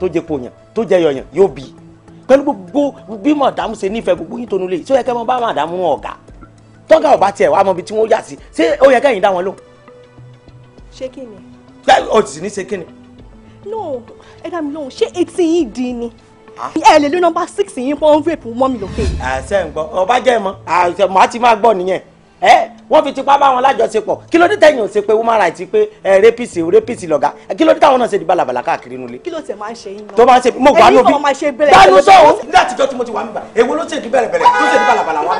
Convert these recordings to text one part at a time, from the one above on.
tó jẹ po yàn tó jẹ yọyàn yóò bí pẹ̀lú gbogbo bí màdàmú ṣe nífẹ̀ẹ́ gbogbo yín tónú lé ṣé ó yẹ kẹ́ mọ bá màdàmú wọn ọ̀gá tọ́gà ọ̀bá tiẹ̀ wà mọ́bi tí wọ́n yà sí ṣé ó yẹ kẹ́yìn dá wọn lóhùn. ṣé kí ni. ó ti ní ṣe kí ni. no ẹ dá mi lóhùn ṣé etí yìí di ni ah. ẹ lè lé nọ́mbà six yìí pọ́n rape mọ́ mi lókè. àṣẹ ń gbọ́ ọba jẹ́ mọ́ àṣẹ màá ti máa gbọ́ nìyẹn ẹ wọ́n fi tipá bá wọn lájọṣepọ̀ kí ló dé tẹ̀yìn ò pé woman right pé ẹ rẹ́pìsì rẹ́pìsì lọ́gà kí ló dé táwọn náà ṣe di bàlàbàlà káàkiri nulẹ̀. kí ló tẹ̀ máa ń ṣe yín náà. tó máa ń ṣe mo gbà lóbi dánú sọ̀rọ̀ ní àtijọ́ tí mo ti wà nígbà èwo ló ṣe di bẹ̀rẹ̀ tó ṣe di bàlàbàlà wa.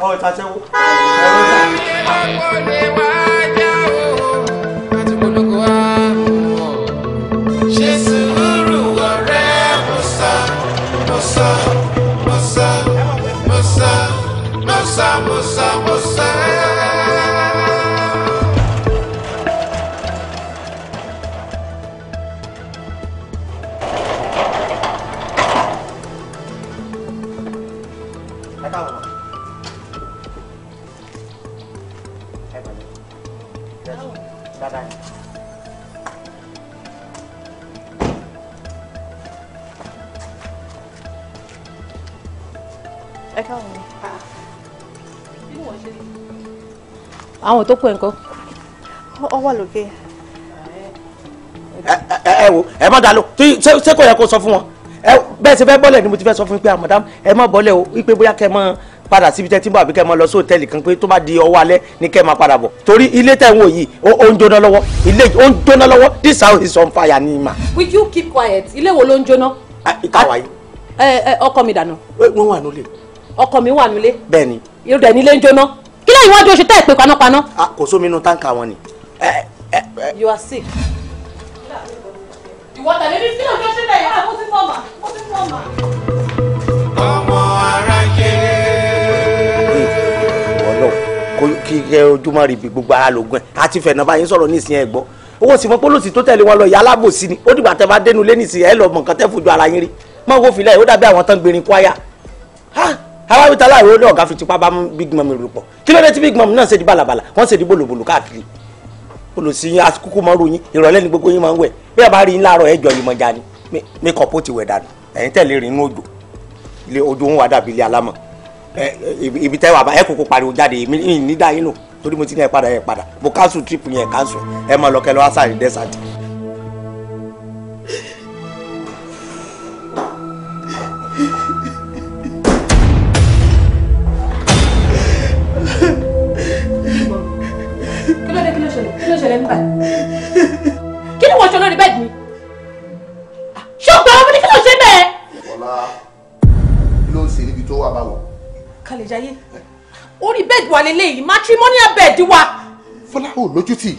ọ̀ ìtàṣẹ́wó. ṣe sùúrù ọ̀rẹ́ mọ̀sá mọ̀sá 开到了吗？开门。再见。开到了吗？啊。àwọn tó kú ẹ̀ ńkọ́. ọ wà lókè. ẹ ẹ wo ẹ má dá lọ ṣé kò yẹ kó sọ fún wọn bẹ́ẹ̀ ṣe fẹ́ bọ́lẹ̀ ni mo ti fẹ́ sọ fún yín pé àmọ̀dá ah, ẹ má bọ́lẹ̀ o wípé bóyá kẹ́ ẹ má padà síbi tẹ́tí bọ̀ àbí kẹ́ ẹ má lọ sí hòtẹ́ẹ̀lì kan pé tó bá di ọwọ́ alẹ́ ni kẹ́ ẹ má padà bọ̀ torí ilé tẹ̀ ń wò yìí ó ń jóná lọ́wọ́ ilé ó ń jóná lọ́wọ́ this house is on fire ni ma. will you keep quiet ilé wo ló ń jóná. Ah, ìkàwá yìí. Eh, eh, ọkọ mi dànù. wọ́n wà nílé ọkọ mi wà nílé. bẹ́ẹ̀ni. irú rẹ nílé ń jóná kí lẹ́yìn wájú oṣù tẹ́ ẹ pé panápaná. a kò sómi inú táǹkà wọn ni. you are sick. ìwọ tàbí bí sílẹ̀ ojú ọṣù tẹ̀ yàrá ah, mo ti fọ́ mà mo ti fọ́ mà. ọmọ ara jẹ́. ọlọ́run kí ẹ ojúmọ́ rí ibi gbogbo ara lògùn ẹ̀ àti fẹ̀nà báyìí sọ̀rọ̀ ní ìsìn ẹ̀ owó sì mọ pólòsì tó tẹ̀lé wọn lọ ìyá alábòsí ni ó dìgbà tẹ bá dénú lé nìsín ẹ lọ mọ̀ nǹkan tẹ́ fojú ara yín rí mọ́ owó filẹ̀ ó dàbí àwọn tán gbèrín kwaya àwa wí tálá ìwé ọ̀gá fi tipá bá big mom rò pọ̀ kí ló dé tí big mom náà ṣe di bàlàbàlà wọ́n ṣe di bòlòbòlò káàkiri olùsí yín akúkú mọ́ ròyìn ìrọ̀lẹ́ ni gbogbo yín máa ń wẹ̀ bí ẹ bá rí láàárọ̀ ẹjọ́ yìí mọ̀já ni mékọ̀pù ti wẹ̀ dànù ẹ̀yin tẹ̀lé rìn inú òjò ilé ojú ń wà dàbí ilé alámọ̀ ibi tẹ́wà bá ẹ kúkú pariwo jáde èmi ní dáyé lò torí mo ti ní ẹ padà ẹ padà mo cancel trip yẹn cancel ẹ máa lọ kẹ lọ wá sáré desert. ṣẹlẹ̀ kí ló ṣẹlẹ̀ nípa kí ni wọ́n ṣe lórí bẹ́ẹ̀dì mi ah, ṣé o gbà wọn ní kí ló ṣe bẹ́ẹ̀. ọ̀la kí ló ń ṣe níbi tó wà báwo. kàlẹ̀ jayé orí bẹ́ẹ̀dì wa lélẹ́yìí matrimonial bẹ́ẹ̀dì wa. fọlá ò lójútì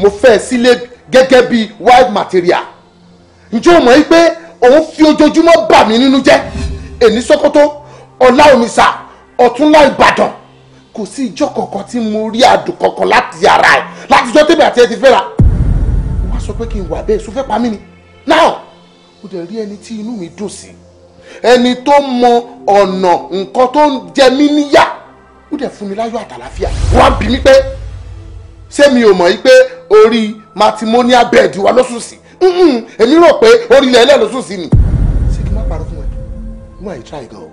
mo fẹ́ sílé gẹ́gẹ́ bí wild material ǹjẹ́ o mọ̀ yí pé òun fi ojoojúmọ́ bà mí nínú jẹ́ èní sọ́kótó ọ̀la òmìsà ọ̀túnla ìbàdàn kò sí ìjọ kankan tí mo rí àdùn kankan láti ara ẹ̀ láti jọ tèmi àti ẹ ti fẹ́ra wọ́n á sọ pé kí n wà bẹ́ẹ̀ sọ fẹ́ pa mí ni náà mo dẹ̀ rí ẹni tí inú mi dùn sí ẹni tó mọ ọ̀nà nǹkan tó ń jẹ mí níyà ó dẹ̀ fún mi láyọ̀ àtàlàfíà wọ́n á bí mi pé ṣé mi ò mọ̀ yí pé orí matrimonial bed wa ló sí èmi rò pé orí ilẹ̀ ẹlẹ́ ló sí ni ṣé kí n má parọ́ fún ẹ inú àyíká ìgàn o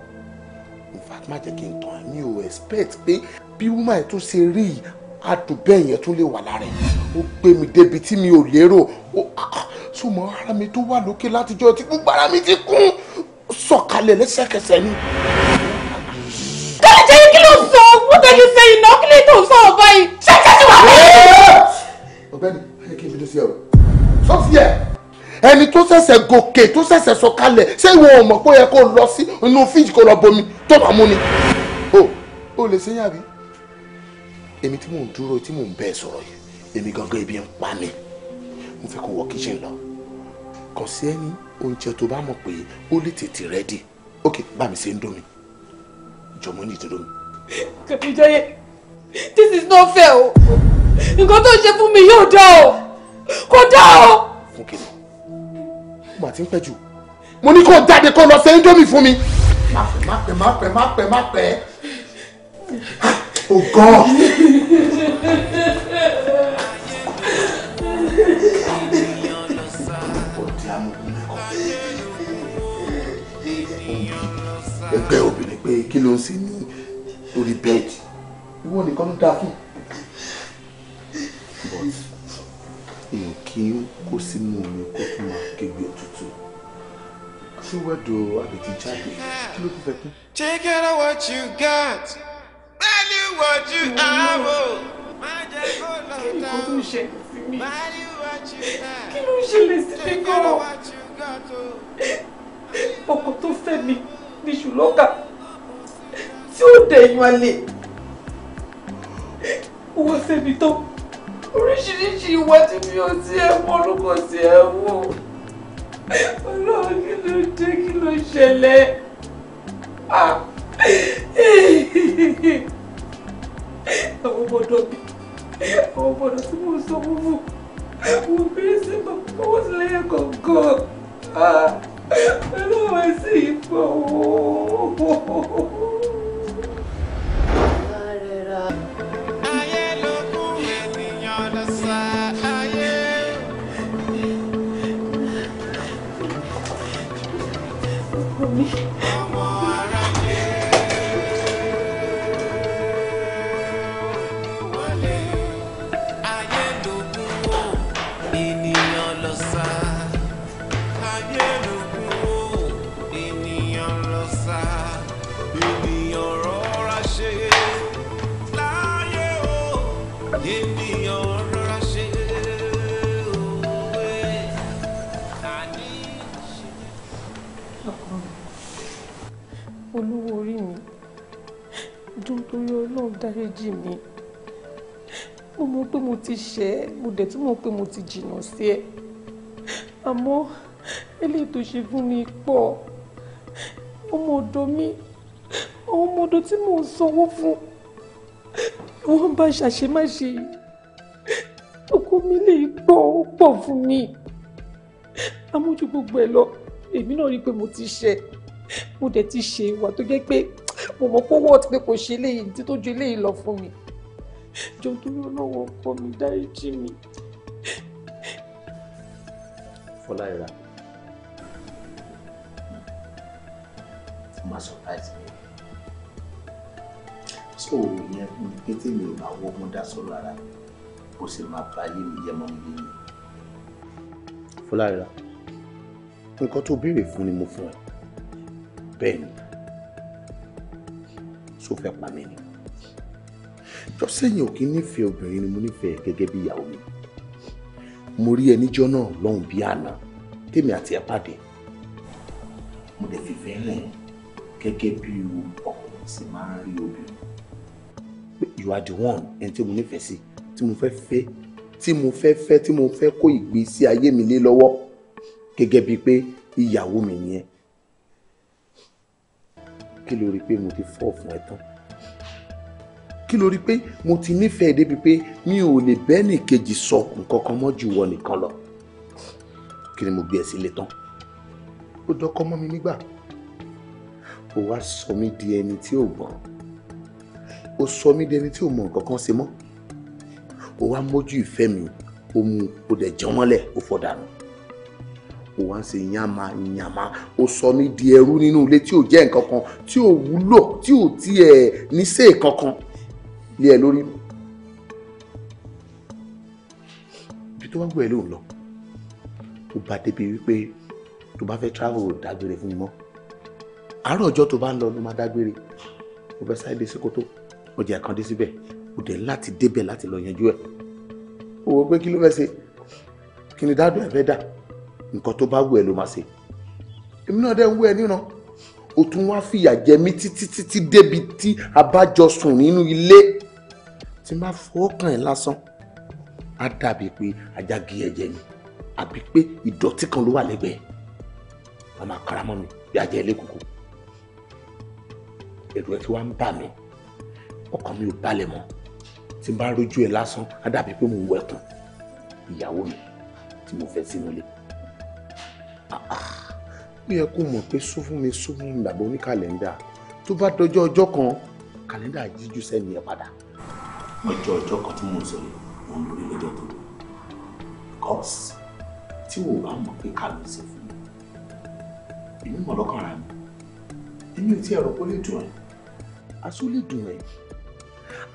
má jẹ́ kí n tàn án mi ò expect pé bí wúmà ẹ̀ tún ṣe rí àdùbẹ́ yẹn tún lè wà lára ẹ̀ ó gbé mi débi tí mi ò lérò ó ah, ah. sùnmọ́ ara mi tó wà lókè látijọ́ tí gbogbo ara mi ti kún sọ̀kalẹ̀ lẹ́sẹ̀kẹsẹ̀ ni. kẹ́lẹ́jẹ́ yìí kí ló sọ what are you saying náà kí lè tó sọ ọ̀bọ yìí ṣé ṣé ti wà lẹ́yìn. ọ̀gbẹ́ni ayé kí n fi dé sí ẹ o sọ́ọ̀tì yẹ ẹni tó ṣẹ̀ṣẹ̀ gòkè tó ṣẹ̀ṣẹ̀ sọ̀kalẹ̀ ṣé ìwọ ò mọ̀ pé ó yẹ kó lọ sí inú fíjì kó lọ bomi tó bá mú ni. o ò lè ṣe yàrá èmi tí mò ń dúró tí mò ń bẹ́ẹ̀ sọ̀rọ̀ yìí èmi gangan ebi ń pa mi mo fẹ́ kó wọ kíchìn lọ kàn sí ẹni oúnjẹ tó bá mọ̀ pé ó lè tètè rẹ́dì ok bá mi ṣe ń dùn mí jọmọ ní ìdúró mi. kẹ̀kẹ́ this is not fair o nǹkan tó ń ṣe fún mi yóò dá o kò dá o. fún kìnnìún mà ti ń pẹ́ jù mo ní kó jáde kó lọ ṣe indomie fún mi. má pẹ́ má pẹ́ má pẹ́ má pẹ́ oh God. ẹgbẹ́ obìnrin pé kí ló ń ṣe ní orí bẹ́ẹ̀dì ìwọ nìkan ló dáa fún un. èèyàn kì í kó sínú omi kó tún máa kégbé òtútù ṣé wẹ́dọ̀ àbètí jáde kí ló tún fẹ́ pín. take out what you got value what you have o. kí ni kò tún ṣe sí mi kí ló ń ṣẹlẹ̀ sí mi gan-an oh. ọkọ tó fẹ́ mi ní ṣùlọ́kà tí ó dẹ̀yìn alẹ́ wọ́n fẹ́ mi tán oríṣiríṣi ìwà tí mi ò ti ẹ̀ mọ́ ló kàn sí ẹ̀ wò ọlọ́run kí ló dé kí ló ṣẹlẹ̀ àwọn ọmọdé bí àwọn ọmọdé tí mo sọ fún fún mo bẹ̀rẹ̀ sí máa fọwọ́ sí lẹ́yìn kọ̀ọ̀kan ọlọ́run ẹ̀ sì fọ́ ooo. Omi. orí mi dùn torí ọlọ́run dáríjì mi mo mọ̀ pé mo ti ṣẹ̀ ẹ́ mo dẹ̀ tún mọ̀ pé mo ti jìnnà sí ẹ àmọ́ eléyìí tó ṣe fún mi pọ̀ ọmọ mi ọmọ ọ̀dọ̀ tí mò ń sanwó fún wọ́n bá ṣàṣemáṣe ọkọ mi lè gbọ́ pọ̀ fún mi àmójú gbogbo ẹ̀ lọ èmi náà rí i pé mo ti ṣẹ̀ ẹ́ mo dẹ̀ ti ṣe ìwà tó jẹ́ pé mo mọ̀ pé wọ́ọ̀t pé kò ṣe eléyìí tí tó ju eléyìí lọ fún mi jọ torí ọlọ́wọ́ ọkọ mi dáríjì mi. Fọláìrà máa surprise mi so yẹn fún mi pété mi ò bá wọ́ mo dá sọ́rọ̀ ara bó ṣe máa bá ayé mi jẹ́ mọ́ mi lé mi. nǹkan tó béèrè fún ni mo fún ẹ bẹ́ẹ̀ ni fẹ́ pa mí ni jọ sẹ́yìn ò kí ń nífẹ̀ẹ́ obìnrin ni mo nífẹ̀ẹ́ gẹ́gẹ́ bí ìyàwó mi mo rí ẹ náà lọ́hùn bí àná tèmi àti ẹ pàdé mo lè fìfẹ́ rẹ̀ gẹ́gẹ́ bí ọkùnrin sì máa ń rí obìnrin you are the one ẹni tí mo nífẹ̀ẹ́ sí tí mo fẹ́ fẹ́ tí mo fẹ́ fẹ́ tí mo fẹ́ kó ìgbésí ayé mi lé lọ́wọ́ gẹ́gẹ́ bíi pé ìyàwó mi nìyẹn kí ló rí pé mo ti fọ́ fún ẹ tán kí ló rí pé mo ti nífẹ̀ẹ́ débi pé mi ò lè bẹ́ẹ̀nì kejì sọ nǹkan kan mọ́ ju wọ nìkan lọ kí ni mo gbé ẹ sílé tán ó dọ́kọ́ mọ́ mi nígbà ó wá sọ mí di ẹni tí ò gbọ́n ó sọ mí di ẹni tí ò mọ nǹkan kan mọ́ ó wá mójú ìfẹ́ mi ó mú ó dẹ̀ jẹ́ mọ́lẹ̀ ó fọ́ dànù ó wá ń ṣe yàmà yàmà ó sọ mí di ẹrú nínú ilé tí ò jẹ́ nǹkan kan tí ò wúlò tí ò tiẹ̀ níṣẹ́ kankan lé ẹ lórí ibi tó wá wù ẹ ló lọ tó bá débi wípé tó bá fẹ́ travel dágbére fún mi mọ́ àárọ̀ ọjọ́ tó bá ń lọ ló máa dágbére mo fẹ́ sáré dé sí kótó ọjà kan dé síbẹ̀ kò dé láti débẹ̀ láti lọ yanjú ẹ̀ owó pé kí ló fẹ́ ṣe kí ni dáàbò ẹ̀ fẹ́ dà nǹkan tó bá wù ẹ ló máa ṣe èmi náà dẹ̀ ń wú ẹ níran o tún wá fìyà jẹ mí títí títí débi tí a bá jọ sùn nínú ilé tí n bá fọwọ́ kàn ẹ́ lásán á dàbí pé ajá gé ẹ̀jẹ̀ ni àbí pé ìdọ̀tí kan ló wà lẹ́gbẹ̀ẹ́ a máa kára mọ́ mi bí ajá ilé kúkú ẹ̀rù ẹ̀ tí wàá ń bà mí ọkàn mi ò balẹ̀ mọ́ tí n bá rójú ẹ lásán á dàbí pé mo wẹ̀kùn ìyàwó mi tí mo fẹ́ sínú ilé ó yẹ kó mọ̀ pé sún fún mi sún fún mi bàbá oní kàlẹ́ndà tó bá dọjọ́ ọjọ́ kan kàlẹ́ndà yíjú sẹ́ni ẹ̀ padà. ọjọ́ ọjọ́ kan tí mò ń sọ yìí mò ń lórí lọ́jọ́ tó dùn because tí wò bá mọ̀ pé kàlọ́ sí fún mi èmi mọ̀ lọ́kàn rà mí èmi ò tí ẹ̀rọ kó lè dùn ẹ̀ àṣé ó lè dùn ẹ̀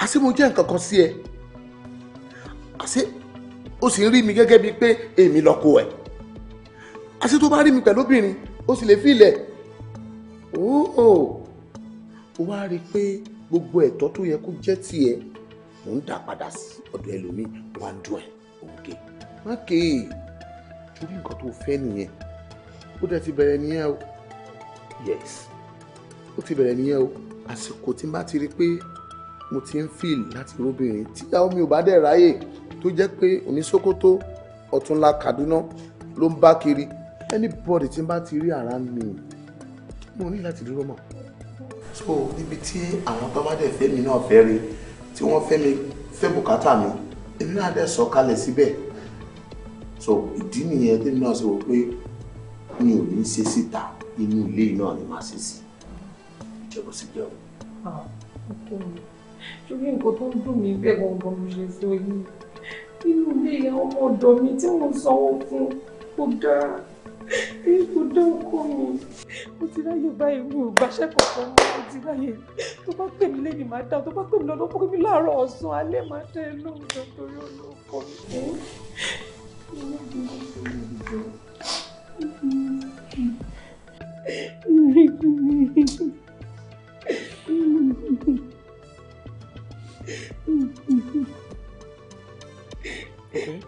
àṣé mo jẹ́ nǹkan kan sí ẹ àṣé ó sì ń rí mi gẹ́gẹ́ bíi pé èmi lọ́kọ ẹ̀ àṣé tó bá rí mi pẹ̀lú obìnrin ó sì lè fi ilẹ̀ ó wá rí i pé gbogbo ẹ̀tọ́ tó yẹ kó jẹ́ tiẹ̀ mò ń dà padà sí ọ̀dọ̀ ẹlòmíì wà ń dùn ẹ̀ òkè má e. torí nǹkan tó fẹ́ nìyẹn ó dẹ̀ ti bẹ̀rẹ̀ nìyẹn o yes ó ti bẹ̀rẹ̀ nìyẹn o àsìkò tí n bá ti rí i pé mo ti ń fìl láti róbìnrin tíyàwó mi ò bá dẹ̀ ráyè tó jẹ́ pé oníṣòkòtò ọ̀túnla Kaduna ló ń bá kiri anybody tí n bá ti rí ara mi mo ní láti dúró mọ́. so níbi tí àwọn tó bá dẹ̀ fẹ́ mi náà fẹ́ rí tí wọ́n fẹ́ mi fẹ́ bùkátà mi èmi náà dẹ̀ sọ kalẹ̀ síbẹ̀ so ìdí nìyẹn tèmi náà ṣe wò pé mi ò ní ṣe síta inú ilé náà ni màá ṣe sí ìjẹ́ bó ṣe jẹ́ o. Ah, ṣùgbọ́n nǹkan tó ń dùn mí bẹ́ẹ̀ gbọ̀ngàn mo ṣe sọ yìí inú ilé ọmọ ọ̀dọ̀ mi tí mo sanwó fún ó dáa bí kò dá ọkọ mi mo ti ráyè báyìí mi ò gbàṣẹ́ kankan mọ́ mo ti ráyè tó bá pè mí lẹ́yìn máa dá tó bá pè mí lọ́dọ̀ pé mi láàárọ̀ ọ̀sán alẹ́ máa dá ẹ lóhùn nítorí olóòkọ mi. Okay.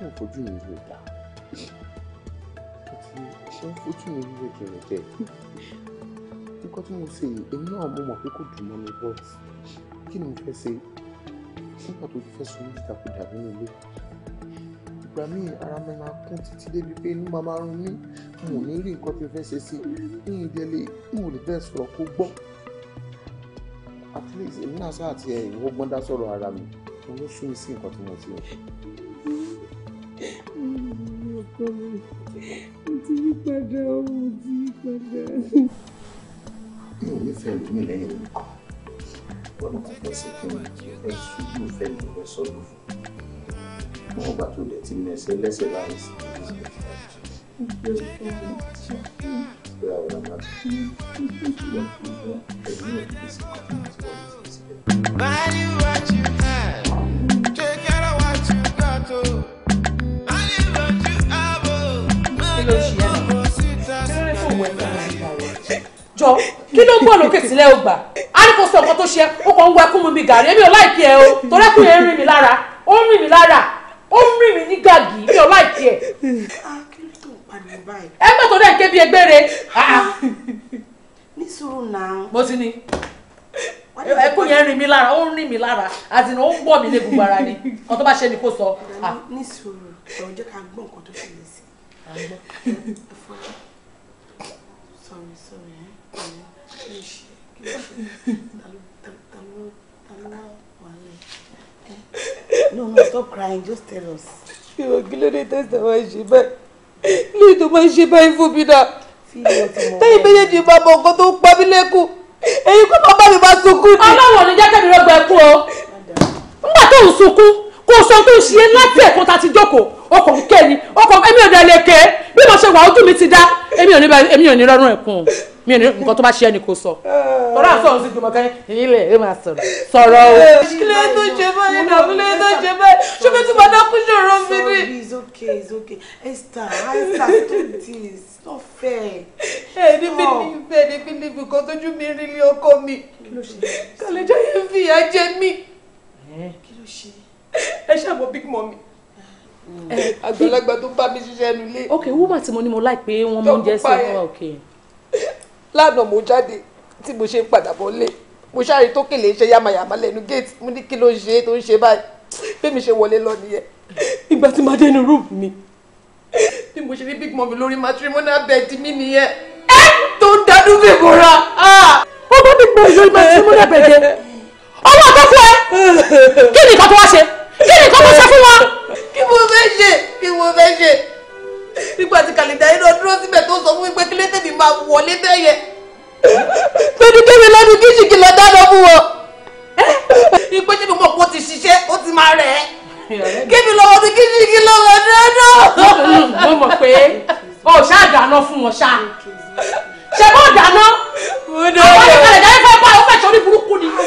kàn fojú mi wò dá àti ṣe ń fojú mi wíwé jẹrẹjẹ nǹkan tí mo ṣe yìí èmi náà mo mọ̀ pé kò dùn mọ́ mi bọ́ kí ni ara mi máa kún títí débi pé inú máa máa rún mí mo ní rí nǹkan tí mo fẹ́ ṣe sí ní ìdílé mo lè bẹ́ẹ̀ sọ̀rọ̀ kó gbọ́ at least èmi náà sáà ti ẹ̀yìn wọ́gbọ́n dá sọ̀rọ̀ ara mi mo ló sún mi sí nǹkan tí mo ṣe. Value what you have, take care of what you got. Oh. ló ṣe ẹ́ jọ kí ló ń bọ̀ lókè sílẹ̀ ó gbà á ní kó sọ nǹkan tó ṣe ó kàn ń wẹ kún mu mi gàrí èmi ò láìpẹ́ ẹ o torẹ́kùn yẹn ń rìn mí lára ó ń rìn mí lára ó ń rìn mí ní gàgì ah, mi ò láìpẹ́ ẹ. ẹ mọ̀ tó dẹ̀ ń ké bí ẹgbẹ́ ah, ah. rẹ. náà. mo ti ní ẹkún yẹn rìn mí lára ó ń rìn mí lára àti ó ń wọ̀ mí lé gbogbo ara ni ọ̀tọ́ bá ṣe ni kó sọ. ní sùúrù ká gbọ́ nǹkan tó ṣẹlẹ̀ sorry sorry no no stop crying just tell us. ìwọ kí ló dé tẹsán wá ṣe báyìí lóye tó máa ṣe báyìí fún mi náà tẹyìn méjèèjì bá mọ nǹkan tó ń pa mí lẹ́kùn èyí kó bàbá mi máa sunkún ni. ọlọ́wọ́ ni jẹ́kẹ́ mi rọ́gbọ̀ ẹ̀kún o nígbà tó ń sunkún kò sọ tó ń ṣe láti ẹ̀kún tá a ti jókòó ó kàn ni ó èmi ò dẹ̀ lè bí mo ṣe wà ojú mi ti dá èmi ò ní èmi ò ní rọrùn ẹ̀kún mi ò ní nǹkan tó bá ṣe ẹni kò sọ ọ̀rọ̀ àti ọ̀hún sí gbọmọ kan ilé ẹ máa sọ̀rọ̀ sọ̀rọ̀ o. kílẹ̀ tó ṣe báyìí náà kílẹ̀ tó ṣe báyìí ṣé kí tí mo dá ṣòro mi ni. it's okay it's okay kan tójú mi rí ilé ọkọ mi kàlẹ́jọ́ yẹn fìyà jẹ mí. kí ló ṣe. ẹ ṣàmọ àgbàlagbà tó bá mi ṣiṣẹ́ nu ilé. ok woman tí mo ní mo láì pé wọ́n mú oúnjẹ sí ọ ok. lánàá mo jáde tí mo ṣe ń padà bọ̀ lé mo ṣáàrí tó kèlè ṣe yàmàyàmà lẹ́nu gate mo ní kí ló ń ṣe tó ń ṣe báyìí bí mi ṣe wọlé lọ nìyẹn. ìgbà tí màá dé inú rúùmù mi bí mo ṣe rí big mummy lórí matrimonial bed mi nìyẹn tó ń dánú fèkóra. Ah! ọgbọ́n mi gbọ́ ìlú matrimonial bed yẹn ọwọ́ àtọ́kùn ẹ kí ni ìkàtọ́ wá ṣe kí ni kò mọ̀ sọ fún wọn. kí mo fẹ́ ṣe kí mo fẹ́ ṣe nígbà tí kàlẹ́dà yìí lọ dúró síbẹ̀ tó sọ fún mi pé kí lẹ́tẹ̀mí máa wọlé bẹ́yẹ pẹ̀lú kí mi lẹ́nu kíjì kí lọ dáná fún wọn. ìpè ṣe mi mọ̀ pé ó ti ṣiṣẹ́ ó ti máa rẹ̀ ẹ́ kí mi lọ́wọ́ sí kíjì kí lọ́wọ́ dáná. mo mọ̀ pé o ṣáà dáná fún wọn ṣáà ṣe bó dáná àwọn oníkàlẹ̀ dáná fẹ́ bá ọ fẹ́ sọ ní burúkú ni ó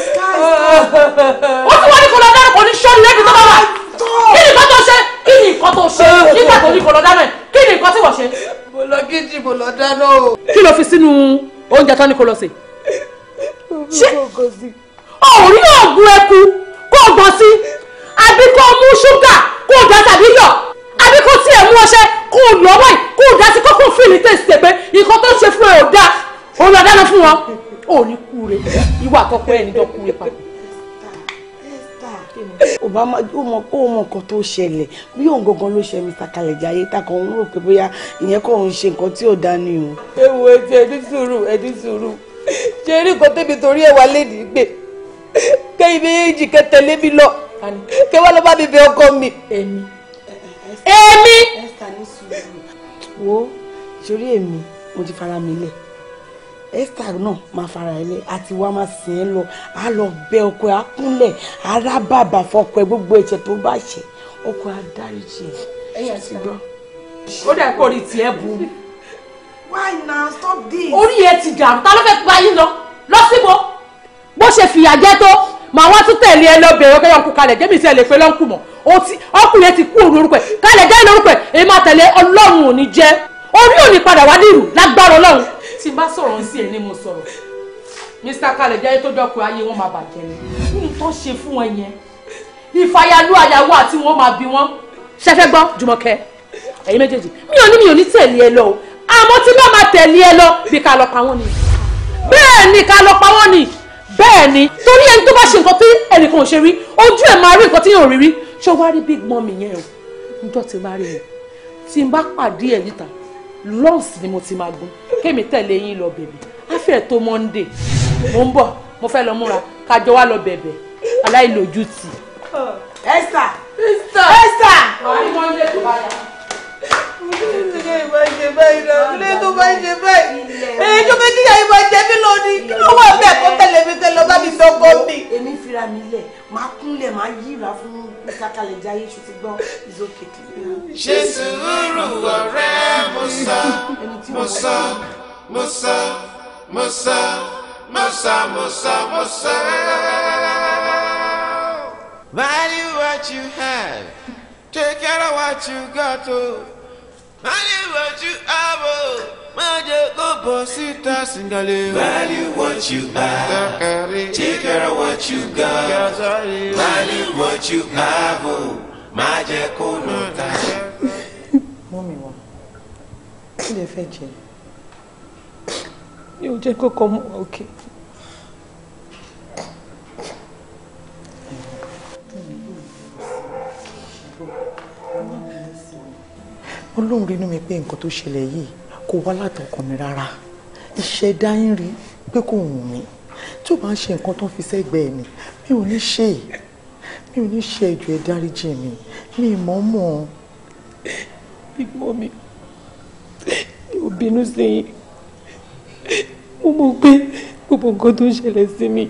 tún wọ́n ní kó lọ dárúkọ ní sọ́ọ́nù lẹ́bi tó bá wà kí ni nǹkan tó ṣe kí ni nǹkan tó ṣe nígbà tó ní kó lọ dáná kí ni nǹkan tí wọ́n ṣe. mo lọ gidi mo lọ dáná o. kí ló fi sínú oúnjẹ tó ní kó lọ sè. ṣé òórí ògùn ẹkú kó gbọ́n sí àbí kó mú ṣúgà kó dá tàbí yọ̀ àbí kò tiẹ̀ mú ọṣẹ kò lọ́ báyìí kò dá sí kókó fìlì tèsítè pé nǹkan tó ń ṣe fún ẹ ò dáa òun lọ dáná fún wọn ò ní kú rẹ ìwà àkọkọ ẹni jọ kú rẹ padà. Obama ó mọ kó mọ nǹkan tó ṣẹlẹ̀ bí òun gangan ló ṣe Mr. Kalejaye takàn òun rò pé bóyá ìyẹn kò ń ṣe nǹkan tí ò dá ni o. ewu etí ẹdí sùúrù ẹdí sùúrù ṣe rí nǹkan tẹ́bi torí ẹ̀ wá lédi gbé kẹ́yìn méjì kẹ́ tẹ̀lé mi lọ kẹ́ wá lọ bá mi bẹ ọkọ mi. èmi èmi. Esther ní sùúrù. wo sórí èmi mo ti fara mi lẹ̀ Esther náà máa fara ẹ lẹ̀ àti wá máa sìn ẹ lọ á lọ bẹ ọkọ ẹ á kúnlẹ̀ ará bàbà fọkọ ẹ gbogbo ẹ̀jẹ̀ tó bá ṣe ọkọ ẹ á dáríjì ẹ ṣe ti gbọ́. ó dà kó rí tiẹ̀ burú. why na stop this. orí ẹ ti dàrú ta ló fẹ́ pa yín lọ lọ síbo bó ṣe fìyà jẹ tó màá wá tún tẹ̀lé ẹ lọ bẹ̀rẹ̀ ọkọ̀ yọkùn kalẹ̀ jẹ́mi sí ẹ lè pe lọ́nkù mọ́ ọkùnrin ti kú òun orúkọ ẹ̀ kálẹ̀ jẹ́ lórúkọ ẹ̀ èyí máa tẹ̀lé ọlọ́run ò ní orí ò padà wá dìrù lágbára ọlọ́run. tí n bá sọ̀rọ̀ sí ẹ ni mo sọ̀rọ̀ mr kálẹ̀ jẹ́ tó dọ́kọ̀ ayé wọn máa bàjẹ́ ni nínú tó ṣe fún wọn yẹn ìfàyàlú àyàwó àti wọn máa bí wọn. ṣẹfẹ gbọ́ Jùmọ̀kẹ́ ẹ̀yin méjèèjì mi ò ní mi ò ní tẹ̀lé ẹ lọ o àmọ́ tí bá máa tẹ̀lé ẹ lọ bí ká lọ pa wọ́n ni bẹ́ẹ̀ ni ká lọ pa wọ́n ni bẹ́ẹ̀ ni torí ẹni tó bá ṣe nǹkan tí ẹnìkan ò ṣe rí ojú ẹ̀ máa rí nǹkan tí yóò rí rí ṣé wàá rí big mummy yẹn o níjọ́ tí máa rí yẹn tí n bá pàdé ẹ̀ níta lọ́ọ̀sì ni mo ti máa gún kémi tẹ̀lé yín lọ bèbè àfẹ́ tó monday mo ń bọ̀ mo fẹ́ lọ múra kájọ wá lọ bẹ̀bẹ̀ aláìlójútì. esther esther esther. ọ̀hún ni tó bá yà ilé ìbá jẹ báyìí musa musa musa musa musa musa musa. value what you have take care of what you got Oh. Oh? Value what you have, má jẹ́ kó bọ́ singale. Value what you have, take care of what you got. Value what you have, oh? má jẹ́ kó lọ ta. Mọ́mí wọn, kí lè fẹ́ jẹ? Yóò Okay. Ọlọ́run rí inú mi pé nǹkan tó ṣẹlẹ̀ yìí kò wá látọkàn mi rárá ìṣẹ̀dá yín rí pé kò wù mí tí ò bá ń ṣe nǹkan tó ń fi sẹ́gbẹ̀ẹ́ mi mi ò ní ṣe mi ò ní ṣe ìjọ ẹ̀ dáríjì mi mi mọ̀ mọ̀. bíbọ́ mi mi ò bínú sí yín mo mọ̀ pé gbogbo nǹkan tó ń ṣẹlẹ̀ sí mi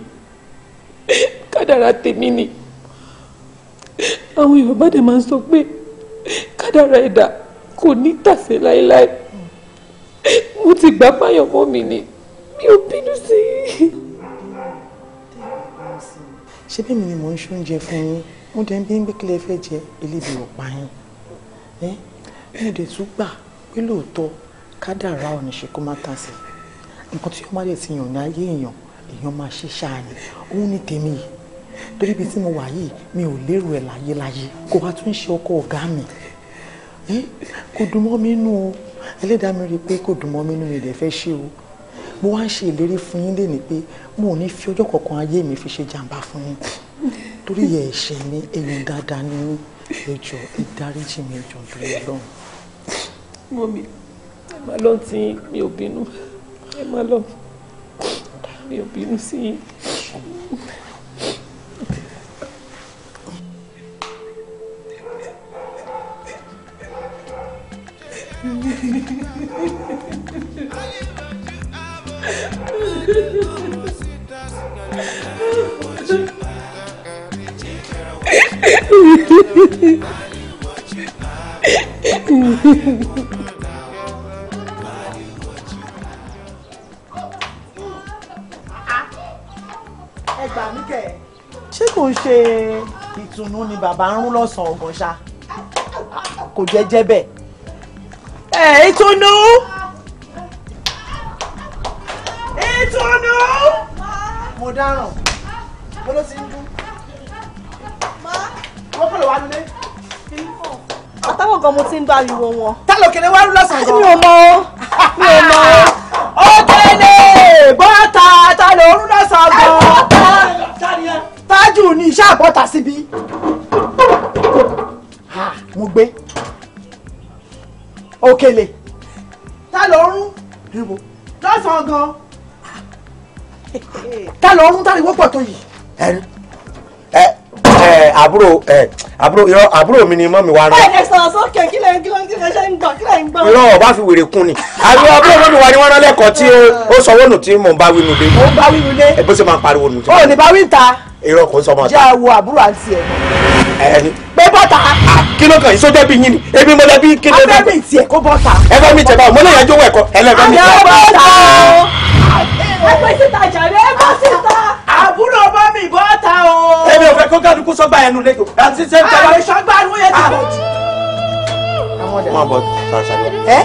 kádàrá tèmi ni àwọn Yorùbá dẹ̀ máa ń sọ pé kádàrá ẹ̀dá kò ní tàsé láéláé mo ti gbà páyọ̀ mọ́ mi ni mi ò bínú sí i. ṣé bí mi ni mò ń ṣoúnjẹ fún yín wọ́n dẹ̀ ń bí ń bí kílẹ̀ fẹ́ jẹ elébi ọ̀pá yín ẹ̀ ẹ̀ dẹ̀ tún gbà pé lóòótọ́ kádàrá ò ní ṣe kó má tàn sí nǹkan tí yóò má lè ti yàn ní ayé èèyàn èèyàn máa ṣe ṣáàyàn òun ní tèmi yìí torí ibi tí mo wà yìí mi ò lérò ẹ̀ láyéláyé kó wá tún ṣe ọkọ ọ̀gá mi kò dùn mọ́ mi nú o ẹlẹ́dàá mi rí i pé kò dùn mọ́ mi nú mi dẹ̀ fẹ́ ṣe o mo wá ń ṣe ìlérí fún yín lé ní pé mo ò ní fi ọjọ́ kọ̀ọ̀kan ayé mi fi ṣe jàǹbá fún yín torí ẹ̀ ẹ̀ṣẹ̀ mi èèyàn dáadáa ní ẹjọ́ ẹ mi ẹjọ́ torí ọlọ́run. mọ́mi ẹ máa lọ tí mi ò bínú ẹ máa lọ mi ò bínú sí yín. ẹ gbà mí kẹ. ṣé kò ṣe ìtùnú ni bàbá ń rún lọ́sàn-án ọ̀gbọ̀n ṣá kò jẹ́ jẹ́ bẹ́ẹ̀. ẹ ìtùnú. ìtùnú. mo dáràn mo ló ti ń látàwọn gan mo ti ń gbàriwo wọn. tá lòkèlè wá rú lọ́sàn-án gan. mi ò mọ mi ò mọ. òkèlè bọ́tà tá lè rú lọ́sàn-án gan. tájù ní iṣẹ́ àbọ̀tà síbi. mo gbé òkèlè tá lè rú lọ́sàn-án gan. tá lè rú tá lè wọ́pọ̀ tó yìí. ẹ ẹ àbúrò àbúrò irọ́ àbúrò mi ni mọ́ mi wá rán. báyìí ẹ sọ̀rọ̀ sókè kí lẹ́yìn kí ló ń kí lẹ́yìn ń gbọ́ kí lẹ́yìn ń gbọ́. irọ́ ọba fi wèrè kun ni àbí àbúrò mọ́ mi wá ní wọ́n rán lẹ́kọ̀ọ́ tí ó sọ wónú tí mò ń bá wínú dé. mò ń bá wínú dé. ẹ bó ṣe máa ń pariwo nù. o ò ní bá wí ta. irọ́ kò ń sọ ọmọ ta. jẹ́ àwọ̀ àbúrò àǹtí ẹ̀. ẹni pé bọ́ta. Ah, kí ló kàn yín sójà bí yín ni ebi mo lẹbi kí ló dé. afẹ́mi tiẹ̀ kó bọ́ta. ẹ fẹ́ mi tẹ̀ báwo mo lè yànjú wẹ̀kọ ẹlẹ́fẹ́ mi tẹ̀. àná bọ́ta o ẹgbẹ́ síta jàre ẹgbẹ́ síta ta o. èmi ò fẹ́ kó kálukú sọ́gbà ẹnu lẹ́kọ̀ọ́ àti ṣe ń tẹ́wọ́. sọ́gbà ẹnu yẹn ti bọ̀ jù. àwọn tàṣà lọ. ẹ.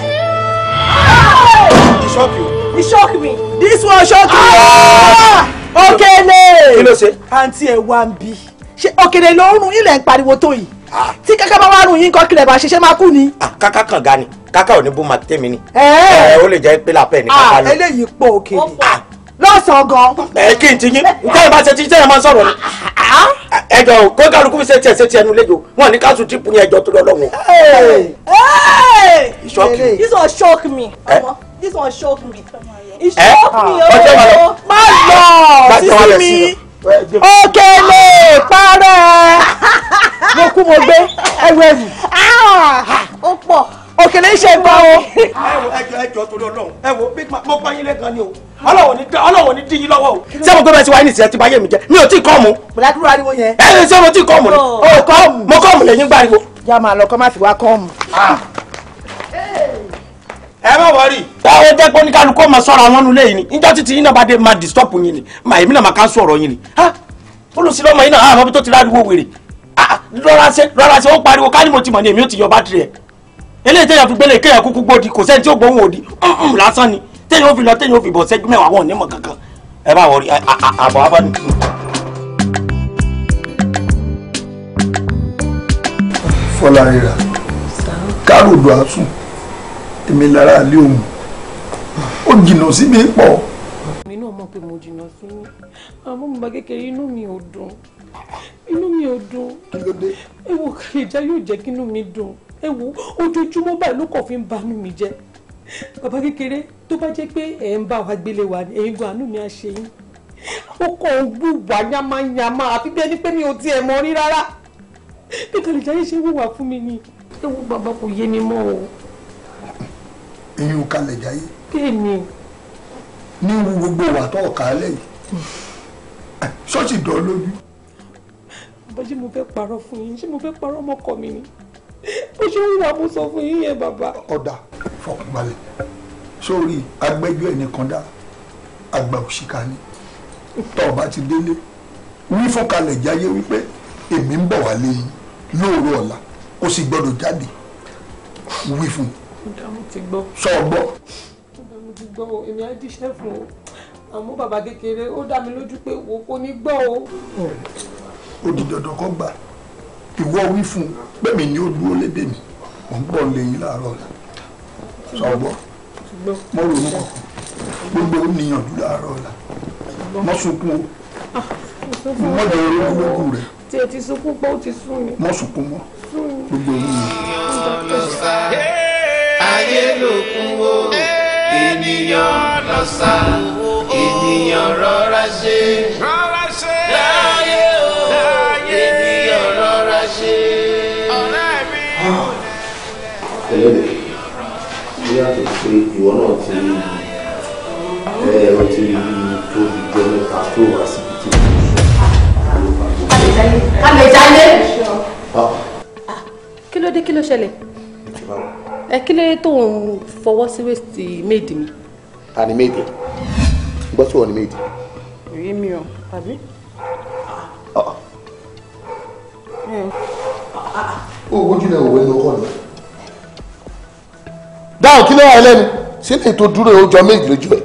he shock you. he shock me. this one shock me. Ah! Ah! Okele. kí ló ṣe. àǹtí ẹ̀ wá ń bí. ṣé Okele ló ń rún ilẹ̀ ń pariwo tó yìí ah. tí kaka bá wà rùn yín kọ́ kílẹ̀ bá ṣiṣẹ́ máa kú ni. kaka kan ga ni kaka ò ní bó ma tẹ̀mí ni. ẹ eh. eh, ó lè jẹ́ pé lápẹ́ ní kaka ni. eléyìí pọ̀ Okele lọ́sàn-án gan. ẹ kí n ti yín tẹ́yìn bá ṣe ti tẹ́yìn máa sọ̀rọ̀ ni. Ah, ah. ẹjọ kó kálukú ṣe tiẹ̀ ṣe tiẹ̀ nu lẹ́jọ́ wọn ní káṣù dípù ní ẹjọ́ tó lọ lọ́wọ́. this one shock me this one shock me it me ah, ooo oh. má lọ sísí mi òkèlè parẹ́ mo kú mo gbé ẹrù ẹrù kìlẹ̀ ṣe gbọ́ o. ẹjọ ẹjọ torí Ọlọ́run ẹ wo bí mo pa yín lẹ́gàn ni o Ọlọ́run ní dín yín lọ́wọ́ o. ṣé mo gbé bẹ́ẹ̀ sí wáyé nìṣẹ́ ti báyé mi jẹ́ mi ò tí kọ́ mu. bùdá dúró ariwo yẹn. o kọ́ mu. mo kọ́ mu lẹ́yìn gbàriwo. já máa lọ kọ́ má fi wá kọ́ mu. ẹ má wọrí. báwo jẹ́ pé oníkálukú ọmọ sọ̀rọ̀ àwọn nulẹ̀ yìí ni níjọ́ títí yín náà bá dé máa disturb yín ni màá èmi náà máa ká sọ̀rọ̀ yín ni. olùsílọ́mọ yín náà àmọ́ bí tó ti ráriwo wèrè ah, rọra ṣe ó pariwo ká ní mo ti mọ̀ ni èmi ó ti yọ bátìrì ẹ̀ eléyìí téèyàn fi gbélé kéèyàn kúkú gbòdì kò sẹ́ni tí ó gbóhùn òdì lásán ni téèyàn ó fi lọ téèyàn ó fi bọ̀ ṣẹ́jú mẹ́wàá wọn ò ní mọ̀ kankan ẹ bá wọrí àbọ̀ abánu. fọlá rira káròdò àtún èmi lára àlẹ́ òun ó jìnnà sí mi pọ̀. èmi náà mọ̀ pé mo jìnnà sí mi àmọ́ mo bá kékeré inú mi ò dùn inú mi ò dùn kí ló dé ewu ìjà yóò mi dùn ẹ wo ojoojúmọ́ báyìí ló kàn fi ń banú mi jẹ́ bàbá kékeré tó bá jẹ́ pé ẹ̀ ń bá wa gbélé wa ni ẹ̀yin gan àánú mi á ṣe yín ó kàn ń wùwà yamayama àfi bí ẹni pé mi ò tiẹ̀ mọ̀ rí rárá bí kàlẹ́jà yìí ṣe wùwà fún mi ni ẹ bàbá kò yé mi mọ́ o. eyín kàlẹ́jà yìí. kéènì. ní gbogbo wà tó ọ̀ka lẹ́yìn ṣọ́ọ̀ṣì dán lójú. bàbá ṣé mo fẹ́ parọ́ fún yín ṣé mo fẹ́ parọ́ ọmọkọ mi ni bó ṣe ń wà mo sọ fún yín yẹn bàbá. ọ̀dà fọkànbalẹ̀ sórí agbẹ́jọ́ ẹnìkan dá àgbà òṣìkà ni tọ́ ọba ti délé wí fọ́nkalẹ̀ jáyé wípé èmi ń bọ̀ wá léyìn lóòrò ọ̀la kò sì gbọ́dọ̀ jáde wí fún un sọ gbọ́. èmi á díṣẹ́ fún o àmọ́ bàbá kékeré ó dá mi lójú pé wo ní gbọ́ o. ó di dandan kó gbà ìwọ wí fún un pẹ̀mí ni ó dúró lédè mi mò ń bọ̀ lẹ́yìn láàárọ̀ la sọ̀gbọ́ mo ronú kọ̀ọ̀kan gbogbo níyànjú láàárọ̀ la mo sunkún o mo jẹ orí ológun rẹ tí ẹ ti sunkún ó ti sún mi mo sunkún mọ́ gbogbo wo ènìyàn lọ́sà ènìyàn rọra ṣe. yàtọ̀ pé ìwọ náà ti rí ẹ ọ ti rí tó fi jẹ mẹ́ta tó wá síbi tí kò sọ. àlejàlé. kí ló dé kí ló ṣẹlẹ̀ ẹ kí ló dé tó ń fọwọ́ sí wẹ́sì méèdì mi. àní méèdì gbọ́ sí wọn ní méèdì. èyí mi ò tàbí. o ah. ah, ah. wojú náà wọ inú ọkọ náà dáhùn kí ló wà lẹ́nu ṣé lè tó dúró ọjọ́ méjì lójú ẹ̀.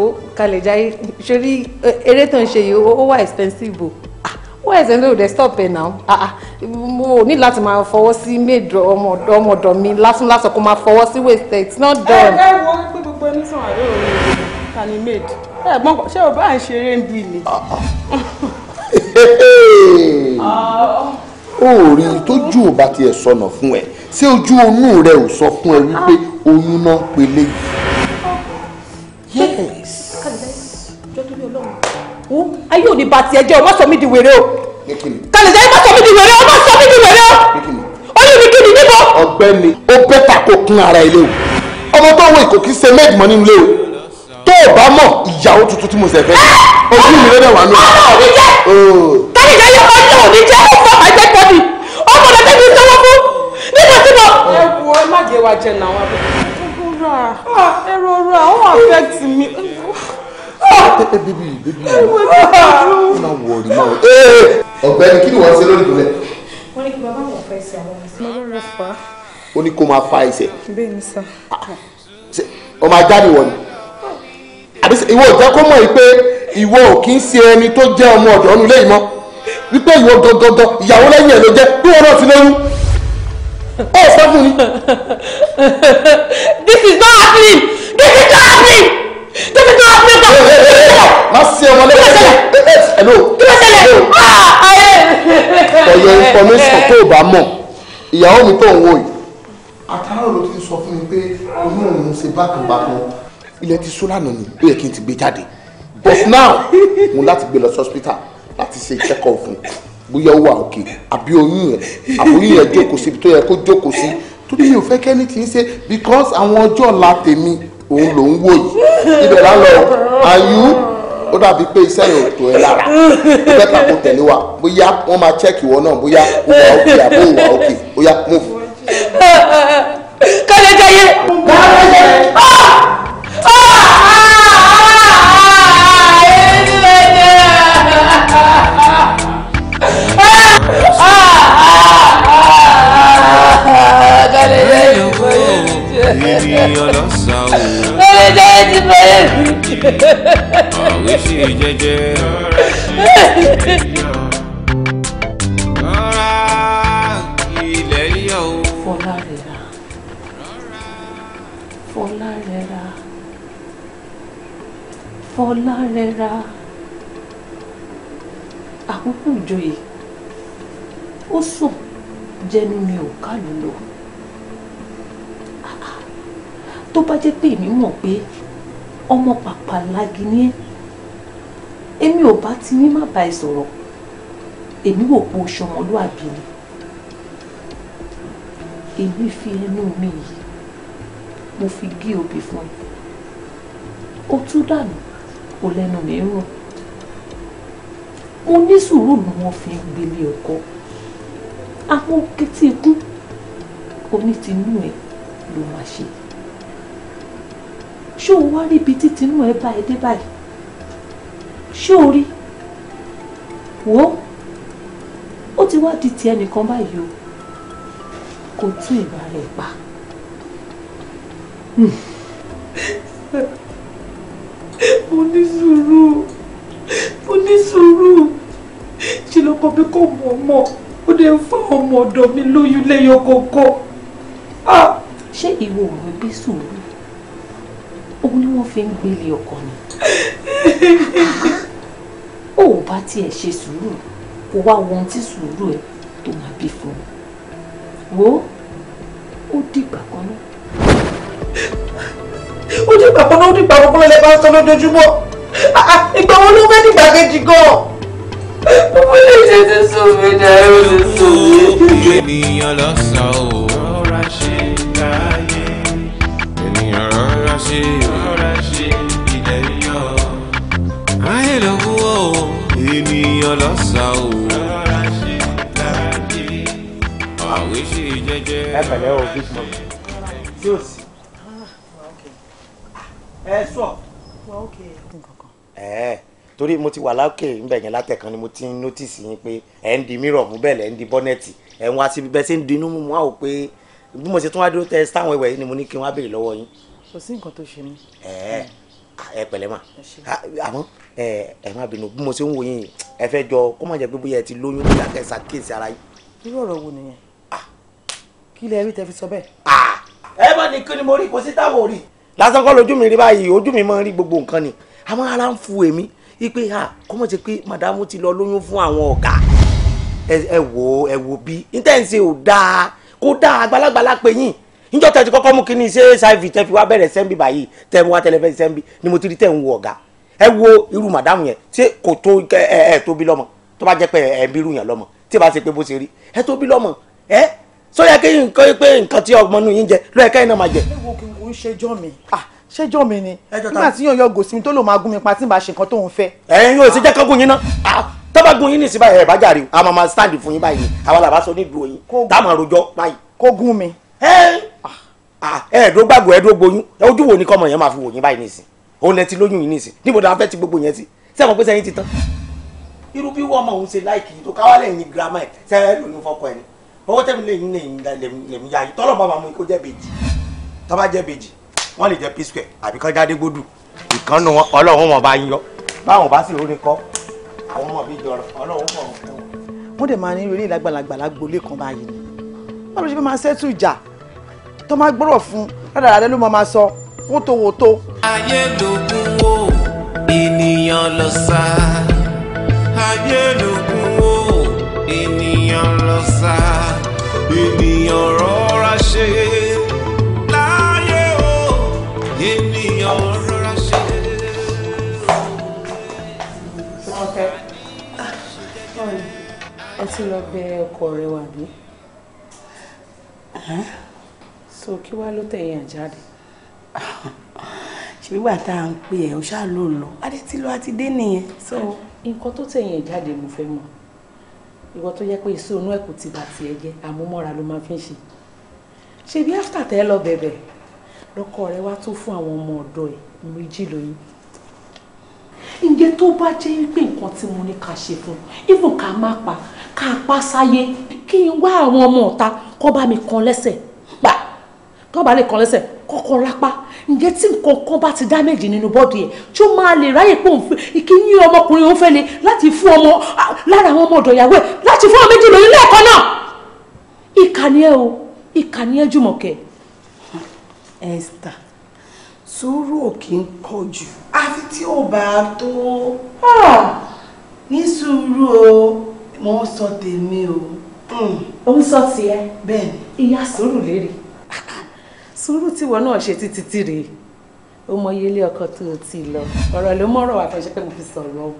o kalẹ̀ jayé sórí e, eré tó ń ṣe yìí ó wà expensive o wọ́n ẹ̀sẹ̀ ló dé stop ẹ̀ náà ah, ah, mo ní láti máa fọwọ́ sí méjọ ọmọdọ̀ mi lásán lásán kó máa fọwọ́ sí waste it's not done. ẹ ẹ wo pé gbogbo ẹni sàn àárẹ̀ òun ta ni maid ẹ gbọ́n ṣé o bá ń ṣeré ń bì ní. ó rí i tójú ò bá tiẹ̀ sọnà fún ẹ ṣé ojú onú rẹ ò sọ fún ẹ wípé ah. oyún náà pele yìí. ayé ò ní bá tiẹ̀ jẹ́ o má sọ mí di wèrè o kàlẹ́dẹ́ má sọ mí di wèrè o má sọ mí di wèrè o oyún mi kí ni níbo. ọ̀gbẹ́ni ó bẹ́tà kó kún ara ilé o ọmọ tó wọ ìkòkí ṣe méjì mọ́ nínú ilé o tó o bá mọ̀ ìyàwó tuntun tí mo ṣẹ̀ fẹ́ ah! ojú mi lọ́dẹ̀ wà nù. ọmọ ah! òní jẹ́ kálíjà yẹ ọjọ́ òní jẹ́ ó tẹ́lẹ̀ sanwó fún nígbà tí mo. ẹ wo ẹ má jẹ wa jẹ náà wọn. Ah, ẹ rọra ó affect mi. bébí bébí má wọrí má wọrí. ọ̀gbẹ́ni kí ni wọ́n ṣe lórí ìpínlẹ̀. wọ́n ní kí bàbá wọn fẹ́ ṣe àwọn ọmọ sí. mo lọ rẹ fà á. ó ní kó máa fa ẹsẹ̀. bẹ́ẹ̀ ni sà. ọmọ ajá ni wọ́n ni àbí ìwọ ò jẹ́ kó mọ̀ yìí pé ìwọ ò kí ń ṣe ẹni tó jẹ́ ọmọ ọ̀dọ́ nílé yìí mọ́ wípé ìwọ gangan ìyàwó lẹ́yìn ẹ̀ ló jẹ́ bí wọn náà fi lóyún ó sọ fún mi. this is not happening this is not happening this is not happening ta. má sí ọmọ lẹ́yìn ẹ̀ hello. kí ló ah, ọ̀yọ̀ information tó o bá mọ̀ ìyàwó mi tó ń wò yìí. àtàrà ló sọ fún mi pé inú òun ṣe bákanbákan ilẹ̀ ti sólànà ni ó yẹ kí n ti gbé jáde but now mo láti gbé lọ sí hospital láti ṣe check up fún bóyá ó wà òkè àbí oyún yẹn àbóyún yẹn jókòó síbi tó yẹ kó jókòó sí torí mi ò fẹ́ kẹ́ni tí ń because àwọn ọjọ́ ọ̀la tèmi òun ló ń wò yìí ibẹ̀ là ń lọ ayú ó dàbí pé iṣẹ́ yẹn ò tó ẹ lára ó bẹ́ẹ̀ kàkó tẹ̀lé wa bóyá wọ́n máa check ìwọ náà bóyá ó wà òkè àbó ó wà òkè bóyá move. kọ́lé jẹ́ yé. kọ́lé ah! èmi ni ọlọ́sà o. ọlọ́sà ẹ ti bẹ̀rẹ̀ sí. àwọn ìṣe jẹ́jẹ́ ọ̀rẹ́ ọ̀rá ilẹ̀ yọ̀ o. ó sùn jẹ́ nínú ìwòkálù lọ tó bá jẹ́ pé èmi mọ̀ pé ọmọ pàpà lági ni ẹ́ èmi ò bá ti ní má bá ẹ sọ̀rọ̀ èmi wò pé o ṣọmọlúàbí ni èmi fi ẹnu mi yìí mo fi gé obì fún ẹ o tún dànù o lẹ́nu mi ń rùn mo ní sùúrù ni wọ́n fi ń gbélé ọkọ amókè tí ikú oní tinú ẹ ló máa ṣe ṣé òun wá rí ibi títí inú ẹ bá ẹ dé báyìí ṣé o rí wò ó ó ti wá di tiẹ̀ nìkan báyìí o kò tún ìgbà rẹ̀ pa. Hmm. mo ní sùúrù mo ní sùúrù ṣe ló kọ bí kò mọ̀ ọmọ ó dé ń fún ọmọ ọ̀dọ̀ mi lóyún lẹ́yọ kọ̀ọ̀kan. Ah! ṣé ìwọ ò rí bí sùúrù fi ń gbélé ọkọ ni ó ò bá tiẹ̀ ṣe sùúrù kó wá wọn tí sùúrù ẹ tó máa bí fún wo ó dìgbà kan náà. ó dìgbà kan náà ó dìgbà kan náà lè sọ lójoojúmọ́ ah, ah, ìgbà wo ló fẹ́ dìgbà kejì gan-an. ọmọ ilé iṣẹ́ ti sùn mí dáhẹ́ ó ti sùn mí. ènìyàn lọ sọ ọ́ rọra ṣe láàyè ènìyàn rọra ṣe. ọlọ́sà o. àwé ṣe jẹjẹ. ẹ pẹ̀lẹ́ o big mom tí o sì. Ah, ẹ sọ. ẹ torí mo ti wà lákè ńbẹ yẹn látẹ̀kan ni mo ti ń nọ́tìsì yín pé ẹ̀ ń di mírọ̀ mú bẹ́ẹ̀ lẹ̀ ń di bọ́nẹ̀tì ẹ̀ ń wá síbi bẹ́ẹ̀ sí ń di inú mú wá o pé bí mo ṣe tún wá dúró tẹ táwọn ẹwẹ̀ yìí ni mo ní kí n wá béèrè lọ́wọ́ yín. kò sí nǹkan tó ṣe mí. ẹ ẹ pẹ̀lẹ́ mà àmọ́ ẹ ẹ má bínú bí mo ṣe ń wo yín ẹ fẹ́ jọ kó má jẹ́ pé bóyá ẹ ti lóyún nígbà kẹsà kíyèsí ara yín. irú ọ̀rọ̀ wo nìyẹn ah. kí lẹ rí tẹ fi sọ bẹ́ẹ̀. Ah. ẹ bá ní kí ni mo rí kò sí táwọn ò rí. lásán kọ́ lójú mi rí báyìí ojú mi máa ń rí gbogbo nǹkan ni àmọ́ ara ń fu èmi wípé kó má jẹ́ pé màdàmú ti lọ lóyún fún àwọn ọ̀gá ẹ wò ẹ wò bí intense ò dáa kó dáa gbalagbala pé yín níjọ́ tẹ́ ti kọ́kọ́ mú kí ni ṣé hiv tẹ́ fi wá bẹ̀rẹ̀ sẹ́ńbì báyìí tẹ́ mú wá tẹlifẹsẹ sẹ́ńbì ni mo ti rí tẹ́ ń wo ọ̀gá ẹ wo irú madam yẹn ṣé kò tó ẹ ẹ tó bí lọ́mọ tó bá jẹ́ pé ẹ bí irú yẹn lọ́mọ tí ì bá ṣe pé bó ṣe rí ẹ tó bí lọ́mọ ẹ sọ́yà kí nǹkan pé nǹkan tí ọmọ inú yín jẹ lọ́yà kẹ́yìn náà máa jẹ. ẹ wo kí n ṣẹjọ́ mi ah, ṣẹjọ́ mi ni nígbà tí yóò yọ gòsì mi tó lò máa gún mi pa tí n bá ṣe nǹkan tóun fẹ́. Ah. ẹ̀yin yóò ṣe jẹ́ kọ́gùn yín náà ah, tọ́bàgùn yín ní ìsìn báyìí ẹ̀ bá jàre àwọn máa stand fún yín báyìí ni àwọn làbá sọ nídùú yín táwọn àròjọ báyìí. kó gún mi. ẹ ẹ ẹ̀ẹ́dógbàgbọ́ ẹ̀ẹ́dógboyún ojú wo ni kọ́mọ yẹn máa fi wò yín báyìí nísìn òun lẹ ti lóyún yìí nìsín níbo dáa fẹ́ ti gbogbo yẹn sí ṣé àwọn pèsè yín ti tán. irú bí wọ́n ọmọ òun ṣe láìkì yìí tó káwá ní girama ẹ̀ ṣe é lòun fọkọ ẹ̀ ni owó tẹ̀mí lẹ́yìn lẹ́yìn lẹ́mú yá yìí tọ́lọ̀ bàbá mu kó jẹ́ bèjì tó bá jẹ́ bèjì wọ́n lè jẹ́ psq àbí kọ́ jáde gbódù ìkànnù ọlọ́run wọn bá ń yọ báwọn bá sì lórí kọ́ àwọn ọmọ mi jọrọ ọlọ́run kọ̀ wọn wótòwótò. ayé lògùn o ènìyàn lọ sá ayé lògùn ènìyàn lọ sá ènìyàn rọra ṣe ẹ ti lọ bẹ ọkọ rẹ wà so kí wàá ló tẹ̀yìn àjáde ṣebí gbà tá à ń pè ẹ́ o ṣáà ló lọ adé ti lọ àti dé nìyẹn so. nǹkan tó tẹ̀yìn ẹ̀ jáde mo fẹ́ mọ̀ ìwọ tó yẹ pé èso inú ẹ̀ kò ti bà tiẹ̀ jẹ́ àmúmọ́ra ló máa fi ń ṣe ṣebí áfítà tẹ́ lọ bẹ̀bẹ̀ lọ́kọ rẹ wá tó fún àwọn ọmọ ọ̀dọ́ ẹ̀ méjì lóyún ǹjẹ́ tó bá jẹ́ wípé nǹkan tí mo ní ká ṣe fún even ká má pa ká pa sáyé kí n wá àwọn ọmọ ọ̀ta kó bá mi kan lẹ́sẹ̀ pa tó bá lè kan lẹ́sẹ̀ kọ̀ọ̀kan lápá ǹjẹ́ tí nǹkan kan bá ti dámẹ́jì nínú bọ́ọ̀dù yẹn tí ó máa lè ráyè pé òun fẹ́ ìkíní ọmọkùnrin òun fẹ́ ni láti fún ọmọ lára àwọn ọmọ ọ̀dọ̀ ìyàwó ẹ̀ láti fún ọmọ méjì lóyún lẹ́ẹ̀kan náà ìkànnì ẹ o ìkànnì ẹ jùmọ̀kẹ́. Esther sùúrù ò kí ń kọ jù àfi tí ò bá tó ní sùúrù o mo sọ tèmi o. òun sọ tiẹ̀ bẹ́ẹ̀ ìyá sùúrù lérè sùúrù tíwọ náà ṣe títí tí rèé ó mọ ilé ọkọ tó o ti lọ ọ̀rọ̀ ló mọ̀rọ̀ wà fẹsẹ pé mo fi sọ̀rọ̀ o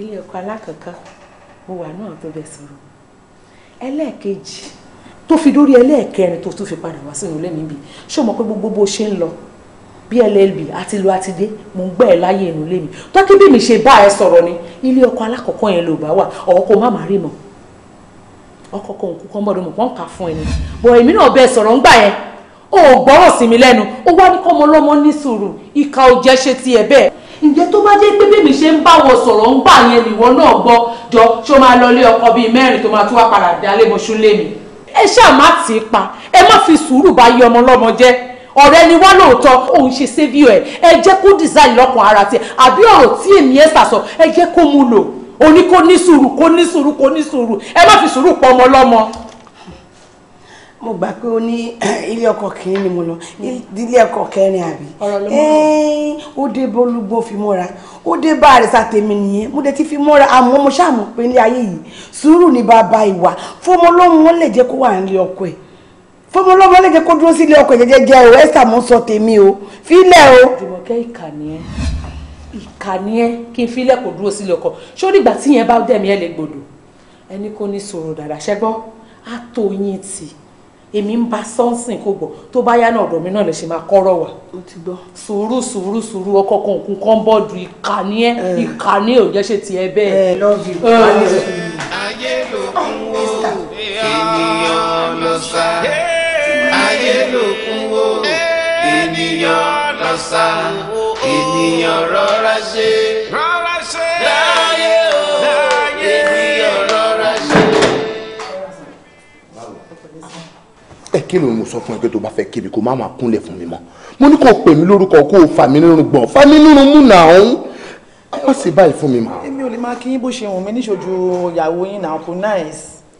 ilé ọkọ alákọ̀ọ́kọ́ mo wà náà tó bẹ sọ̀rọ̀ ẹlẹ́ẹ̀kejì tó fi dórí ẹlẹ́ẹ̀kẹrin tó tún fi padà wá sínú ilé mi ṣé o mọ̀ pé gbogbo bó ṣe ń lọ bllb àti lo àti dé mo ń gbẹ ẹ láyé inú ilé mi tọ́kí bí mi ṣe bá ẹ sọ̀rọ̀ ni ilé ọkọ alákọ̀ọ́kọ́ yẹn ló bá wà ọ̀hún kò má má rí mọ́ ọkọ̀ kan òkú kan mọ́dọ̀ mọ̀ pọ́n kà fún ẹni bọ̀ èmi náà bẹ sọ̀rọ̀ ń gbà yẹn o ò gbọ́rọ̀ sí mi lẹ́nu ó wá ní kọ́mọ lọ́mọ ní sùúrù ìka ò jẹ́ ṣe tiẹ̀ bẹ́ẹ̀. ǹjẹ́ tó bá jẹ́ pé bèbí ṣe ń bá wọn sọ̀rọ̀ ń gbà yẹn nìwọ náà gbọ́ jọ ṣó máa lọ lé ọkọ bíi mẹ́rin tó máa tún wá padà dé alébọ̀ṣú lé mi. ẹ ṣáà má tì í pa ẹ má fi sùúrù bá yí ọmọ lọ́mọ jẹ́ ọ̀rẹ́ ni wá lóòótọ́ òun ṣe sẹ́bíò ẹ̀ ẹ jẹ́ kó design lọ́kàn ara tiẹ̀ àbí ọ̀rọ̀ tí èmi ẹ̀ sàsọ ẹ jẹ́ kó mu lò oní sùúrù kó sùúrù kó sùúrù ẹ má fi sùúrù pọ̀ ọmọ lọ́mọ mo gbà pé ó ní ilé ọkọ kìíní ni mo lọ ilé ọkọ kẹrin àbí ó dé bólúgbó fi mọ́ra ó dé bá àrẹsà tèmi nìyẹn mo dé ti fi mọ́ra àmọ́ mo ṣàmọ̀ pé ní ayé yìí sùúrù ní bàbá ìwà fọmọ lọ́mọ wọn lè jẹ́ kó wà nílé ọkọ ẹ̀ fọmọ lọ́mọ lè jẹ́ kó dúró sílé ọkọ ẹ̀ jẹjẹ jẹ o ẹ̀sà sọ tèmi o fílẹ̀ o. ìbọ̀kẹ́ ìkànnì ẹ̀ ìkànnì ẹ̀ kí n fílẹ̀ kó dúró sílé ọkọ ṣó nígbà tí bá dẹ̀mí ẹ̀ lè gbòdò ẹni kò ní sọ̀rọ̀ dáadáa ṣẹ́gbọ́n á tó yín tì í èmi ń ba sọ́nsìn kò gbọ́ tó bá yá náà ọ̀dọ̀ mi náà lè ṣe máa kọ́rọ̀ wà. mo ti gbọ́. sùúrù sùúrù sùúrù ọkọ kan òkun kan bọ́ọ̀dù ìkà ní ẹ ìkà ní ẹ ò jẹ́ ṣe tiẹ̀ bẹ́ẹ̀. ẹ lọ́ọ̀dì ayé ló oh, wo ènìyàn ló sá ènìyàn rọra ṣe. fẹ́ kírun mo sọ fún ẹ pé tó bá fẹ́ kiri kó má máa kúnlẹ̀ fún mi mọ́ mo ní kó pè mí lórúkọ kó o fà mí nínú gbọ̀n fà mí nínú mú nà ọ̀hún wọ́n sì báyìí fún mi mà. èmi ò lè máa kí yín bó ṣe wù mí níṣojú ìyàwó yín náà kò náìs.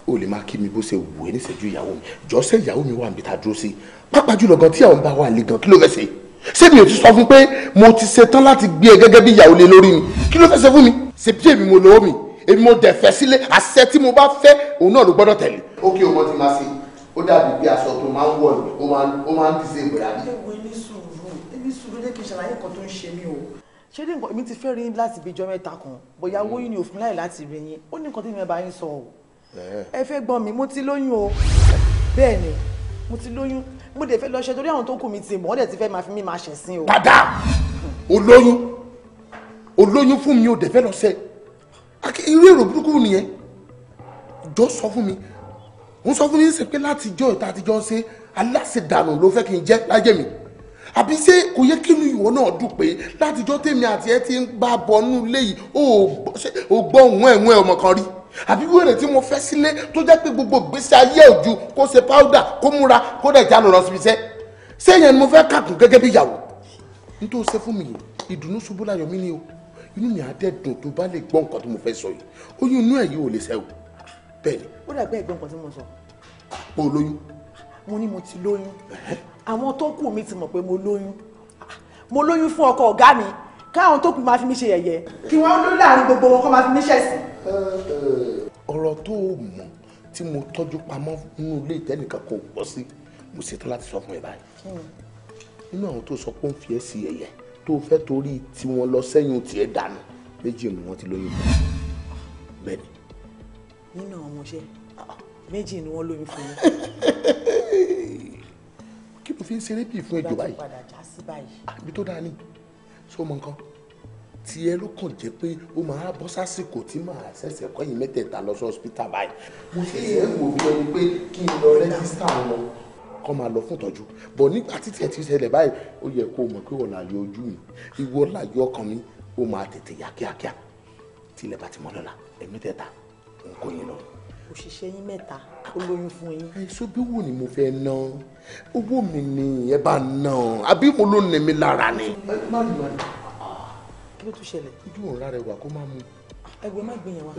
o lè máa kí mi bó ṣe wù ẹ́ níṣẹ́jú ìyàwó mi jọ́sẹ̀ ìyàwó mi wà níbi tá a dúró sí pápá jùlọ gan tí àwọn bá wà lè gan kí ló fẹ́ ṣe ṣé mi ò ti sọ fún pé mo ti ṣetán láti gbé e gẹ́gẹ́ bí ìyàwó lé lórí mi kí ló fẹ́ ṣe fún mi ṣe bí èmi mo lówó mi èmi mo dẹ̀ fẹ́ sílé àṣẹ tí mo bá fẹ́ òun náà ló gbọ́dọ̀ tẹ̀lé. ó kí o mọ ti máa ṣe ó dàbí bí aṣọ tó máa ń wọ̀ ní ó máa ń dísè ìgbéra bí. ewu ní sùúrù ní sùúrù lè kí n ṣàlàyé nǹkan tó ń ṣe mí o. ṣé ní nǹkan èmi ti fẹ́ rí yín láti ibi ìjọ mẹ́ta kan bóyá owó yín ni òfin láì láti rí yín ó ní nǹkan tí mi bá yín sọ o. Eh. ẹ fẹ́ gbọ́n mi mo ti lóyún o bẹ́ẹ̀ ni mo ti lóyún mo dẹ̀ fẹ́ lọ ṣe torí àwọn tó kù mi ti mọ̀ ọ́ dẹ̀ ti fẹ́ máa fi mí máa ṣẹ̀sín o. padà olóyún olóyún fún mi ò dẹ̀ fẹ́ lọ ṣe irú èrò ń sọ fún mi ṣe pé láti jọ ìta àtijọ́ ṣe aláṣẹdànù ló fẹ́ kí n jẹ́ láyé mi àbí ṣé kò yẹ kí inú ìwọ náà dùn pé látijọ́ tèmi àti ẹ ti ń bá bọnú léyìí ó gbọ́ òun ẹ̀wọ̀n ẹ̀ ọmọ kan rí àbí wèrè tí mo fẹ́ sílé tó jẹ́ pé gbogbo ìgbésí ayé òjú kó ṣe powder kó múra kó dẹ̀ jánu lọ síbi iṣẹ́ ṣé yẹn ni mo fẹ́ kàkùn gẹ́gẹ́ bí ìyàwó nítorí ṣe fún mi ìdùnnú ṣubú láyọ̀ mí ni o inú mi á dẹ̀ dùn tó bá lè gbọ́ nǹkan tó mo fẹ́ sọ yìí ó yún inú ẹ̀ yìí ò lè ṣẹ́ bẹ́ẹ̀ ni. ó dàgbé ẹ̀gbọ́n nǹkan tí mo sọ. mo lóyún. mo ní mo ti lóyún. àwọn tó kù mi ti mọ̀ pé mo lóyún. mo lóyún fún ọkọ ọ̀gá mi káwọn tó kù máa fi mí ṣe yẹ̀yẹ́ kí wọ́n ló láàrin gbogbo wọn kó máa fi mí ṣẹ̀sín. ọ̀rọ̀ tó mọ̀ tí mo tọ́jú pamọ́ nínú ilé ìtẹ́nìkan kò pọ̀ sí mo ṣetán láti sọ fún ẹ báyìí nínú àwọn tó sọ pé ó ń fi ẹ́ sí yẹ̀yẹ́ tó fẹ́ torí tiwọn lọ sẹ́yìn tiẹ̀ dànù méjì ni wọ́n ti lóyún bẹ́ẹ̀ ni nínú àwọn ọmọọṣẹ́ méjì ni wọ́n lóyún fún mi. kí ló fi ń ṣeré bíi fún ẹjọ́ báyìí àbí ah, tó dáa ni o mọ nǹkan tí ẹ ló kàn jẹ́ pé ó máa bọ́ sásìkò tí màá ṣẹ̀ṣẹ̀ kọ́yìn mẹ́tẹ̀ẹ̀ta lọ sí ọsibítà báyìí mo ṣe é wò bí ẹni pé kí n lọ rẹ́gísítà wọn kọ́ máa lọ fún ìtọ́jú bọ̀ nígbà títí ẹ ti ṣẹlẹ̀ báyìí ó yẹ kó o mọ̀ pé wọ́n láyọ̀ ojú mi ìwọ láyọ̀ ọkàn mi ó máa tètè yá kíákíá tí ilẹ̀ bá ti mọ́ lọ́la ẹ̀mí n kò yín lọ. òṣìṣẹ́ yín mẹ́ta ó lóyún fún yín. èso bí wò ni mo fẹ́ ná owó mi ni ẹ bá ná àbí mo ló nẹ mi lára ni. má lù wá. kí ló tún ṣẹlẹ̀. ojú òun lára ẹwà kó má mu. ẹgbẹ́ má gbìyàn wa.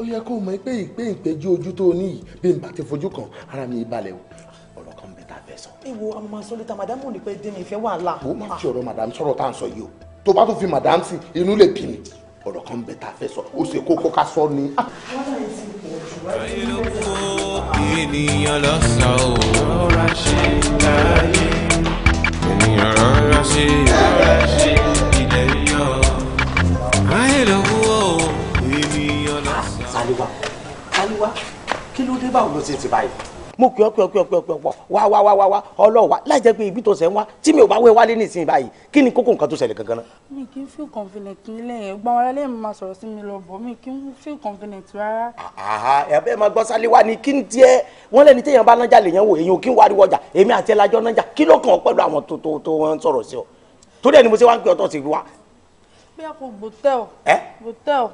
ó yẹ kó o mọ̀ pé ìpè ìpẹ́jú ojú tó o ní yìí bí n bá ti fojú kan ara mi balẹ̀ o ọ̀rọ̀ kan bẹ tá a fẹ́ sọ. ìwo àmọ́ sọ́lítà màdámù ò ní pẹ́ dín ní ìfẹ́ wàhálà. ó má fi ọ̀rọ̀ màdámù sọ̀rọ̀ tá à ń sọ yìí o tó bá tó fi màdámù sí inú lè bí mi ọ̀rọ̀ kan bẹ̀ tá a fẹ́ sọ ó ṣe kókó ká sọ ni. Ah! ènìyàn lọ sọ òrora ṣe láàyè ènìyàn rọra ṣe rọra ṣe ilẹ̀ yọ ayé ló wú ọ ènìyàn lọ sọ. sálíwá ah! sálíwá kí ló dé báwo ló ṣe ti báyìí mo pè ọ́ pè ọ́ pè ọ́ pè ọ́ pè ọ́ wá wá wá wá wá ọlọ́wà láì jẹ́ pé ibi tó ṣẹ̀ ń wá tí mi ò bá wẹ́ wálé nísìnyí báyìí kí ni kókó nǹkan tó ṣẹlẹ̀ gangan mi kì í feel confident nílẹ̀ yẹn gbọ́n wọn lẹ́yìn máa sọ̀rọ̀ sí mi lọ bọ̀ mi kì í feel confident rárá. ẹ̀bẹ́ máa gbọ́ sálé wá ni kí ni tiẹ̀ wọ́n lẹ́ni téèyàn bá nájà lèèyàn wò èèyàn kí n wáriwọ̀ ọjà èmi àti ẹlajọ́ nájà kí ló kàn ọ́ pẹ̀lú àwọn tó tó tó wọ́n ń sọ̀rọ̀ sí ọ torí ẹni mo ṣe wá ń pè ọ́ tó o. ẹ gbòtẹ́ o.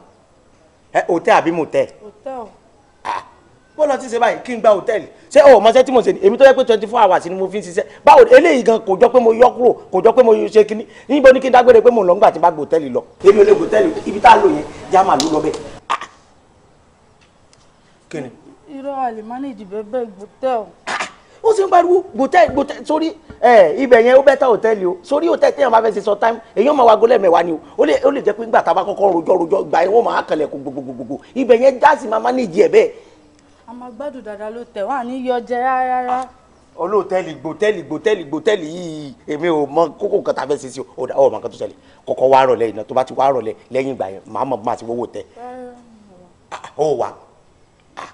ẹ òtẹ́ àbí mòtẹ́. òtẹ́ o bọ́ọ̀lù ti ṣe báyìí kí n gba hòtẹ́ẹ̀lì ṣé ọ̀ mọ́ṣẹ́ tí mo ṣe ni èmi tó yẹ pé twenty four hours ni mo fi ń ṣiṣẹ́ báwo eléyìí gan kò jọ pé mo yọ kúrò kò jọ pé mo ṣe kínní níbo ni kí n dágbére pé mo lọ ńgbà tí n bá gbòtẹ́ẹ̀lì lọ èmi ò lè gbòtẹ́ẹ̀lì ibi tá a lò yẹn jámà ló lọ bẹ́ẹ̀. kí ni. irọ́ àlè mánéjì bẹ́ẹ̀ gbòtẹ́ẹ̀lì ó sì ń pariwo gbòtẹ́ẹ̀lì gbòtẹ́ẹ̀lì sórí ibẹ̀ yẹn ó bẹ́tà hòtẹ́ẹ̀lì o sórí hòtẹ́ẹ̀lì téèyàn bá fẹ́ ṣe sọ táìmù èyàn máa wago lẹ́ẹ̀mẹ́wàá ni o ó lè ó lè jẹ́ pé ńgbà tá a bá kọ́kọ́ rojọ́ rojọ́ gbà yẹn wọ́n máa kẹlẹ̀ kó gbogbogbò ibẹ̀ yẹn já sí máa mánéjì ẹ̀ bẹ́ẹ̀ a máa gbádùn dáadáa ló tẹ̀ wá ní yọjẹ rárá. olóòtẹ́ẹ̀lì gbòtẹ́ẹ̀lì gbòtẹ́ẹ̀lì gbòtẹ́ẹ̀lì yìí èmi ò mọ kókó nǹkan tá a fẹ́ ṣe sí o ọ̀ mọ nǹkan tó ṣẹlẹ̀ kọ́kọ́ wá rọ̀lẹ́ iná tó bá ti wá rọ̀lẹ́ lẹ́yìn ìgbà yẹn màá mọ̀ bí màá ti wọ́wọ́ tẹ. Ah, ó wà ah,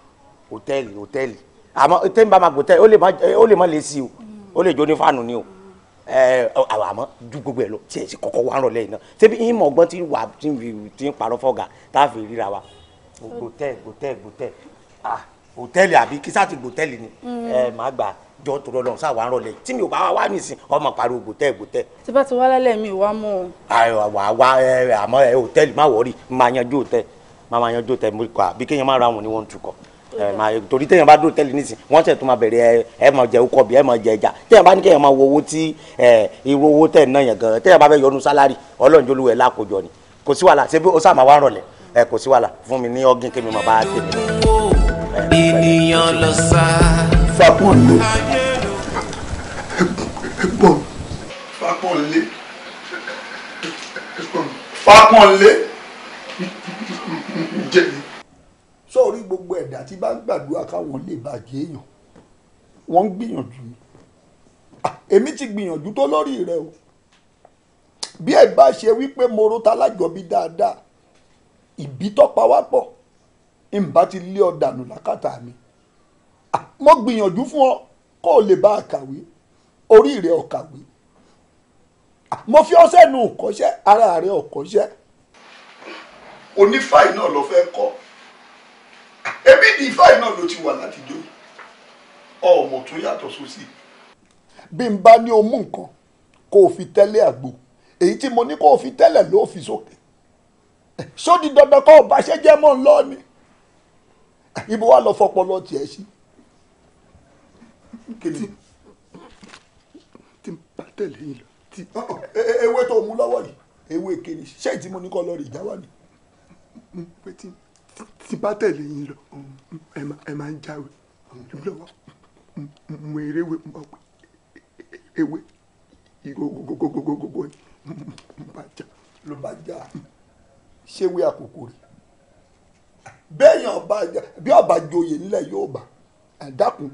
hòtẹ́ẹ̀lì hòtẹ́ẹ̀lì àmọ́ tẹ́ ń bá máa gbòtẹ́ẹ̀lì ó lè má lè sí o ó lè jó ní fáànù ni o eh, àmọ́ ju gbogbo ẹ̀ lọ tí ẹ̀ sì kọ́kọ́ wá rọ̀lẹ́ iná ṣébi ìmọ̀ ọgbọ́n tí wà tí ń parọ́ fọ́gà tá a fi ríra wa gbòtẹ́ẹ̀ gbòtẹ́ẹ̀ gbòtẹ́ẹ̀ ah hòtẹ́ẹ̀lì àbí kí sáà ti gbòtẹ́ẹ̀lì ni mm. ẹ máa gbà jọ tòrọ lọ sáà wà ń rọlẹ̀ tí mi ò bá wá wá nìsín ọmọ pariwo gbòtẹ́ẹ̀ gbòtẹ́ẹ̀. tí bá ti wá lálẹ́ mi wá mọ́ o. àwa wá ẹ àmọ́ ẹ hòtẹ́ẹ̀lì má wọ̀ọ́rì máa yanjú hòtẹ́ẹ̀ máa máa yanjú hòtẹ́ẹ̀ mo kọ́ àbí kéèyàn má ra àwọn oníwọ̀n tukọ̀ torí téèyàn bá dúró tẹ́lẹ̀ nísìn wọ́n ṣẹ̀ tó máa bẹ̀rẹ̀ ẹ máa jẹ okọ̀ bí ẹ máa jẹ ẹja téèyàn bá ní kéèyàn máa wo owó tí irú owó tẹ̀ náà yẹn gan téèyàn bá fẹ́ yọnu sálárì ọlọ́njọ́lù ẹ̀ lákòjọ ni kò sí wàhálà ṣé ó sàmà wà rọlẹ̀ ẹ kò sí wàhálà fún mi ní ọgín kémi máa bá tèmi lọ ènìyàn ló sá. Fapọ̀nlé bọ̀ Fapọ̀nlé Fapọ̀nlé jẹ̀bi. sọ́ọ̀rí gbogbo ẹ̀dá tí bá ń gbàdúrà káwọn lè bàjẹ́ èèyàn wọ́n ń gbìyànjú ah, èmi ti gbìyànjú tó lórí rẹ o bí ẹ bá ṣe wípé mo ro ta lájọbí dáadáa ìbí tọ́pa wá pọ̀ ìmbá ti lé ọ dànù lákàtà mi mo gbìyànjú fún ọ kó o lè bá a kàwé orí rẹ ò kàwé mo fi ọsẹ nu kọ́ṣẹ́ ara rẹ ò kọ́ṣẹ́. onífàì náà ló fẹ́ kọ́ ebi ni ìfàì náà ló ti wà látijọ́ ọmọ tún yàtọ̀ sósì. bí n bá ní o mú nǹkan kó o fi tẹ́lẹ̀ àgbo èyí tí mo ní kó o fi tẹ́lẹ̀ ló fi sókè sódì dandan kó o bá ṣẹ́jẹ́ mọ́ ń lọ ni ibo wa lọ fọpọlọ tiẹ̀ sí. kìnìún tí n bá tẹ̀lé yín lọ. ewé tó mú lọ́wọ́ yìí ewé kiri ṣé ìtí mo ní kọ́ lọ rí ìjà wà ní. pé tí tí bá tẹ̀lé yín lọ ẹ máa ń jáwé lọ́wọ́ mo eré wé mo pé ewé ìgogogogogogogo ni mo bá já. ló bá já ṣé wé àkókò rẹ̀ bẹ́ẹ̀yàn bí ọba joyè nílẹ̀ yóò bá dákun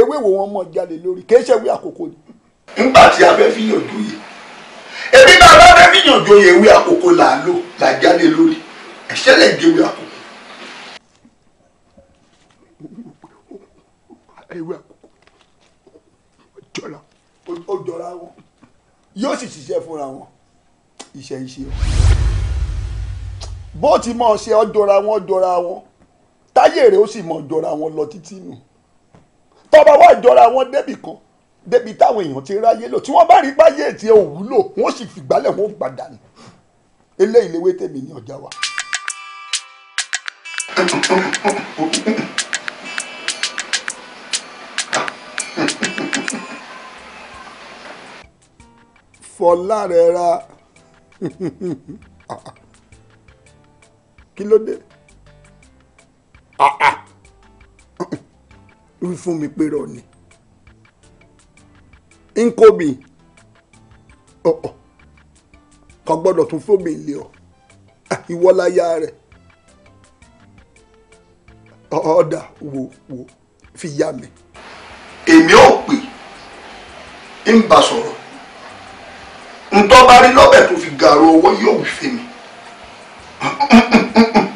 ewé wo wọn mọ jalè lórí kì í ṣe ewé àkókò ni. nígbà tí a fẹ́ fi yàn joyè ebi náà bá fẹ́ fi yàn joyè ewé àkókò là á lò là á jalè lórí ẹ̀ṣẹ́ lè gé ewé àkókò. ewé àkókò jọra ó jọra wọn yóò sì ṣiṣẹ́ fúnra wọn iṣẹ́ iṣẹ́ bó ti mọ̀ ṣe ọ́ jọra wọn jọra wọn táyé rẹ̀ ó sì mọ̀ jọra wọn lọ títí nù tọba wá jọra wọn débì kan débi táwọn èèyàn ti ráyé lò tí wọ́n bá rí báyé tí ò wúlò wọ́n sì fìgbálẹ̀ wọ́n gbàdà ní eléyìí léwé tèmi ní ọjà wa. fọlá rẹ ra. kí ló dé ah, ah. fún mi pé rọ ni nkobi ọ̀ọ̀ kò gbọ́dọ̀ tún fóbi ilé ọ ah, ìwọ́láyà rẹ̀ ọ̀ọ́dà wo wo fi yá mi. èmi ò pè ń bá sọ̀rọ̀ ntọ́ bá rí lọ́bẹ̀ tó fi gàrú owó yóò wí fèmí.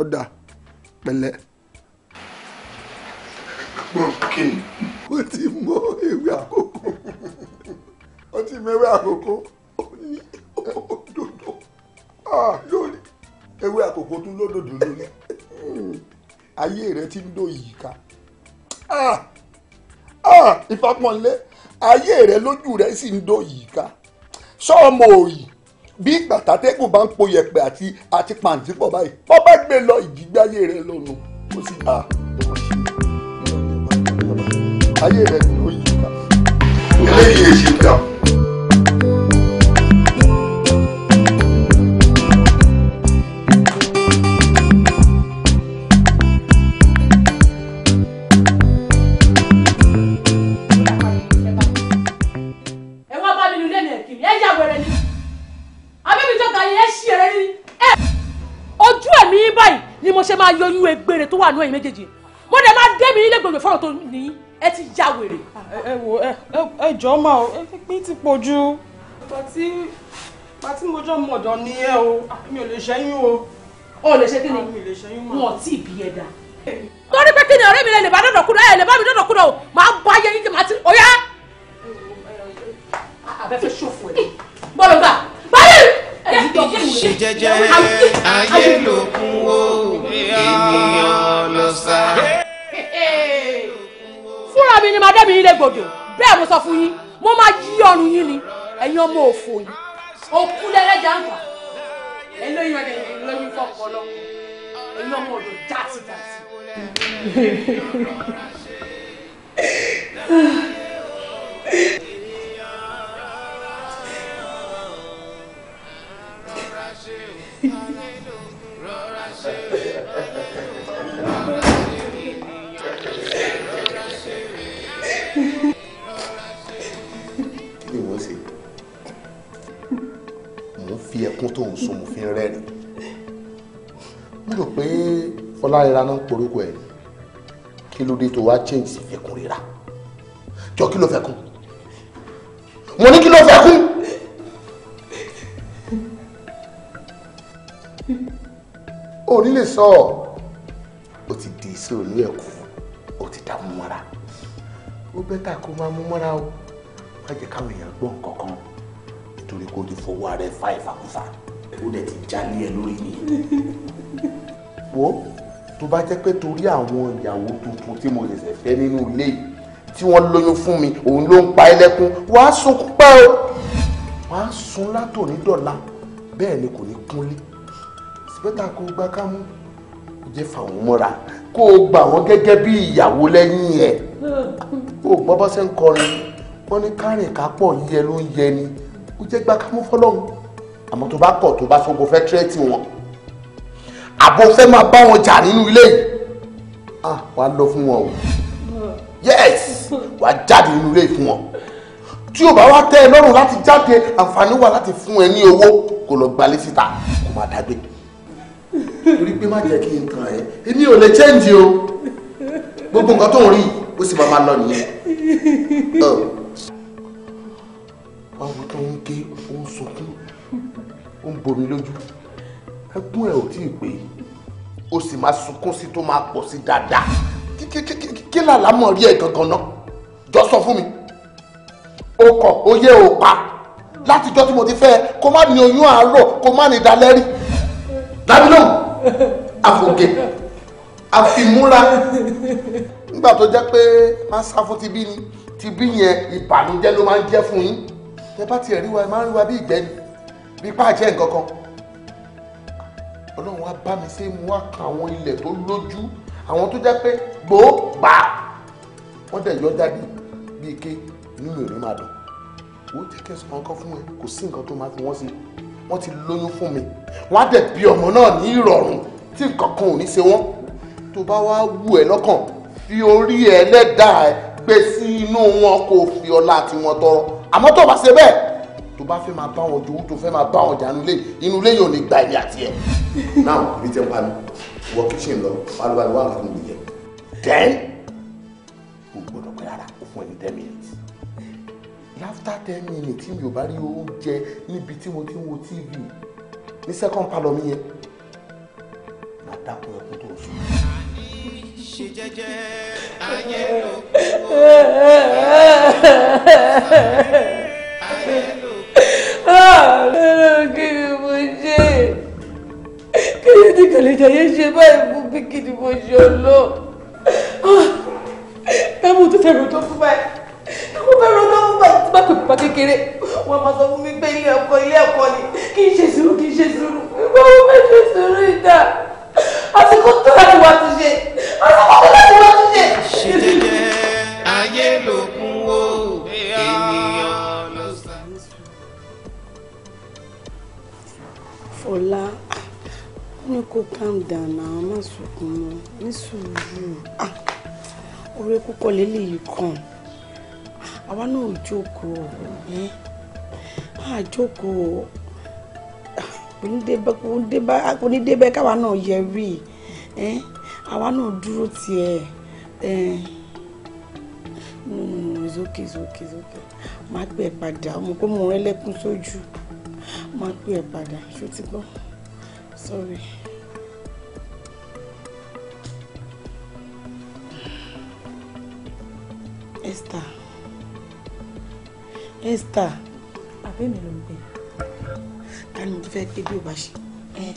ọ̀dà pẹ̀lẹ́. gbọ́n kìnnì. ó ti mọ ewé àkókò ó ti mọ ewé àkókò ó ní òdòdó ah, lórí ewé àkókò tún lódòdó lórí ayé rẹ ti ń dó yìí ká ah, ah, ìfapọ̀nlé ayé rẹ lójú rẹ sì ń dó yìí ká sọ́ọ̀mọ̀ òyì bí ìgbà tàtẹ́gùn bá ń po yẹ̀pẹ̀ àti àti pàǹtí pọ̀ báyìí wọ́n bá gbé lọ ìdígbáyé rẹ lọ́nu ó sì dá ayé rẹ ló yí ká. eléyìí èsì dà. máa yọ oyún egbére tó wà ní ẹ̀yìn méjèèjì mo dẹ̀ máa dé mi nílé gbogbo fọ́rọ̀ tó ní ẹ ti já wèrè. ẹ wo ẹ jọ máa o ẹ pín ti pọ̀ jù. pàtí pàtí mo jọ mọ̀dọ̀ ni ẹ o mi ò lè ṣẹ́yún o. o lè ṣe kí ni wọn ò tí ì bí ẹ dá. torí pé kí ni ọ̀rẹ́ mi lè bá dọ̀dọ̀ kúrò ẹ lè bá mi dọ̀dọ̀ kúrò o máa bá yẹ yín kí máa ti ọ̀yá. àbẹ́fẹ́ ṣòfò ẹ̀ bọ́lọ̀ gbà ìjẹjẹ ayé ló kún ó ènìyàn lọ sá. fúnra mi ni màá dẹ́bi yín légbodò bẹ́ẹ̀ mo sọ fún yín mo máa yí ọrùn yín ni ẹ̀yin ọmọ òfò yìí. òkú lẹ́lẹ́jà ń fà ẹlẹ́yìn ọ̀dẹ̀ lóyún fọ́pọ̀ lọ ẹ̀yin ọmọ òdò jáàtì jáàtì. Ah. kí ni wọ́n ṣe mò ń fi ẹkún tó ń sun mo fi ń rẹ́rìn mo rò pé fọlárira náà ń porúkọ ẹ̀ kí ló dé tó wá change sí fẹkùn rira jọ kí ló fẹkùn mo ní kí ló fẹkùn. lè sọ ó ti di ìṣòro ní ẹ̀kú ó ti dá mú mọ́ra ó bẹ́tà kó máa mú mọ́ra o má jẹ́ káwọn èèyàn gbọ́ nǹkan kan nítorí kó o ti fọwọ́ rẹ fa ìfàkúfà ó dẹ̀ ti já ní ẹ lórí nìyẹn. wo tó bá jẹ́ pé torí àwọn ìyàwó tuntun tí mo ṣẹ̀ṣẹ̀ fẹ́ nínú ilé yìí tí wọ́n lóyún fún mi òun ló ń pa ẹlẹ́kún wàá sunkún pẹ́ o wàá sun látòní dọ̀la bẹ́ẹ̀ ni kò ní kúnlé bẹ́tà kó gbá kámú kó jẹ́ fà mọ́ra kó o gbà wọ́n gẹ́gẹ́ bí ìyàwó lẹ́yìn ẹ̀ kó o gbọ́ bá ṣe ń kọrin wọ́n ní kárìn kápọ̀ yẹ ló ń yẹ ni kó jẹ́ gbá kámú fọlọ́hún àmọ́ tó bá kọ̀ tó bá sọ́gbọ́n fẹ́ tírẹ́tì wọn àbò fẹ́ máa bá wọn jà nínú ilé yìí ah wàá lọ fún wọn o yes wàá jáde nínú ilé yìí fún wọn tí o bá wá tẹ́ ẹ lọ́rùn láti jáde àǹfààní wà láti fún ẹ ní owó kó lọ gbalé síta kó máa dágbé torí pé má jẹ́ kí n tàn ẹ́ èmi ò lè change o gbogbo nǹkan tó ń rí ó sì máa máa lọ nìyẹn. báwo tó ń ké ó ń sunkún ó ń bomi lójú ẹkún ẹ ò tí ì pé ó sì máa sunkún sí tó máa pọ̀ sí dáadáa kí làlámọ̀ rí ẹ̀ gangan náà jọ sọ fún mi ó kọ ó yẹ ó pa látijọ́ tí mo ti fẹ́ kó má ní oyún àárọ̀ kó má ní dalẹ́rí dábìlóhùn àfògè àfimúra nígbà tó jẹ́ pé a ń sá fún tibí ni tibí yẹn ìbànújẹ́ ló máa ń jẹ́ fún yín tẹ bá tiẹ̀ rí wa ẹ máa ń rí wa bí ìgbẹ́ni bí pàjẹ́ nǹkan kan ọlọ́run wa bá mi ṣe mú wá kan àwọn ilẹ̀ tó lójú àwọn tó jẹ́ pé gbòó gbà wọ́n dẹ̀ yọ jáde bí ike nínú ìrìn máa dùn jẹ́ kí ẹ̀sùn kan fún ẹ kò sí nǹkan tó máa fi wọ́n sí wọ́n ti lóyún fún mi wọ́n á dẹ̀ bí ọmọ náà ní ìrọ̀rùn tí nǹkan kan ò ní ṣe wọ́n tó bá wá wù ẹ́ lọ́kàn fi orí ẹ lẹ́dàá ẹ gbé sí inú wọn kó o fi ọlá àti wọn tọrọ àmọ́ tó bá ṣe bẹ́ẹ̀ tó bá fẹ́ máa bá wọn jòwú tó fẹ́ máa bá wọn jànú lé inú ilé yóò lè gba ẹ̀mí àti ẹ̀. náà mi ti ń wọ kíṣìn lọ balùbalù wà nǹkan tó ń gbìyànjú. kò gbọdọ̀ pẹ́ rárá fún ẹni tẹ́mi after ten minutes tí mi ò bá rí oúnjẹ níbi tí mo ti ń wo tv ní second palọ mi yẹn máa dákun ẹkún tó oṣù. ṣe jẹ́jẹ́ ayé ló kú ayé ló kú. kí ni mo ṣe kí ni tí kàlẹ́jà yẹn ṣe báyìí fún bí kí ni mo ṣe lọ. táwọn ah! tó tẹ̀lé tó fún báyìí ọkọ kékeré wọn máa sọ fún mi pé ilé ọkọ ilé ọkọ ni kì í ṣe sùúrù kì í ṣe sùúrù ìgbà wo fẹ́ ṣe sùúrù ìdá àsìkò tó láti wá tún ṣe àsìkò tó láti wá tún ṣe. ṣe ayé ló kún wo ènìyàn ló sá. Fọlá ní kó calm down náà má sunkún mọ́ ní sùúrù ah, orí púpọ̀ lélẹ́yìí kan àwa náà ò jókòó ẹ á jókòó onídébẹ káwa náà yẹ rí ẹ àwa náà dúró tiẹ ẹ no no no it's okay it's okay it's okay máa pè é padà ọmọ pé mo lẹ́kún sójú máa pè é padà ṣó ti gbọ́ sorry. Esther. Esther. àbẹ́ mi ló ń bẹ̀. ta ni mo ti fẹ́ bí o bá ṣe. ẹ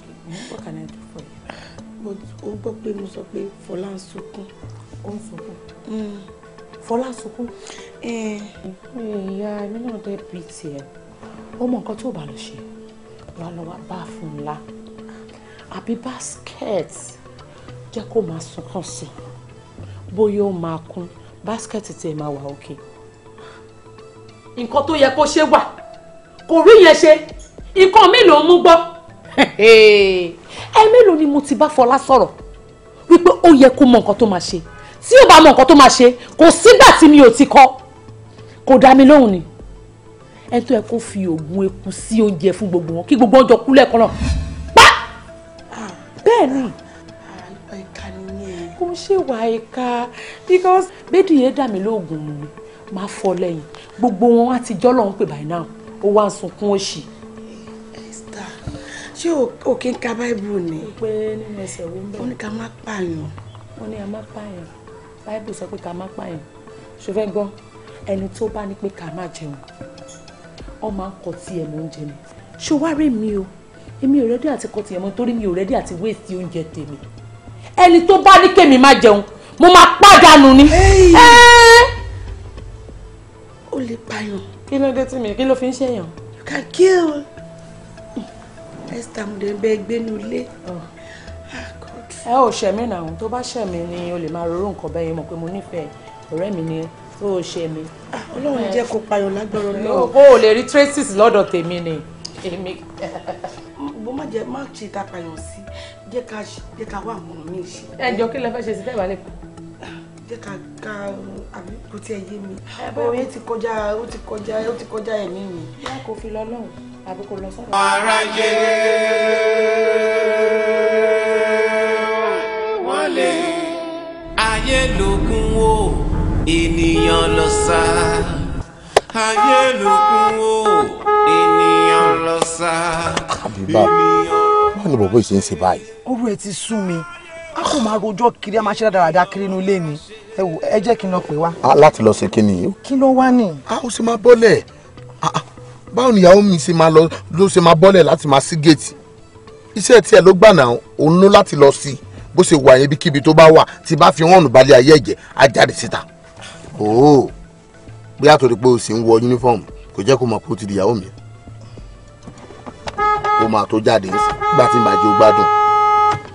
what can I do for you. mo ò gbọ́ pé mo sọ pé Fọlá ń sunkún. ó ń sunkún. Mm. Fọlá ń sunkún. ìyá mi náà dé bíi tiẹ̀ ó mọ nǹkan tó bá lọ ṣe wàá lọ wá bá a fún ńlá àbí basket jẹ́ kó máa sunkún sí bóyá ó máa kún basket tiẹ̀ máa wà òkè. Okay nǹkan tó yẹ kó ṣe wà kò rí yẹn ṣe nǹkan mi ló ń mú gbọ́. ẹ mélòó ni mo ti bá Fọlá sọ̀rọ̀ wípé ó yẹ kó mọ nǹkan tó máa ṣe tí ò bá mọ nǹkan tó máa ṣe kò sígbà tí mi ò ti kọ kò dá mi lóhùn ni ẹ tó yẹ kó fi oògùn eku sí oúnjẹ fún gbogbo wọn kí gbogbo wọn jọ kú lẹ́ẹ̀kan náà pa bẹ́ẹ̀ ni kò ń ṣèwà ẹ̀ka because bẹ́ẹ̀dì yẹn dà mí lóògùn mi máa fọ́ lẹ́yìn gbogbo wọn wá ti jọ́lọ̀ ń pè báyìí náà ó wá ń sunkún òṣì. Esther ṣé òkè ń ka báìbù ni. pé nínú ẹsẹ̀ wo ń bẹ̀. ó ní ká má pààyàn. ó ní ká má pààyàn báìbù sọ pé ká má pààyàn ṣùgbọ́n gbọ́ ẹni tó bá ní pé ká má jẹun ọ máa ń kọ tí ẹ mọ oúnjẹ ni ṣó wá rí mi o èmi ò rẹ́dí àti kọ tí ẹ mọ torí mi ò rẹ́dí àti wéèsì oúnjẹ tèmi ẹni tó bá ní kémi má jẹun mo máa pàdánù ni. Hey. Hey ó lè pààyàn. kí ló dé tí mi kí ló fi ń ṣèyàn. you can kill. esther mo dẹ̀ ń bẹ ẹgbẹ́ ní ilé. Oh. Ah, ẹ ò ṣẹ̀mí náà tó bá ṣẹ̀mí ni o lè máa roró nǹkan bẹ́ẹ̀ mọ̀ pé mo nífẹ̀ẹ́ ọ̀rẹ́ mi ni ó ṣẹ̀mí. Ah, ọlọ́run jẹ́ kó pààyàn lágbára náà. o ò lè rí traces lọ́dọ̀ tèmi ni èmi. bó má jẹ má ṣe ta pààyàn sí jẹ́ ká wà mọ̀ mí ẹ jọ kí lẹ fẹ́ ṣe sí tẹ́ẹ̀ bá lè jẹ́ ká ká àbí kò tiẹ̀ yé mi ọ̀rọ̀ yẹn ti kọjá ó ti kọjá ó ti kọjá ẹ̀mí mi. báyà kò fi lọ lọ́hùn àbí kò lọ sọ́dọ̀. aráyé wọ́n lè ayé ènìyàn lọ sá ayé lógún ènìyàn lọ sá ènìyàn báwo ni bàbá yìí ṣe ń ṣe báyìí. ọ̀rọ̀ ẹ ti sún mi a kò máa rojọ́ kiri a máa ṣe dáradára kiri inú ilé ni ẹ wò ẹ jẹ́ kí n lọ pè wá. a láti lọ ṣe kíni yìí. kí ló wá ni. a ó sì máa bọ́lẹ̀ báwo ni ìyàwó mi ṣe máa lọ ló ṣe máa bọ́lẹ̀ láti máa sí géètì iṣẹ́ tiẹ̀ ló gbà náà òun ló láti lọ sí i bó ṣe wà yẹn ibikíbi tó bá wà tí bá fi hàn nù balẹ̀ ayé ẹ̀jẹ̀ á jáde síta. ooo bí a torí pé o sì ń wọ uniform kò jẹ́ kó mọ̀ pé ti di ìyàwó mi. o máa tó jáde nígbà tí ìbàjẹ́ o gbádùn.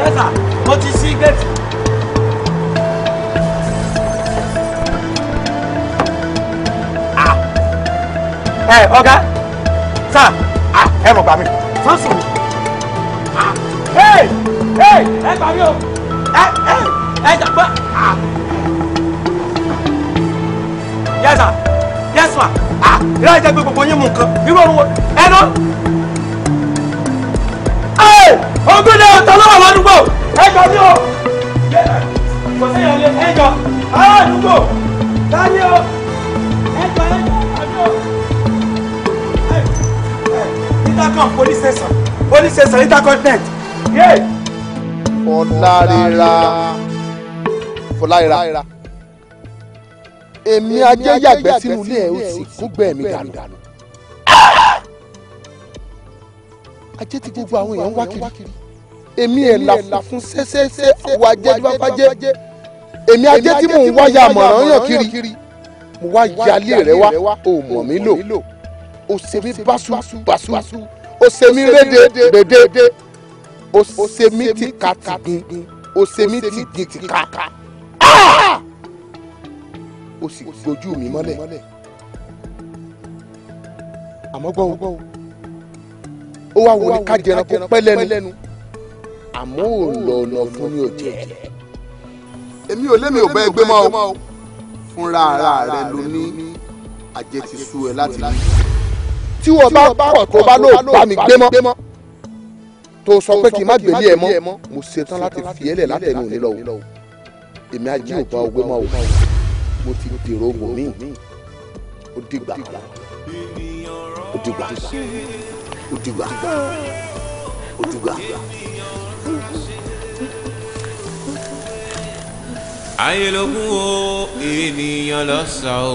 yẹ́sà mo ah. ọ̀gá sà ah, ẹ mọ̀ gbà mí. sọ́sùn mi. Ah. ẹ gbà mí o ẹ ẹ ẹ jàpá. yẹ́sà yẹ́sà ìlànà ìjẹ́gbẹ́ gbogbo yín mú nǹkan irú òun ẹ lọ ogún náà tọ́ lọ́wọ́ ládùúgbò ẹ̀jọ̀ ni o kò sí ìyàlẹ̀ ẹ̀jọ̀ ará àdúgbò dání o ẹ̀jọ̀ ẹ̀jọ̀ àjọ ìtàkàn police station police station ìtàkàn tent. fọlárira èmi ajé yàgbẹ́ sínú ilé ẹ̀ ó sì kúgbẹ́ mi dànù. ajé tí gbogbo àwọn èèyàn wá kiri èmi ẹ̀ là fún sẹ́sẹ́sẹ́ àwọn ajé tí wọ́n bá jẹ́ èmi ajé tí mò ń wá ya àmọ̀ràn yàn kiri mo wá yálé rẹ wá o mọ̀ mí lò o ṣe mí báṣu báṣu o ṣe mí rédè gbèdè o ṣe mí tìka tìgbìn o ṣe mí tìgbìn tìka o sì gbójú mi mọ́lẹ̀ àmọ́ gbọ́n o ó wá wòlé kájẹran kó pẹ́ lẹ́nu àmọ́ ò lọ ọ̀nà fún ní òjẹ́ èmi ò lémi ò bá ẹgbẹ́ mọ́ o fúnra ara rẹ ló ní àjẹ ti sú ẹ láti rí. tí wọ́n bá pọ̀ tó bá lóò bá mi gbé mọ́ tó sọ pé kì í má gbélé ẹ mọ́ mo ṣetán láti fi ẹ́ lẹ̀ látẹnu òní lọ́wọ́ èmi ajé ò bá ọgbẹ́ mọ́ o mo ti dèrò ògùn mi ó dìgbà ó dìgbà ojúgbà ojúgbà. ayé ló kú o ènìyàn lọ sá o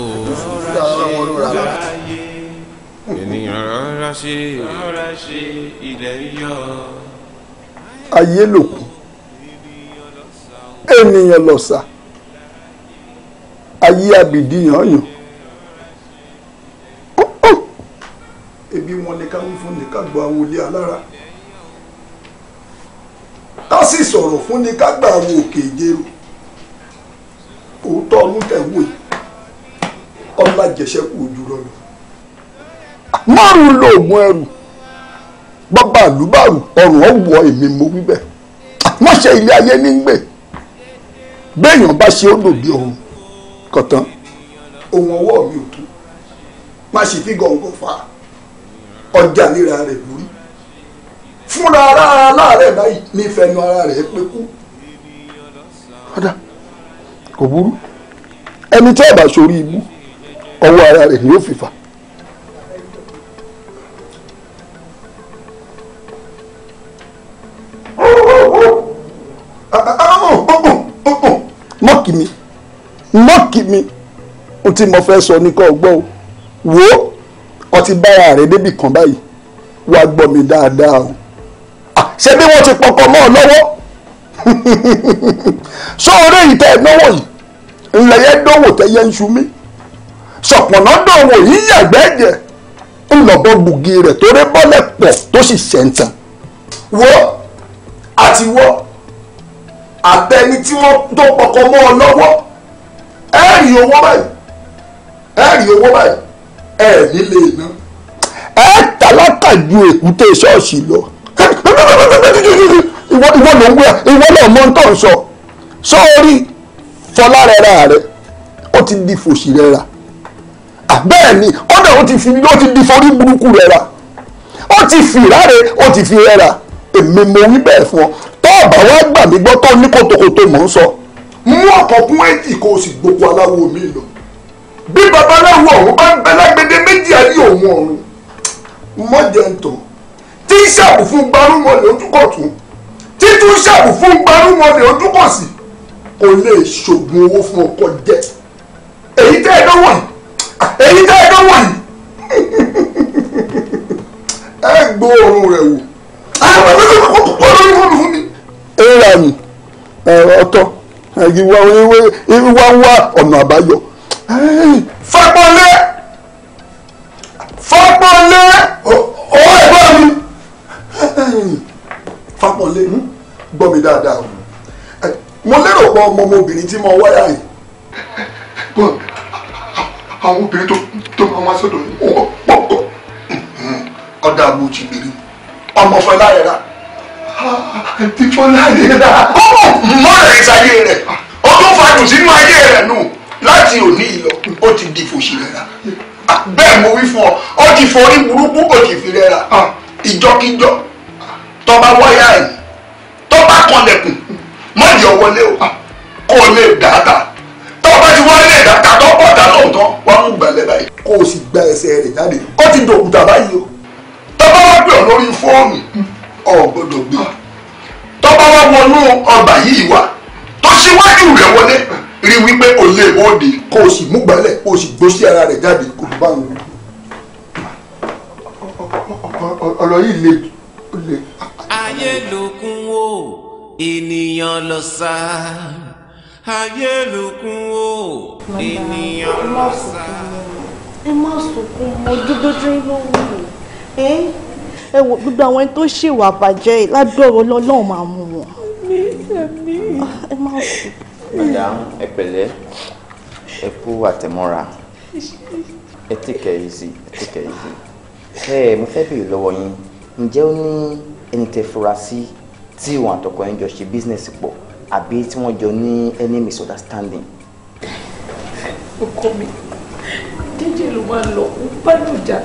ènìyàn rọra ṣe ilẹ̀ yọ. ayé ló kú ènìyàn lọ sá ayé abìdí yàn yàn. ebi wọn ni ká wí fún ni ká gbọ́ àwọn olè alára ká sì sọ̀rọ̀ fún ni ká gbà àwọn òkè ìjẹ́rù òótọ́ ọdún tẹ̀wé ọlá jẹ̀ṣẹ́kù òjúrọ̀ lọ. márùn ló mú ẹrù bàbá àlùbárù ọrùn ọ̀wọ́ èmi mo wí bẹ́ẹ̀ wọ́n ṣe ilé ayé ní gbè béèyàn bá ṣe ó lòdì ọ̀hún kọ̀tán. ohun ọwọ́ mi ò tó má ṣe fígọ̀ ọ̀gọ̀ fà á. ọjà léra rẹ̀ lórí fúnra ara aláàrẹ̀ báyìí ìfẹnu ara rẹ̀ pé kú. ọ̀dà kò burú ẹni tí ẹ̀bà sórí ibú ọwọ́ ara rẹ̀ ni ó fi fà. mọ́ọ̀kì mi mọ́ọ̀kì mi ohun tí mo fẹ́ sọ ni kò gbọ́ o wò ó. ó ti bára rẹ̀ débi kan báyìí wá gbọ́ mi dáadáa o ṣé bí wọ́n ti pọkàn mọ́ ọ lọ́wọ́ sóòrè ìtẹ́ ìnáwó yìí ńlẹ̀yẹ dánwò tẹ́yẹ ń sunmí sọ̀pọ̀nà dánwò yìí yàgbẹ́ jẹ ńlọ̀bọ gbùgì rẹ̀ tó ré bọ́lẹ̀ pọ̀ tó sì ṣẹ̀ǹtàn. wo àti wọ àtẹni tí wọ́n tó pọkàn mọ́ ọ lọ́wọ́ ẹ̀rì owó báyìí ẹ̀rì owó báyìí ẹ nílé iná. ẹ tálákà ju èkúté ṣọ́ọ̀ṣì lọ ìwọ ló ń wíwá ìwọ náà mọ tó ń sọ sọ́ọ́rí fọlárẹ́ra rẹ ó ti di fòṣì rẹ ra bẹ́ẹ̀ ni ọ̀dọ̀ ó ti fi ó ti di forí burúkú rẹ ra ó ti fi ìráre ó ti fi rẹ ra èmi mo wí bẹ́ẹ̀ fún ọ tó ọ̀bà wá gbà mí gbọ́ tó ní kòtòkòtò mò ń sọ. mú ọ̀kọ̀ọ̀kún ẹ̀jì kó o sì gbogbo aláwo mi lọ bí babaláwo ọ̀hún bá ń bẹ lágbede méjì ayé òun ọ̀run mọ́jẹ̀ntàn tí ń ṣàbù fún gbarúmọlẹ̀ ojúkọ̀ tún títún ṣàbù fún gbarúmọlẹ̀ ojúkọ̀ sí kò lè ṣògùn owó fún ọkọ jẹ èyí tẹ́ ẹ dánwò yìí èyí tẹ́ ẹ dánwò yìí ẹ gbọ́ ọ̀run rẹ̀ wò ẹ rà mí ọ̀tọ̀ ìwà ọ̀nà àbáyọ Fápọ́nlé Fápọ́nlé ó ẹ̀gbọ́n mi Fápọ́nlé hmm? gbọ́ mi dáadáa mo lérò pé ọmọ ọmọbìnrin tí mo wáyà yìí àwọn obìnrin tó tó máa wá sọ́dọ̀ yìí wọ́n pọ̀ pọ̀ ọ̀dà àbúrò ti gbèrè ọmọ fọlá rẹ̀ rà ti fọlá rẹ̀ rà ọmọ mọ́rẹ̀ ìsayé rẹ̀ ó tún fa dùn sínú ayé rẹ̀ nù láti òní ìlọ ó ti di fòṣì rẹ̀ rà bẹ́ẹ̀ mo wí fún ọ ó ti forí burúkú ó ti fi rẹ̀ rà ìjọkíjọ tọba wáyà ẹ̀ tọba kanlẹ̀kùn má yọ wọlé o kó o lè dáadáa tọba ti wọlé lè dáadáa tó pọ̀ dáná ọ̀tán wọn mú gbàlẹ̀ báyìí kó o sì gba ẹsẹ̀ rẹ̀ jáde ó ti dòkúta báyìí o tọba wá pè ọ lórí fóònù ọ gbọ́dọ̀ gbé tọba wá wọnú ọgbà yìí wá tó síwájú rẹ̀ wọlé rí wípé o lè bóde kó o sì mú gbálẹ̀ kó o sì gbó sí ara rẹ̀ jáde kó o bá wọn. ọ̀rọ̀ yìí le le. ayé lókun o ènìyàn lọ sá ayé lókun o ènìyàn lọ sá. ẹ má sunkún mo dúdú dín lóhùn ẹ wo gbogbo àwọn ẹni tó ṣèwà bàjẹ́ ládùúgbò ọlọ́run máa mú wọn. Ah, ẹ má sunkún. Madame, ẹ pẹ̀lẹ́ ẹ kú àtẹ̀mọ́ra ẹ tìkẹ yìí sí ẹ tìkẹ yìí sí ẹ mo fẹ́ béèrè lọ́wọ́ yín ǹjẹ́ ó ní ẹni tẹ́ fura sí tí ìwọ̀n àtọkọ yín jọ ṣe bísínẹ́sì pọ̀ any misunderstanding. ọkọ mi jẹ́jẹ́ ló máa lọ ó bá yàn jà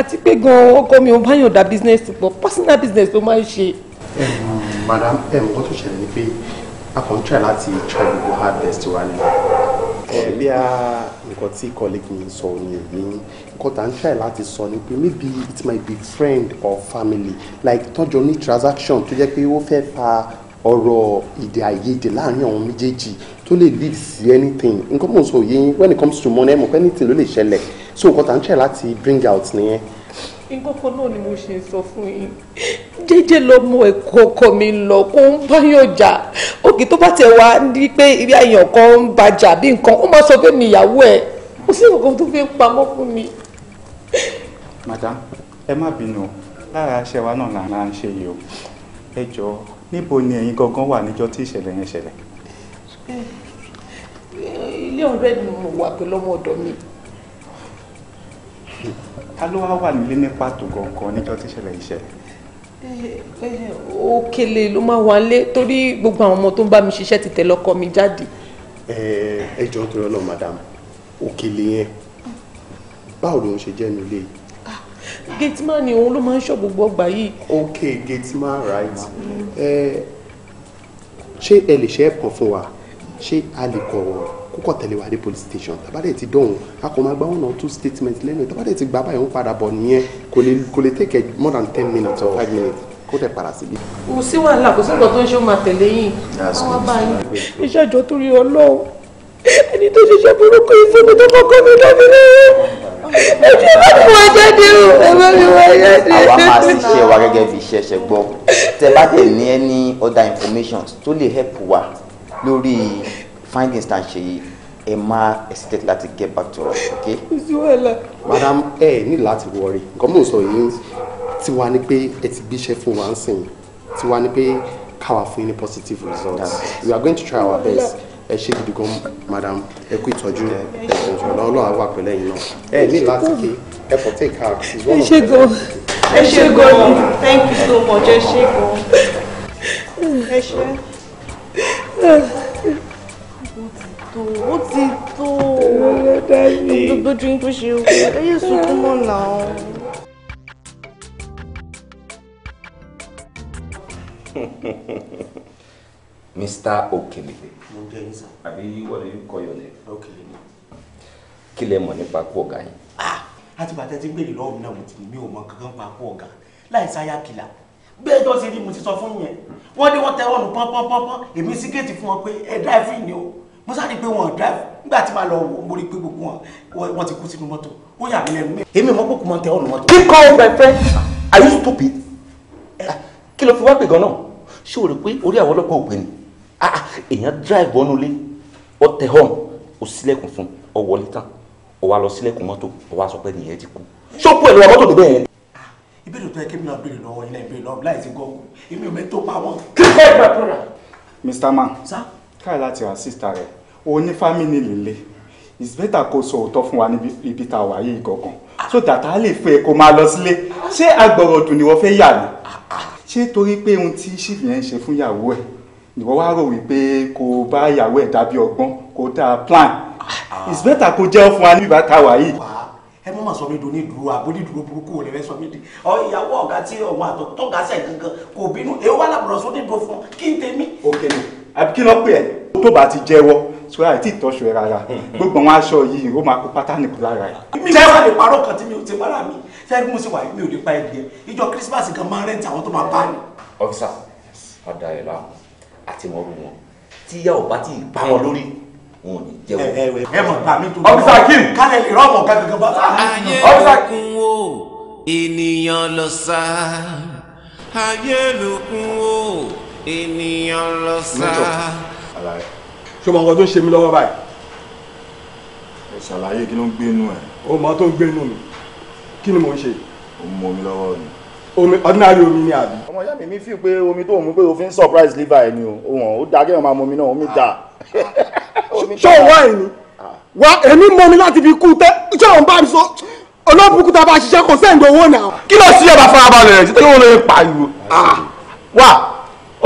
àti pé gan ọkọ mi ò personal business ló máa ń ṣe. madam ẹ̀ mọ́ tó ṣẹlẹ̀ ni a kàn ń try láti try gbogbo hard best wa ni ẹ bí a nǹkan tí colleague mi sọ ni èmi nǹkan tá à ń try láti sọ ni pé maybe it might be friend or family like tọ́jọ́ ní transaction tó jẹ́ pé ó fẹ́ fa ọ̀rọ̀ èdè àìyedè láàrin àwọn méjèèjì tó lè lead sí anything nǹkan mò ń sọ yìí when it comes to money ẹ̀ mọ̀ pé anything ló lè ṣẹlẹ̀ so nǹkan tá à ń try láti bring out nìyẹn. nǹkan náà ni mo ṣe sọ fún yín jẹ́jẹ́ lọ́mọ ẹ̀kọ́ ọkọ mi lọ kó ń jà òkè tó bá tẹ̀ wá ní pé ibi àyàn kan ń bàjà bí nǹkan ó máa sọ pé mi ìyàwó sì nǹkan tó mi. madam ẹ má bínú lára aṣẹ wa náà là ń ṣe yìí o ni ẹ̀yin gangan wà níjọ́ tí ìṣẹ̀lẹ̀ yẹn ilé ọ̀rẹ́ mi mo wà pẹ̀lú ọmọ ta ló wá wà nílé ní pàtó gangan níjọ́ tí ìṣẹ̀lẹ̀ iṣẹ́. Eh, eh, òkèlè ló máa wà lé torí gbogbo àwọn ọmọ tó ń bá mi ṣiṣẹ́ ti tẹ̀lé ọkọ mi jáde. Eh, ẹ jọ ń torí Ọlọ́run madam Òkèlè yẹn báwo ló ń ṣe jẹ́ nílé yìí ah, gateman ni òun ló máa ń ṣọ́ gbogbo ọgbà yìí. ok gateman right mm. ṣé ẹ lè ṣe é pọ̀ fún wa ṣé a lè kọ̀wọ̀ kókò tẹ̀lé wa dé police station tabadẹ ti dọ̀hún a kò máa gba one or two statements lẹ́nu tabadẹ ti gba báyìí ń padà bọ̀ nìyẹn kò lè kò lè take more than ten minutes or five minutes kó tẹ̀ para síbi. kò sí wàhálà kò sí nǹkan tó ń ṣe ó máa tẹ̀lé yìí àwọn báyìí. iṣẹ́ ìjọ tó rí ọlọ́run ẹni tó ṣiṣẹ́ burúkú yìí fún mi tó kọ́kọ́ mi dábìlì ẹjẹ bá mi wá jáde o ẹ bá mi wá jáde. àwa máa ṣiṣẹ́ wa gẹ́gẹ́ bí iṣẹ́ ṣe gbọ́ tẹ bá tẹ̀ ní any other information tó lè help wa lórí findings tá à ń ṣe yìí ẹ máa hesitate láti get back to us ok. ìṣúwẹ̀lá. madam ẹ ní láti wọrí nǹkan mò ń sọ yìí ti wá ní pé ẹ ti gbéṣẹ́ fún wa ń sìn ti wá ní pé káwa fún yín ní positive results we are going to try our best ẹ ṣe gidi gan madam ẹ kú ìtọ́jú ẹ̀sìn ọ̀la ọlọ́run àwọn àpẹẹlẹ yìí náà ẹ ní láti ké ẹ kò take care sí one of the. ẹ ṣe gan ẹ ṣe gan thank you so much ẹ ṣe gan ẹ ṣe. tó ó ti tó gbogbo drink tó ṣe wọ ẹyẹ sunkún mọ́ náà. Mr. Okele. Mo jẹ́ yín sá. Àbí what do you call your name? Okele ni. Kí lẹ mọ̀ nípa kú ọ̀gá yín? Àti ah, bàtẹ́ tí ń béèrè lọ́wọ́ mi náà mo ti ní mi ò mọ kankan pa kú ọ̀gá láì sáyà kìlà bẹ́ẹ̀ tó ṣe ni mo ti sọ fún yẹn wọ́n ní wọ́n tẹ́wọ́nù pọ́npọ́npọ́n èmi síkẹ́ẹ̀tì fún wọn pé ẹ̀dá ẹ̀fín ni o mo sáré pé wọn drive nígbà tí màá lọ wò mo rí pé gbogbo wọn wọn ti kú sínú mọ́tò ó yà mí lẹ́nu. èmi mọ kókò máa ń tẹ ọ̀nà mọ́tò. keep calm my friend are you stupid. Eh. kí ló fi wá pè gan-an ṣé o rò pé orí àwọn ọlọ́pàá ò pè ní. Ah, ah, èèyàn drive wọnú ilé ó tẹ hàn ó ṣílẹ̀kùn fún ọ wọlé tán ó wá lọ ṣílẹ̀kùn mọ́tò ó wá sọ pé nìyẹn ti kú. ṣó kú ẹ̀ lọ́wọ́ mọ́tò dùn bẹ́ẹ̀ yẹn. Ah, ìbéèrè tó yẹ kí mi náà béèrè lọ́wọ́ keep calm my brother. Mr. Man. sir try láti assist rẹ o ní family líle it's better kó sọ òótọ́ fún wa níbi ibi tá a wà yìí gangan so dàtà lè fẹ́ kó máa lọ sílé ṣé agbọ̀rọ̀dùn ni wọ́n fẹ́ yà ni ṣé torí pé ohun tí chief yẹn ń ṣe fún ìyàwó ẹ̀ ìwọ wá rò wípé kò bá ìyàwó ẹ̀ dàbí ọgbọ́n kò dáa plan it's better kó jẹ́ fún wa níbi tá a wà yìí ẹ mọ̀ sọ mi doni dúró àbódì dúró burúkú ò lè fẹ́ sọ mi di ọ ìyàwó ọ̀gá tí ọmọ àtọ̀ tó bá ti jẹ́wọ́ so àì tí ìtọ́sọ ẹ rárá gbogbo àwọn aṣọ yìí ó máa kó pátánì lára ẹ. mi ò lè parọ́ kan tí mi ò ti bára mi ṣáà bí mo ṣe wà mi ò lè pa ẹgbẹ́ ìjọ kírísímàsì gan máa rẹ́ǹtì àwọn tó máa bá ní. ọ́físà ọ̀dà ẹ̀ láwọn àti wọn rú wọn tí ìyá ò bá ti bá wọn lórí wọn ò ní jẹ́ wọn. ẹ mọ̀ gbà mí tó lọ ọ́físà kálẹ̀ lè rọ́ọ̀mọ̀ gàgàgà bá bá mi. wo ènìyàn lọ sá ayélukú wo ṣé o mọ nǹkan tó ń ṣe mí lọ́wọ́ báyìí. ẹ ṣàlàyé kí ló ń gbénu ẹ. o mọ tó ń gbénu mi kí ni mò ń ṣe. o mọ omi lọ́wọ́ ni. omi ordinary omi ni àbí. ọmọ ìyá mi mi fi pé omi tó ń mu pé o fi ń surprise liver ẹ ni o òun ó dáa kéèyàn máa mu omi náà omi dáa. ṣé o wá ẹni wá èmi mọ mi láti fi kú tẹ ṣé òun bá mi sọ olóòbùkún tá a bá ṣiṣẹ́ kò sẹ́ǹdì owó náà. kí ló ṣí ẹ bá farabalẹ̀ rẹ̀ títí wọn lè pariwo. Ah, wá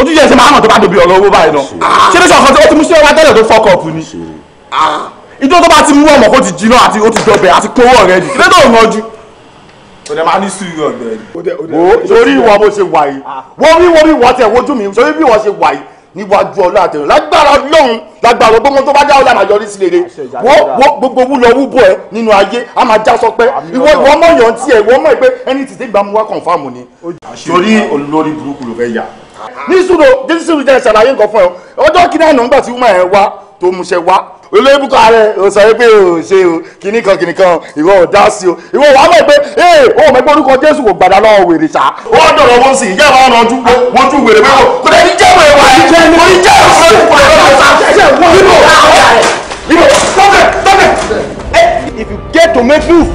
o tún jẹ́ ṣe máa mọ̀ tó bá dobi ọ̀rọ̀ owó báyìí náà ah. ṣé ní sọ̀kan tí ó ti mú sí ọba tẹ́lẹ̀ tó fọ́kọ̀ ọ̀pù ni ìjọ ah. tó bá ti mú ọmọ kó ti jiná àti ó ti dọbẹ̀ àti kówó rẹ̀ ni ilé tó ń rànjú. o dẹ̀ máa ní sùúrù ọ̀gbẹ́ ni. o sórí ìwà bó ṣe wà yìí wọ́n rí wọ́n rí wọ́n tẹ̀ wojú mi sórí bí wọ́n ṣe wà yìí níwájú ọlọ́ àtẹ̀yìn lágbára ọlọ́run lágbára gbogbo tó bá dá ọlá àmàjọ orísìí lèrè wọ́n wọ́n gbogbo wúlọ wúbọ ẹ nínú ayé a máa já sọ pé ìwọ ìwọ mọ̀ yàn tí ẹ ìwọ mọ̀ pé ẹni tìtẹ́ gbàmúwá kọ̀ǹfàmù ni. torí olórí burúkú ló fẹ́ yà ní sùúrù jésù jẹ́ ṣàlàyé nǹkan fún ẹ ọjọ́ kìíní àná nígbà tí woman wá tó múṣẹ wá olóyìnbó ààrẹ ò sọ pé ò ṣe o kìíní kan kìíní kan ìwọ ò dá sí o ìwọ wàá mọ̀ pé ee o mọ̀ pé orúkọ jésù kò gbàdá lọ́wọ́ wèrè sá. wọ́n dọ̀rọ̀ wọn sì ìyá àwọn ọ̀nà wọn tún wèrè mẹ́wọ̀ kò dé ní jẹ́wọ̀ ẹ̀wà ẹ̀ kò ní jẹ́wọ̀ ẹ̀wà ẹ̀ kò ní jẹ́wọ̀ ẹ̀wà ẹ̀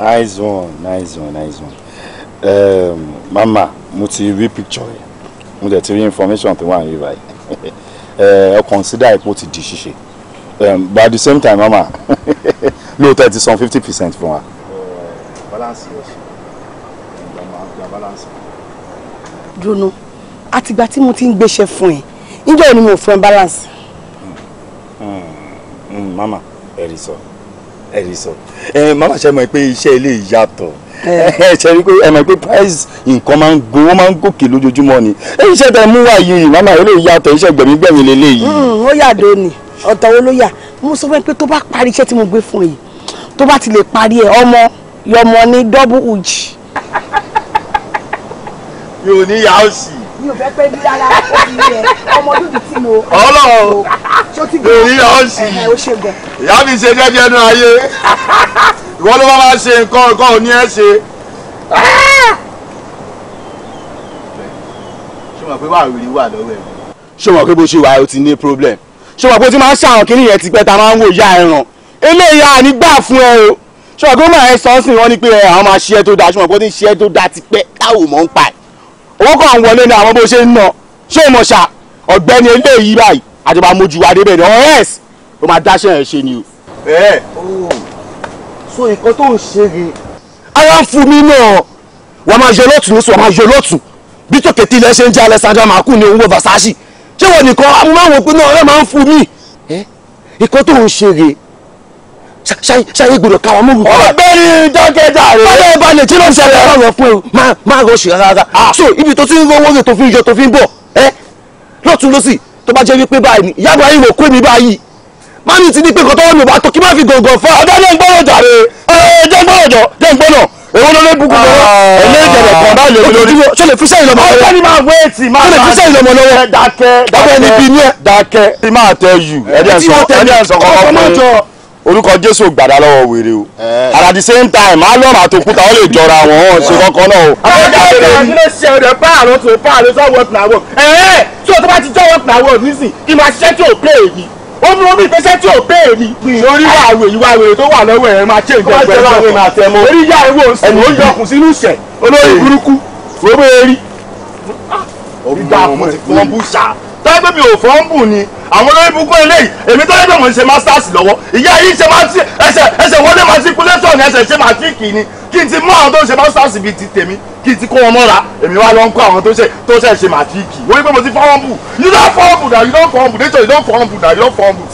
nice one nice one nice one um, mama mo ti rí picture yẹn mo dẹ̀ ti rí information tó wà ní báyìí ẹ eh, consider ipò ti di ṣíṣe um, but at the same time mama lóòótọ́ ẹ ti san fifty percent fún wa. balance yóò ṣe ìgbà máa gba balance. àtìgbà tí mo ti ń gbéṣẹ́ fún ẹ níjọ́ ni mo fún ẹ balance. Hmm. Hmm, hmm, mama ẹ̀rí sọ. So ẹ̀rí sọ ẹ mama ṣe mọ̀ pé iṣẹ́ ilé ìyàtọ̀ ẹ ṣe rí pé ẹ mọ̀ pé price nǹkan máa ń go ó máa ń gòkè lójoojúmọ́ ni iṣẹ́ tẹ mú wá yìí mama ilé ìyàtọ̀ iṣẹ́ gbẹ̀mígbẹ̀mí lélẹ́yìí. Mm, ó yàdó ni ọ̀tọ̀ wo ló yà mo sọ fún ẹ pé tó bá parí iṣẹ́ tí mo gbé fún yìí tó bá ti lè parí ẹ ọmọ yọmọ ní double uj. yóò ní yàá òsì mi ò fẹ́ pẹ́ bí i ìyá mi ṣe jẹ́jẹ́ inú ayé ìwọ ló máa ṣe nǹkan nǹkan ò ní ẹ ṣe. ṣé mo pé bó ṣe wà ó ti ní problem ṣé mo pé ó ti máa ń ṣàwọn kínní yẹn tipẹ́ ta máa ń wò ìyá ẹ̀ràn eléyà ní gbà fún ẹ o ṣé mo pé ó máa ẹ sọ́sìn wọn ni pé àwọn máa ṣe tó dáa ṣé mo pé ó ti ń ṣe ẹ tó dáa tipẹ́ táwọn mọ̀ ń pa owó kan wọlé ní àwọn bó ṣe ń nà ṣé o mọ̀ ṣá ọ̀gbẹ́ni eléyìí báyìí àjọba mojú adébẹ̀ ní ọ̀rẹ́s ló máa dáṣẹ́ ẹ̀ ṣe ni o. bẹ́ẹ̀ oh. so nǹkan tó ń ṣe rè. ara ń fún mi náà wàá máa yọ lọ́tún ní sùn wàá máa yọ lọ́tún bí tòkè tí ilẹ̀ ṣe ń jẹ́ alẹ́sàndra màkù ní owó Versace ṣé wọ́n nìkan amúnáwó náà ọ̀rẹ́ máa ń fún mi. Eh? nǹkan tó ń ṣe rè ṣáyé gbọ́dọ̀ káwọn mú gbogbo. ọgbẹ́ni dókítà rẹ. bọ́dọ̀ ẹ̀bá lè tí ló ń ṣẹlẹ̀ ọ̀rọ̀ fún ẹ máa máa rọ̀ ṣìrà rárá. Ah. Ah, so ibi tó ti ń rówó rè tó fi ń yọ tó fi ń bọ̀ ẹ́ lọ́tún lọ́sì tó bá jẹ́ wípé báyìí ìyá Ibrahim ò kó mi báyìí mami ti ní pé nǹkan tọ́wọ́ mi ò bá tó kí má fi gògò fún ọ. ọ̀dọ́ jẹ́ ń gbọ́dọ̀ jàre ẹ jẹ́ ń gbọ́dọ̀ jọ jẹ́ ń gbọ́dọ̀ èwo ló lé bukú lọ́wọ́ ah. ẹ̀lẹ́ ìjẹ̀lẹ̀ kan bá lè lórí. ṣé lè fi sẹ́yìn lọ́mọ lọ́wọ́ ọ̀sẹ̀ ni máa wé tì máa ṣe lè fi sẹ́yìn lọ́mọ lọ́wọ́ dákẹ́ dákẹ́ ni bí ní ẹ̀ dákẹ́ tí máa tẹ́ yù ẹ̀dẹ̀ sọ ẹ̀dẹ̀ sọ kọ́kọ́ pé orúkọ jésù gbàdá lọ́wọ́ wèrè o and at the same time alọ́run àtòkúta ó lè jọra wọn hàn ṣe kọ́kọ́ náà o. àwọn ọjọ́ ìrìn àjò lè ṣe ọ̀dọ̀ pa àrùn tó pa àrùn tó wọ́n tún àwọn ẹ̀ẹ́ tí o tó bá ti jọ́ wọ́n tún àwọn nísìn kí n máa ṣiṣẹ́ tí ò pé èyí ó mú omi ìfẹsẹ̀ tí ò pé èyí. orí wa àwẹ̀ yìí wa wèrè tó wà lọ́wọ́ ẹ̀ máa ṣe ìjọba orí yà ẹ̀ wò ó sùn ó yọkùn sínú ìṣẹ̀ olórí burúkú tẹ́gbẹ́ mi ò fọ́ ń bù ni àwọn olórí burúkú eléyìí èmi tó lẹ́gbẹ̀ẹ́ ń ṣe masters lọ́wọ́ ìyá yìí ṣe máa ti ẹsẹ̀ ẹsẹ̀ wọlé matriculation ni ẹsẹ̀ ṣe matriki ni kí n ti mú àwọn tó ń ṣe masters bíi ti tèmi kí n ti kó wọn mọ́ra èmi wá lọ ń kó àwọn tó ṣe tó ṣe ṣe matriki wọ́n pé mo ti fọ́n bù you don fọ́n bù na you don fọ́n bù na you don fọ́n bù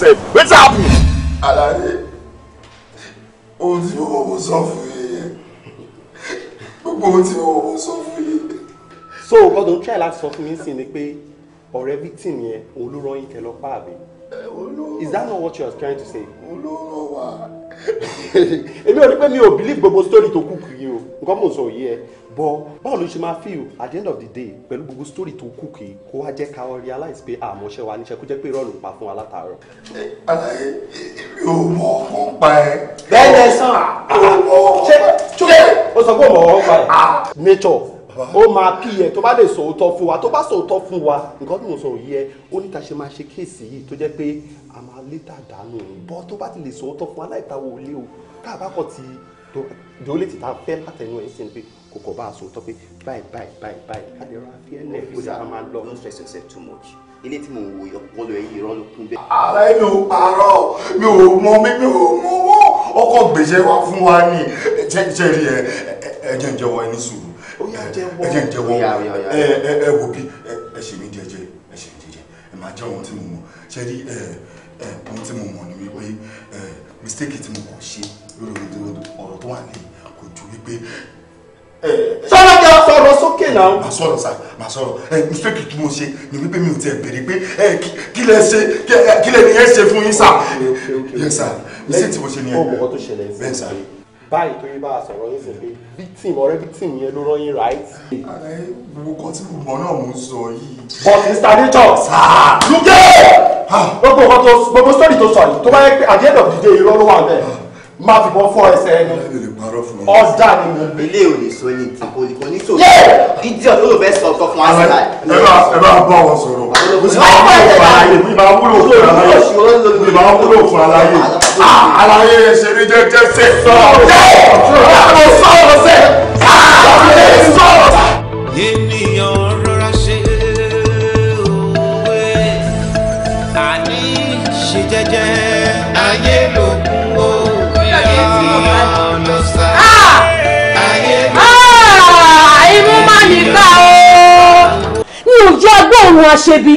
so nǹkan tó ń try láti ọ̀rẹ́ victim yẹn òun yín tẹ lọ pa àbí. is that not what you are trying to say. olóró wa. èmi ò rí pé mi ò believe gbogbo story tó kù kiri o nǹkan mò ń sọ yìí ẹ bọ báwo ló ṣe máa feel at the end of the day pẹ̀lú gbogbo story tó kù kì í kó wá jẹ́ ká realize pé àmọ́ṣẹ́ wa níṣẹ́ kó jẹ́ pé ìrọ̀lù pa fún wa látàárọ̀. àlàyé mi ò mọ ọkàn pa ẹ. bẹ́ẹ̀ lẹ sàn. ṣé ṣé o sọ pé o mọ ọkàn pa ẹ. Ah. nature ó máa pí ẹ tó bá lè sọ òótọ́ fún wa tó bá sọ òótọ́ fún wa nǹkan tó ń sọ òye ẹ ó níta ṣe máa ṣe kéèsì yìí tó jẹ́ pé a máa létà dànù bọ́ tó bá ti lè sọ òótọ́ fún wa láì wo ilé o tá a bá kọ̀ ti dòólè ti ta fẹ́ látẹnu ẹ̀ sí ni pé kò kọ̀ bá a sọ òótọ́ pé báyìí báyìí báyìí báyìí ká fi ẹ̀ lẹ̀ kó dáa máa lọ. don't stress yourself too much ilé tí mo wò ọpọlọ ẹ yìí rọlù kún bẹ́ẹ̀. ara ẹ ló parọ́ mi ò mọ mi mi ò mọ wọn ọkọ gbèsè wa fún wa ní jẹjẹrì ẹ ẹ jẹjẹrì wa ní sùúrù yá jẹun ẹ jẹ́ ń jẹun ẹ ẹ ẹ wo bí ẹ ṣe mí jẹjẹ ẹ ṣe mí jẹjẹ ẹ máa jẹ ohun tí mo mọ̀ ṣe rí ẹ ẹ ohun tí mo mọ̀ ni wípé ẹ mistake tí mo kàn ṣe lórí ọ̀rọ̀ tó wà lẹ́yìn kò ju wípé sọ́rọ̀ kí a sọ̀rọ̀ sókè náà. màá sọ̀rọ̀ sa màá sọ̀rọ̀ ẹ mistake tí mo ṣe ni wípé mi ò tiẹ̀ béèrè pé ẹ kí lẹ ṣe kí lẹ ní ẹ ṣe fún yín sá. yẹ sá mistake tí mo ṣe ni ẹ bẹ́ẹ̀ sá báyìí tó yẹ bá a sọ̀rọ̀ yín sì victim ọ̀rẹ́ victim yẹn ló rán yín right. gbogbo kan tí mo mọ náà mo ń sọ yìí. but mr nature sáà lókè gbogbo nǹkan tó gbogbo story tó sọ yìí tó bá yẹ pé at the end of the day irọ́ ló wà bẹ́ẹ̀ máa fi bọ́ fọ́ ẹsẹ̀ ẹni ọ̀dà ni mo gbé. ilé ò lè sọ ní ti kò kò ní sòrò ló fẹ́ sọ ọkọ fún ìbá wúlò fún aláyé ìbá wúlò fún aláyé aláyé ah, ẹsẹ̀ mi jẹ́ kẹsẹ̀ sọ̀rọ̀ sọ̀rọ̀ sọ̀rọ̀ sẹ̀ sọ̀rọ̀ sọ̀rọ̀. ènìyàn rọra nìkan ah, o. mi ò jẹ́ gbóòórùn aṣebi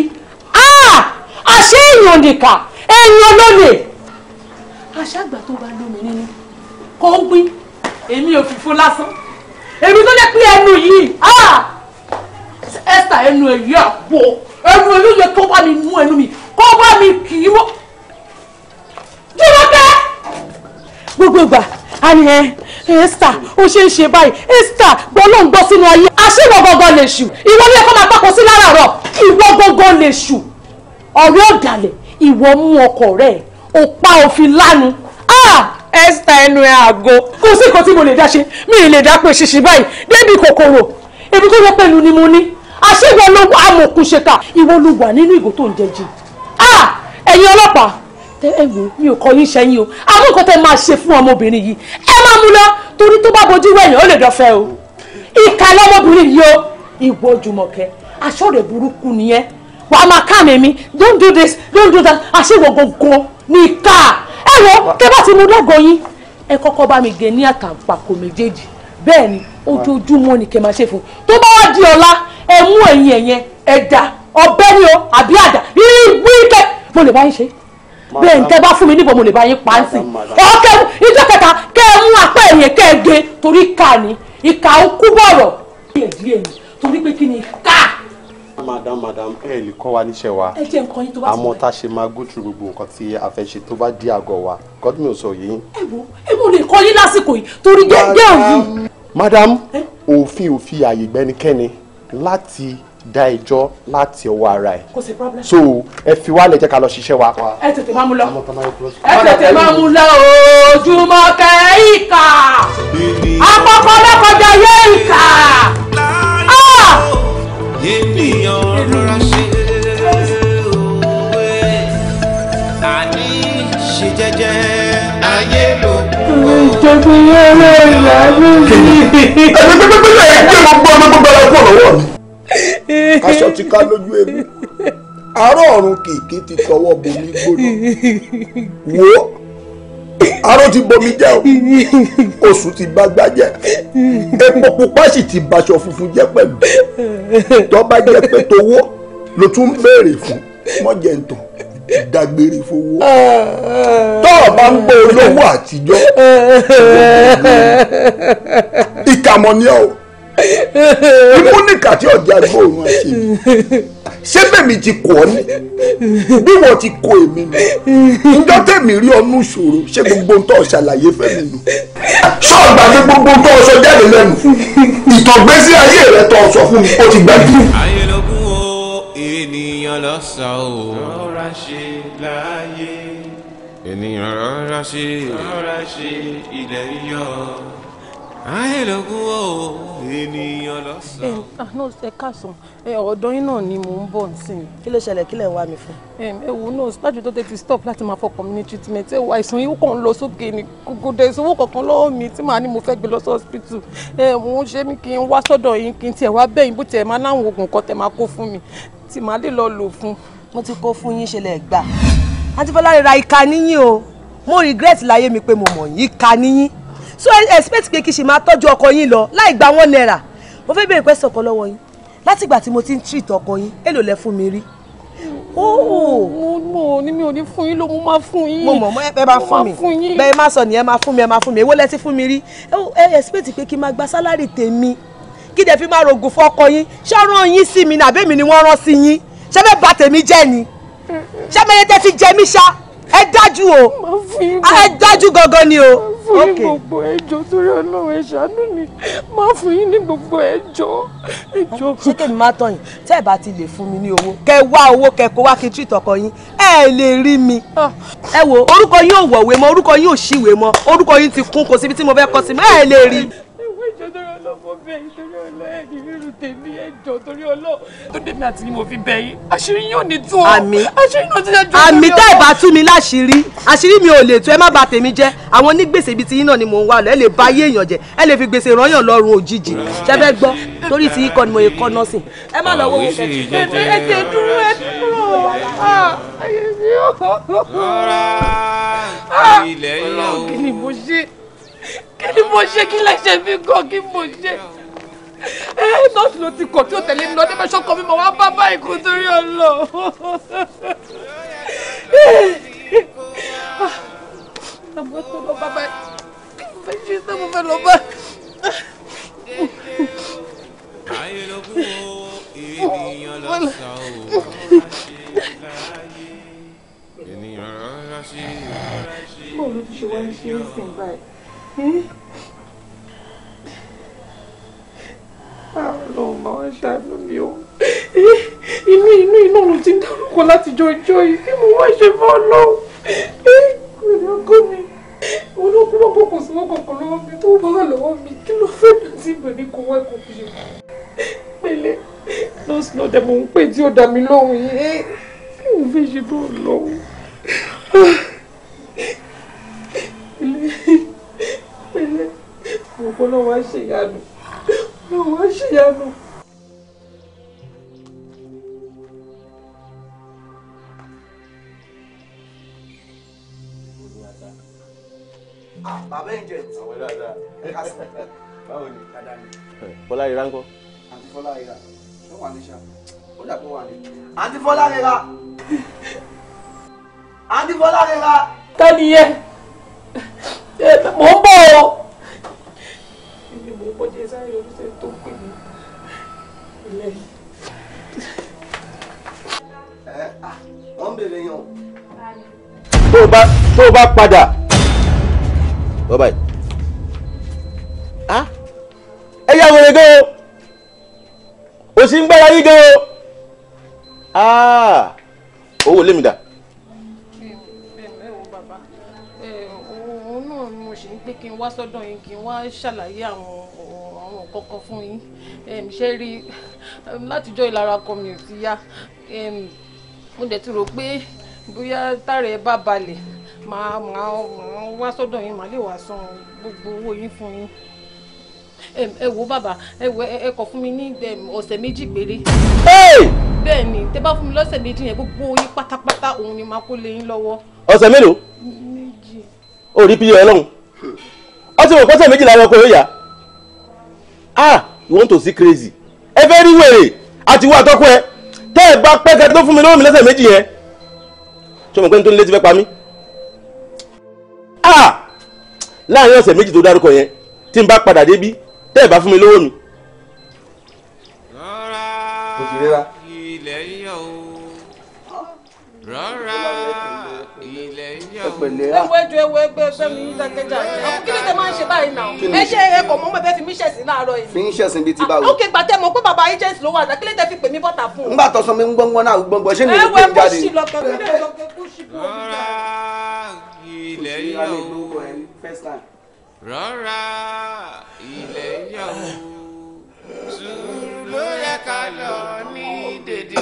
àṣé èèyàn nìkà èèyàn lónìí. àṣàgbà tó bá lómi nínú kò ń gbin èmi ò fìfo lásán èmi tó lè pín ẹnu yìí ah! Esther ẹnu èyí àpò ẹnu èyí tó bá mi mú ẹnu mi kó bá mi kì í wọ́. dúró bẹ́ẹ̀. gbogbo ìgbà a ní ẹ Esther ó ṣe ń ṣe báyìí Esther gbọ́lọ́ ń gbọ́ sínú ayé àṣìwọ̀ gbọ́ngàn lè ṣù ìwọ ni ẹ kọ́ máa gbàkó sí lára rọ̀ ìwọ gbọ́ngàn lè ṣù ọ̀rẹ́ ọ̀dàlẹ̀ ìwọ mú ọkọ rẹ̀ ò pa òfin lánu ẹ́sítà ah! ẹnu ẹ àgọ́ kò sí nǹkan tí mo lè dá ṣe mi ì lè dá pé ṣìṣì báyìí débi kòkòrò èmi tó yẹ pẹ̀lú ni mo ní àṣìwọ ló wà amòkun ṣèkà ìwọ ló wà nínú ìgò tó ń jẹjì ah! ẹ̀yin ọlọ́pàá tẹ ẹ wò mi ò kọ yín ṣẹ́yìn o àwọn nǹkan tẹ máa ṣe fún ọmọbìnrin yìí ẹ máa mú lọ torí tó bá bojú wẹ̀yìn ó lè dọ̀fẹ́ o ìkà lọmọbìnrin yìí o ìwọ Jùmọ̀kẹ́ burúkú nìyẹn wàá máa ká mi mi don't do this don't do that àṣewọ̀ gbogbo ní ká ẹ wọ tẹ bá ti mú lọ́gọ̀ yín ẹ kọ́kọ́ bá mi gé ní àtàǹpàkò méjèèjì bẹ́ẹ̀ ni ojoojúmọ́ ni kẹ́ máa ṣe fún tó bá wá di ọ̀la ẹ mú ẹ̀yìn ẹ̀yẹn ẹ̀dà ọ̀bẹ ni o àbí àdà ìwé kẹ mo lè bá yín ṣe bẹ́ẹ̀ ní tẹ́ bá fún mi níbo mo lè bá yín pa á sí ọ̀kẹ́ ìjọ kẹta kẹ́ ẹ mú apá ẹ̀yìn kẹ́ ẹ gé torí ká ni ìkà ń kú bọ̀rọ̀ díẹ̀ díẹ̀ ni torí pé kí ni ká Ah, madam madam ẹ lè kọ́ wa níṣẹ́ wa àmọ́ tá a ṣe máa go through gbogbo nǹkan tí a fẹ́ ṣe tó bá di àgọ́ wa gọ́dún ò sọ yìí. ẹ wo ẹ wo lè kọ́ yín lásìkò yìí torí gẹ́gẹ́ òyìn. madam òfin òfin àyè gbẹ́nikẹ́ni láti dá ẹjọ́ láti ọwọ́ ara ẹ̀. problem. so ẹ fi wá lè jẹ́ ká lọ ṣiṣẹ́ wa. ẹ tètè máa mú lọ ẹ tètè máa mú lọ ojúmọ́ kẹ́ ìkà àpapọ̀ lọ́kọjá yé ìkà ènìyàn rọra ṣe òwe àní ṣe jẹ́jẹ́ ayé ló kú. ìjọba yẹrẹ ìyá mi ni. ẹni pípípílẹ̀ yẹn kí mo gbọ́ ọmọ gbogbo ara aṣọ ti ká lójú èmi àárọ̀ ọ̀run kìkì ti tọwọ́ bomi gbóná wo aró ti bomi jẹ́ o oṣù ti bá gbá jẹ́ epo pupa sì ti baṣọ funfun jẹ́ pẹ̀lú tó bá jẹ́ pé towó ló tún ń béèrè fún mọ́jẹ̀ntàn dágbére fowó tó o bá ń gbọ́ olówó àtijọ́ ìkàmọ́ ni ọ́ ìmúnìkà tí ọjà gbòòrùn àti ìlú ṣé bèmi ti kọ ọ ní bí wọn ti kọ èmi nù njọ tèmi rí ọnú ṣòro ṣé gbogbo ń ṣàlàyé fẹ́mi nù. sọ́ọ̀gbà ni gbogbo ń tọ́ sọ jáde lẹ́nu ìtọ̀gbésí ayé rẹ̀ tọ́ sọ fún mi ó ti gbàgbé. ayé lógún o ènìyàn lọ́sàn-án o. rọra ṣe láàyè ènìyàn rọra ṣe. rọra ṣe ilẹ̀ yọ ayélujú o ènìyàn lọ sọ. ẹ àná eh, ah, ẹ káàsán ẹ eh, náà ni mò ń bọ̀ nísìnyí. kí ló ṣẹlẹ̀ kí lẹ̀ ń wá mi fún. ẹ náà sípàjù tó tètè stop láti máa fọkàn mi ní treatment ẹ eh, wò àìsàn yìí kàn ń lọ sókè ní gògòdè ìsanwó kankan lọ́wọ́ mi tí màá ní mo fẹ́ gbé lọ sí hospital ẹ mò ń ṣe mí kí n wá sọ́dọ̀ yín kí n tiẹ̀ wá bẹ́yìn bó tiẹ̀ máa láwọn oògùn kan tẹ̀ máa kó fún mi tí màá lè lọ mo ti kó mi pé mo mọ̀ so expect pé kí ṣe máa tọ́jú ọkọ yín lọ láì gba wọn náírà mo fẹ́ bèrè pẹ́sẹ̀ ọkọ lọ́wọ́ yín látìgbà tí mo ti ń treat ọkọ yín èlò lẹ fún mi rí. Oh! mo mo ni mi ò ní fún yín ló mo máa fún yín. mo mọ̀ mọ́ ẹ bá fún mi bẹ́ẹ̀ má sọ nìyẹn máa fún mi ẹ máa fún mi èwo lẹ ti fún mi rí oh, ẹ expect pé kí n máa gba sálárì tèmi kí dẹ̀ fi máa rògùn fún ọkọ yín ṣé ọ rán yín sí mi ní àbẹ́mi ni wọ́n rán sí yín ṣé bẹ́ẹ̀ bà tèmi jẹ́ ni ṣé mẹ́rin tẹ́ fi jẹ mí ṣá ẹ dájú o ẹ dájú gangan ni o. fún yín gbogbo ẹjọ́ torí Ọlọ́run ẹ ṣàánú mi má fún yín ní gbogbo ẹjọ́ ẹjọ́. ṣé kèmí máa tàn yín tẹ́ ẹ bá ti lè fún mi ní owó kẹ́ wá owó kẹ́ kó wá kí n tú ìtọkọ yín ẹ lè rí mi. Ah. ẹ wo orúkọ yín ò wọ̀wé mọ́ orúkọ yín ò ṣìwé mọ́ orúkọ yín ti kún kò síbi tí mo fẹ́ kọ́ sí mọ́ ẹ lè rí bẹ̀ yín torí ọlọ́ ẹ̀ ní rírun tèmi ẹ̀ jọ torí ọlọ́ tó dèmi àti ni mo fi bẹ̀ yín àṣírí yóò ní tú ọ àṣírí náà ti jẹ́ jọ àmì tẹ́ ẹ̀ bá tú mi láṣìírí àṣírí mi ò lè tú ẹ má bà tèmi jẹ́ àwọn onígbèsè ibi tí náà ni mò ń wà lọ ẹ lè ba ayé èèyàn jẹ ẹ lè fi gbèsè rányàn lọ́rùn òjijì ṣẹ fẹ́ gbọ́ torí ti yín kọ́ ni mo yẹ kọ́ nọ́ọ̀sìn ẹ má lọ wo ah, ah, kí ni mo ṣe kí ni fi gan kí mo ṣe ẹ eh, nọ́ọ̀sì ló ti kọ̀ tí ó tẹ̀lé lọ débẹ̀ sọ́kọ mi mọ̀ wá bá báyìí kú torí ọlọ. Ah, lọ bá báyìí kí bọ́ọ̀lù ti ṣe wá ní ṣe báyìí. Ọlọ́run máa ń ṣàánú mi o. Eh, inú inú iná ló ti ń dárúkọ láti jọ ìjọ yìí kí mo wá ṣe fọ́ lọ́wọ́. Eh, ìrìn àgọ́ mi, olókùn máa kókò sí wọ́kọ̀ kan lọ́wọ́ mi tó bá wà lọ́wọ́ mi kí ló fẹ́ mi tí ìbẹ̀ ní kò wá ẹ̀kọ́ fi ṣe. Pẹ̀lẹ́, nọ́ọ̀sì náà dẹ̀ mò ń pè tí ó dá mi lóhùn yìí. Eh, kí mo fẹ́ ṣe bọ́ọ̀ lọ́wọ́? Ah, pẹ̀lẹ́, pẹ̀lẹ́, mo kọ́ lọ́wọ́ á ṣèyàdùn lọ́wọ́ ṣìyanu. bàbá ẹ̀ ń jẹ àwọn dáadáa ká sọ báwo ni dáadáa ni. Fọlá rira ńkọ́. àǹtí Fọlá rira ṣé wà ní ṣá ó dà pé wà ní. àǹtí Fọlá rira àǹtí Fọlá rira. tẹ́ni yẹ mò ń bọ̀ o ni mò ń bọ́jẹ́ sáré yọjú sẹ́ni tó pè mí ilẹ̀ wọ́n ń bèrè yan o. tó o bá padà bọ́ báyìí ah, ẹ yá wèrè gan o òsì ń gbára yí gan o ah, owó lèmi dà. pé kí n wá sọ́dọ̀ yín kí n wá ṣàlàyé àwọn àwọn kọ̀ọ̀kan fún yín ṣé rí látijọ́ ìlara kan mi ò ti yá mo dẹ̀ ti rò pé bóyá tààrẹ bá balẹ̀ màá màá wá sọ́dọ̀ yín màá lè wá san gbogbo owó yín fún yín ẹ wo bàbá ẹ wo ẹ kọ fún mi ní ọ̀sẹ̀ méjì péré. bẹ́ẹ̀ tẹ bá fún mi lọ́sẹ̀ méjì yẹn gbogbo yín pátápátá òun ni màá kó lé yín lọ́wọ́. ọ̀sẹ̀ mélòó. méjì. o rí pí ọlọ́run ọ ti mọ̀ pọ́sẹ̀ méjìlá ẹranko yóò yá ah you want to see crazy Everywhere. fẹ́ rí wèrè àti wọ àtọ́kọ ẹ tẹ́ ẹ bá pẹ́ kẹ́tọ́ fún mi lọ́wọ́ mi lẹ́sẹ̀ méjì yẹn tí o mọ̀ pé nítorí létí fẹ́ pa mí ah láàrin ọ̀sẹ̀ méjì tó dárúkọ yẹn tí n bá padà débí tẹ́ ẹ bá fún mi lọ́wọ́ mi. rọra ilẹ̀ yọ̀ o rọra pẹ̀lẹ́. Ah. ewu ẹjọ ewu ẹgbẹ ẹgbẹ mi yín dákẹjà mm. kí ló dé máa ń ṣe báyìí náà ẹ ṣe ẹkọ mọ mọ bẹ fi mí ṣẹ̀sín láàárọ̀ yìí. fi ń ṣẹ̀sín bíi ti ah, báwo. ok gbàtẹ́ mọ̀ pé bàbá agent ló wà kí ló dé fi pè mí bọ́tà fún un. ńgbà tó sọ mi ń gbọ́ngbọ́n náà gbọ́ngbọ́n ṣé mi ò gbé jáde. ẹ wẹ kó sì lọ kẹ rọra ilẹ̀ yọ̀ ọ́ sùúrù ló yẹ ká lọ ní dèdè.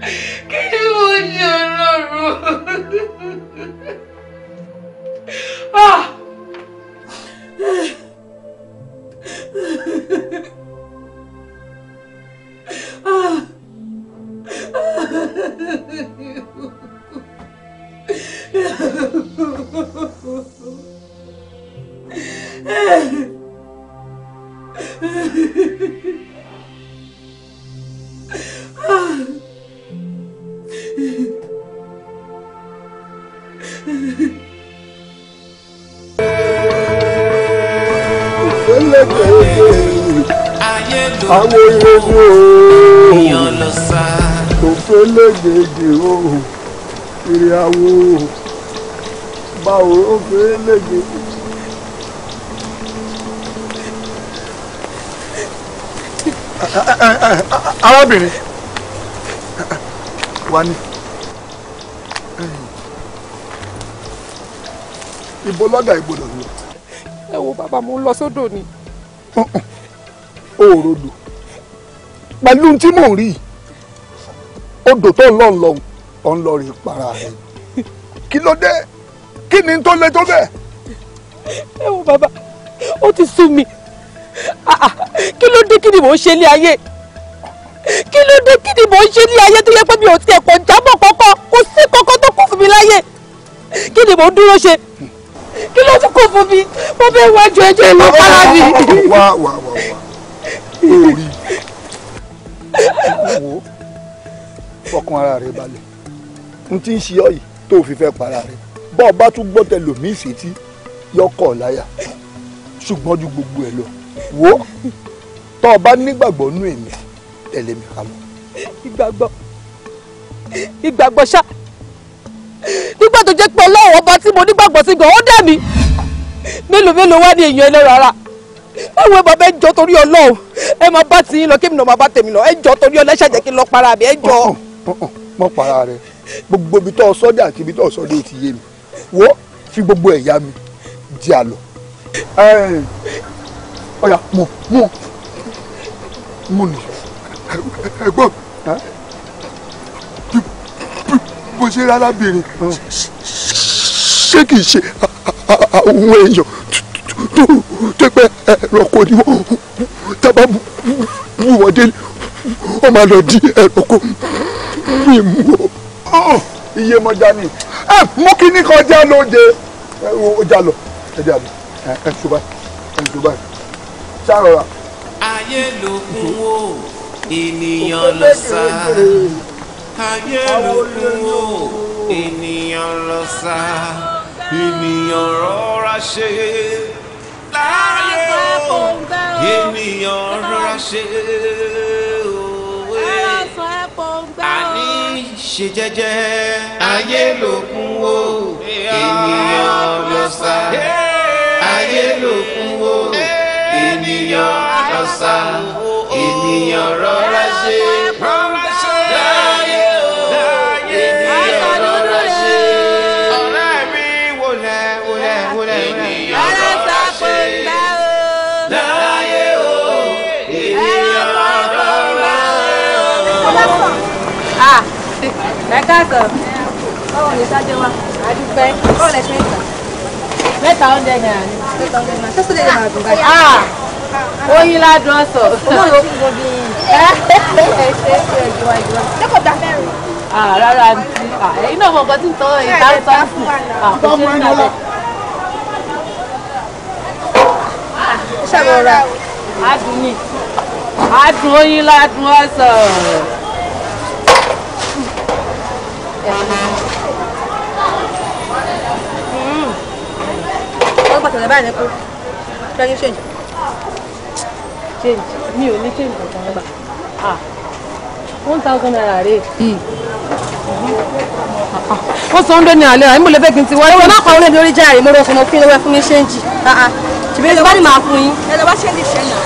kí ni mo ṣe Ah! Ah! àwọn arábìnrin wa ni. ibo lọ́gà ibo lọ lọ. ẹ wo bàbá mo ń lọ sódò ni. o ròdò pẹ̀lú tí mò ń rí odò tó ń lọ lọ ọ̀ ń lọ rí para rẹ kí ló dé kí ni tó lé tó bẹ́ẹ̀. ẹ wo bàbá ó ti sú mi ah, ah, kí ló dé kí ni mò ń ṣe ní ayé kí ló dé kí ni mò ń ṣe ní ayé tó yẹ pé mi ò tiẹ̀ kọ̀ jábọ̀ kọ́kọ́ kò sí kọ́kọ́ tó kù fún mi láyé kí ni mò ń dúró ṣe kí ló tún kó fún mi mo fẹ́ wájú ẹjọ́ ìlú fara mi. wá wá wá wá orí wo fọkàn ara rẹ balẹ̀ n ti ń ṣe ọ yìí tó fi fẹ́ para rẹ bọ́ ọ bá tún gbọ́ tẹ lòmíì sétí yọkọ̀ láyà ṣùgbọ́n ju gbogbo ẹ̀ lọ wo tọ́ ọ bá nígbàgbọ́ nú èmi tẹ̀lé mi kà ìgbàgbọ́ ìgbàgbọ́ ṣáà nígbà tó jẹ́ pé ọlọ́wọ́ ọba tí mo nígbàgbọ́ sí gan ó dẹ̀ mí mélòó mélòó wá ní èèyàn ẹlẹ́rọ ara báwo bàbá ẹ jọ torí Ọlọ́run ẹ máa bá tiyín lọ kí mi náà máa bá tèmi lọ ẹ jọ torí Ọlọ́run ẹ ṣàjẹ́ kí n lọ para mi ẹ jọ. mọ para rẹ gbogbo ibi tó o sọ dé àti ibi tó o sọ dé ti yé mi wọ́ fi gbogbo ẹ̀yà mi di àlọ́ ọ̀yà mọ̀ mọ̀ mọ̀ nì ẹ̀gbọ́n bó ṣe rárá bìnrin ṣé kìí ṣe àwọn èèyàn tó pẹ́ ẹranko ni wọ́n tábà bú wọ́n dé wọ́n máa lọ di ẹranko mi oh, ah, mú o. iye mọjá ni ẹ mú kí ní kọjá lóde ó já lọ ẹ já lọ ẹ ṣùgbọ́n ẹ ṣùgbọ́n ṣàrọ̀ra. ayé ló kún wò ènìyàn ló sá ayé lóko ènìyàn lọ sá ènìyàn rọra ṣe láyé o ènìyàn rọra ṣe òwe àní ṣe jẹ́jẹ́ ayé lókun o ènìyàn lọ sá ayé lókun o ènìyàn lọ sá ènìyàn rọra ṣe. ẹ káàkọ̀ báwo ni sáájú wa àdúpẹ́ báwo lẹ ṣe ń tà mẹ́ta ọ̀dẹ náírà ni mẹ́ta ọ̀dẹ náírà tẹ́sílẹ̀ lè ta fẹ́ràn. Ah! Ah, rárá ti ah, ẹ̀yin náà mọ̀ nǹkan tí ń tọ́ ìta ń tọ́ sí. àkókò ń lọ. Mm. wọ́n pàtàkì lẹ́bàá ní ní change kankan gbà ah. mm. lè fẹ́ kí n ti wọ́n. ẹ má pa orí mi lórí járe lórí ọkùnrin òfin lọ́wọ́ ẹ fún mi ṣéǹjì. Ah, ah. ṣèbí bá ní màá fún yín. ẹjọ́ bá ṣéǹjì ṣẹ́ náà.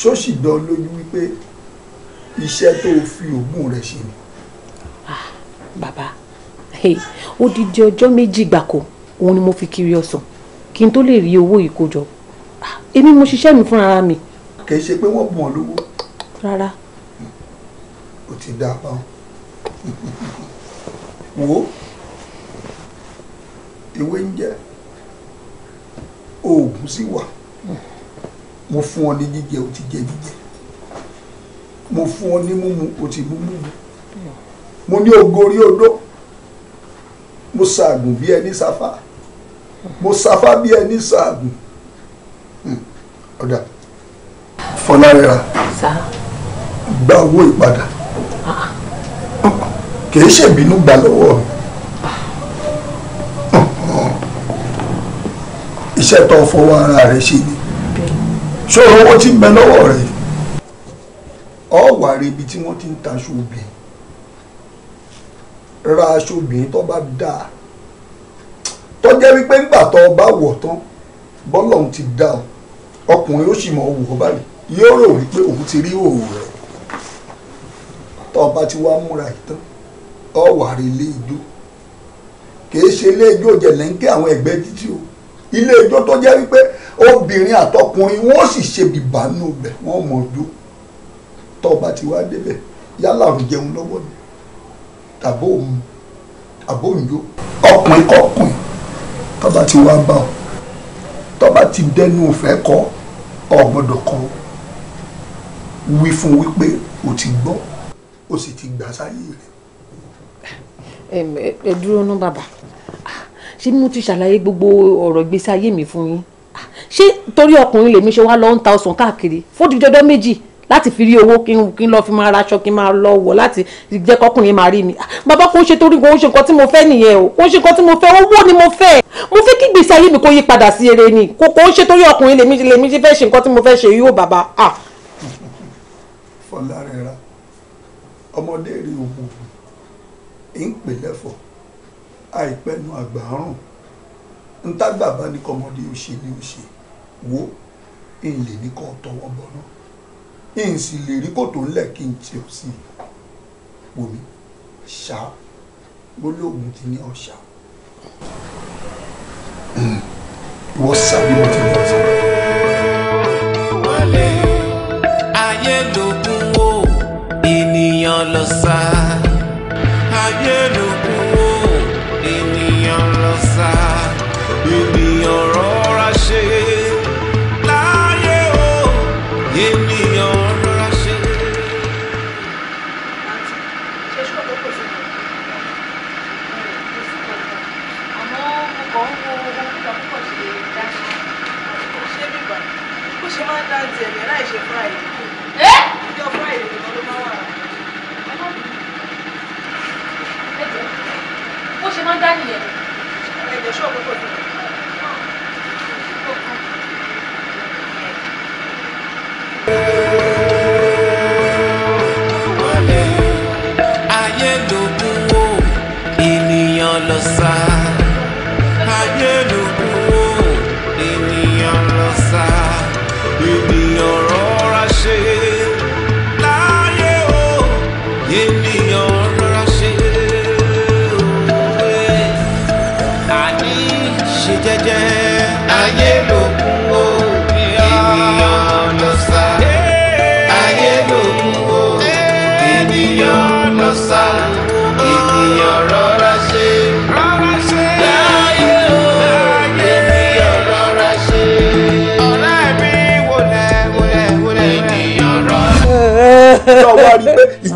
ṣóṣì dán lójú wípé iṣẹ́ tó fi ògùn rẹ̀ ṣe ni. Ah, bàbá odidi ọjọ́ méjì gbàkó òun ni mo fi kiri ọ̀sán kí n tó lè rí owó yìí kó jọ ah, èmi mo ṣiṣẹ́ mi fúnra mi. kì í ṣe pé wọ́n bùn ọ́ lówó. rárá. o ti dá a pa ọ́ wo ewé ń jẹ́ oògùn sì wà mo fún ọ ní jíjẹ o ti jẹ jíjẹ mo fún ọ ní mímu o ti mú mímu mo ní ògorí odó mo ṣàgùn bí ẹni sáfà mo sáfà bí ẹni ṣàgùn hmm. ọ̀dà fọlárẹ́ra gba owó ìpadà ah. kì í ṣèbínú gbà lọ́wọ́ mi. Hmm. Hmm. iṣẹ́ tó fọwọ́ ara rẹ̀ ṣe ni ṣó owó tí ń bẹ lọ́wọ́ rẹ̀ ọ wà rí ibi tí wọ́n ti ń ta aṣọ obìnrin ra aṣọ obìnrin tó bá dáa tó jẹ́ wípé ńgbà tó bá wọ̀ tán bọ́lọ́hún ti dá ọ ọkùnrin ó sì mọ owó báyìí yóò rò wípé òun ti rí òwò rẹ̀ tó bá ti wá múra ìtàn ọ wà rí ilé ijó kì í ṣe ilé ijó jẹ̀lẹ́ńkẹ́ àwọn ẹgbẹ́ títí o ilé ijó tó jẹ́ wípé obìnrin àtọkùnrin wọ́n sì ṣe bìbà nù bẹ̀ wọ́n mọ̀ ọdún tó bá ti wá débẹ̀ yálà ń jẹun lọ́wọ́ ni tàbó òun tàbó òun yó ọkùnrin kọkùnrin tó bá ti wá bá ọ tó bá ti dẹnu òfẹ́ kọ ọ gbọ́dọ̀ kọ wí fún wípé o ti gbọ́ o sì ti gbà sáyé rẹ̀. ẹ ẹ dúró nú bàbá ṣé mo ti ṣàlàyé gbogbo ọ̀rọ̀ ìgbésí ayé mi fún yín ah, ṣé torí ọkùnrin lèmi ṣe wá lọ ń ta ọsàn káàkiri fódìjọdọ méjì láti fi rí owó kí n lọ fi máa raṣọ kí n máa lọ wọ̀ láti jẹ́ kọkùnrin máa rí mi ah, bàbá kò ṣe torí kò ń ṣe nǹkan tí mo fẹ́ nìyẹn o kò ń ṣe nǹkan tí mo fẹ́ owó ni mo fẹ́ mo fẹ́ kí ìgbésí ayé mi kó yí padà sí eré ni kò kò ń ṣe torí ọkùnrin lèmi lèmi ṣe fẹ́ ṣe nǹkan tí mo fẹ́ ṣe yóò bàbá. Ah. Fọlárẹ̀ra ọmọdé rí òkú ń pè lẹ́fọ̀ọ́ àìpẹnu àgbàárùn ntàgbà bá ní kọmọdé ó ṣe ni ó ṣe wo n lè ní kọ́ tọwọ́ bọ́ná n sì lè rí kòtò ńlẹ̀ kí n tì ọ́ sí i omi ṣá gbólóògùn ti ní ọ̀ṣà ìwọ sábẹ́ mo ti ní ọ̀ṣà. wọlé ayé ènìyàn lọ sá ayé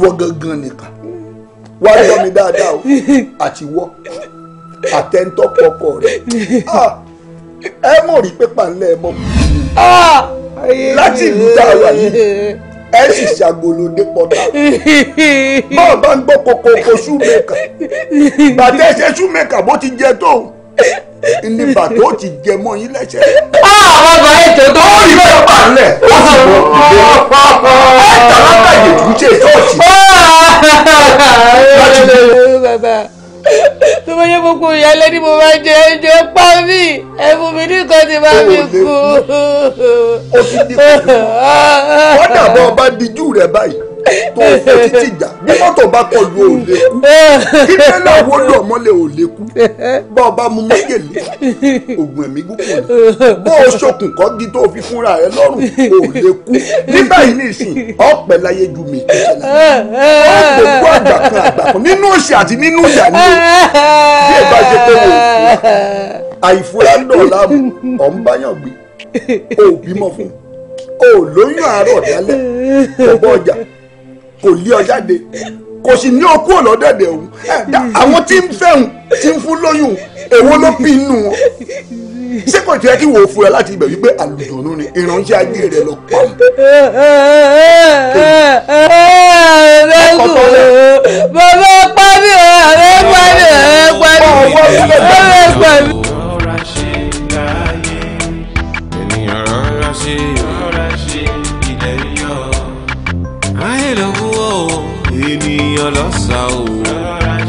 ìwọ gangan nìkan wá gbọ́ mi dáadáa o àti wọ́ àtẹ̀ntọ́pọ̀ ọkọ rẹ̀ ẹ mọ̀ rí pépà ńlẹ̀ ẹ mọ̀ láti ìlú tá a wà yìí ẹ sì ṣàgolòdé pọ̀tà bọ́ọ̀ bá ń gbọ́ kókó kó ṣúmẹ́kà bàtẹ́ ṣe ṣúmẹ́kà bó ti jẹ tóun ní bàtó ti jẹ mọ́ yín lẹ́sẹ̀. àwọn ọba ètò tó ń rí bẹ́ẹ̀ pa nílẹ̀ ó sì mọ ìdè ẹ̀ta látàgé tó ṣe ṣọ́ọ̀ṣì. Ah, tó bá yẹ gbogbo ìyálé ni mo máa jẹ ẹjẹ pa mí ẹ fún mi ní nǹkan tí máa fi kú. ó ti di kú kódà bọ́ ọba dijú rẹ̀ báyìí tó fẹ́ títí jà bí mọ́tò bá kọlu ò lè kú kí eh. tẹ́lẹ̀ owó lò mọ́lẹ̀ ò lè kú bá ọba mu mọ́gẹ̀lì oògùn ẹ̀mí gúkú ni bó o ṣokùn kọ́gi tó fi fúnra rẹ lọ́rùn ò lè kú nígbà yìí nìsín ọ̀pẹ láyé ju mi ọ̀pẹ kú àgbà kan àgbà kan nínú òṣì àti nínú ìyà ni bí ẹ bá ṣe pé o àìfura dọ̀la ọ̀ ń báyàn gbé o ò bímọ fún o ò lóyún àárọ̀ dálẹ̀ ọ̀bọ kò lé ọ jáde kò sì ní okú ọlọ́dẹ̀dẹ̀ òun àwọn tí ń fẹ̀hùn tí ń fún lóyún èwo ló bí inú wọn ṣé kò jẹ́ kí wò ó fura láti ibẹ̀ wípé àlùdùnú ni ìránṣẹ́ ajé rẹ lọ pa ọ́. bàbá pa mí ọ̀rẹ́ pa mí ọ̀rẹ́ pa mí ọ̀rẹ́ pa mí. ọlọ́sà o. lọ́ra mi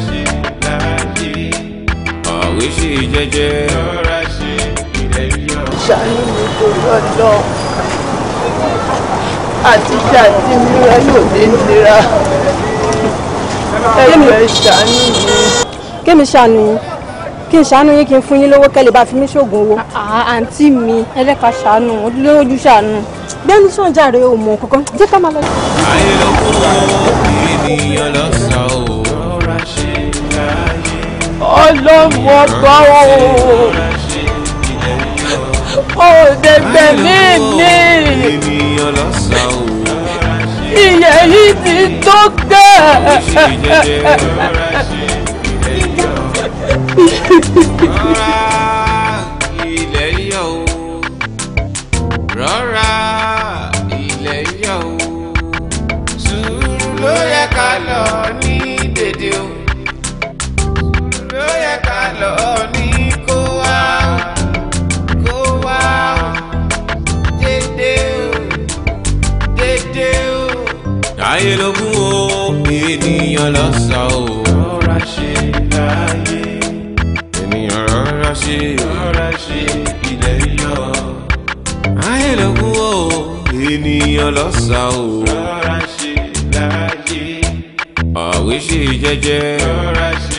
ṣàánú yín kí n ṣàánú yín kí n fún yín lówó kẹ́lẹ́ bá fi mí ṣoògùn owó. àǹtí mi ẹlẹ́ka ṣàánú ojúlówó ṣàánú dání sàn jàre o mọ kankan jẹ́ ká máa lọ. ayé ló kú ènìyàn lọ́sàn o. ọlọ́mọ bá o. o dẹ̀gbẹ̀ mí mi. ènìyàn lọ́sàn o. ìyẹn yìí ti tó gẹ̀. ìyá. ṣe lógún o ènìyàn lọ́sà o. rọra ṣe láàyè. ènìyàn rọra ṣe. rọra ṣe ilẹ̀ yọ. ayé lógún o ènìyàn lọ́sà o. rọra ṣe láàyè. àwíṣe jẹ́jẹ́. rọra ṣe.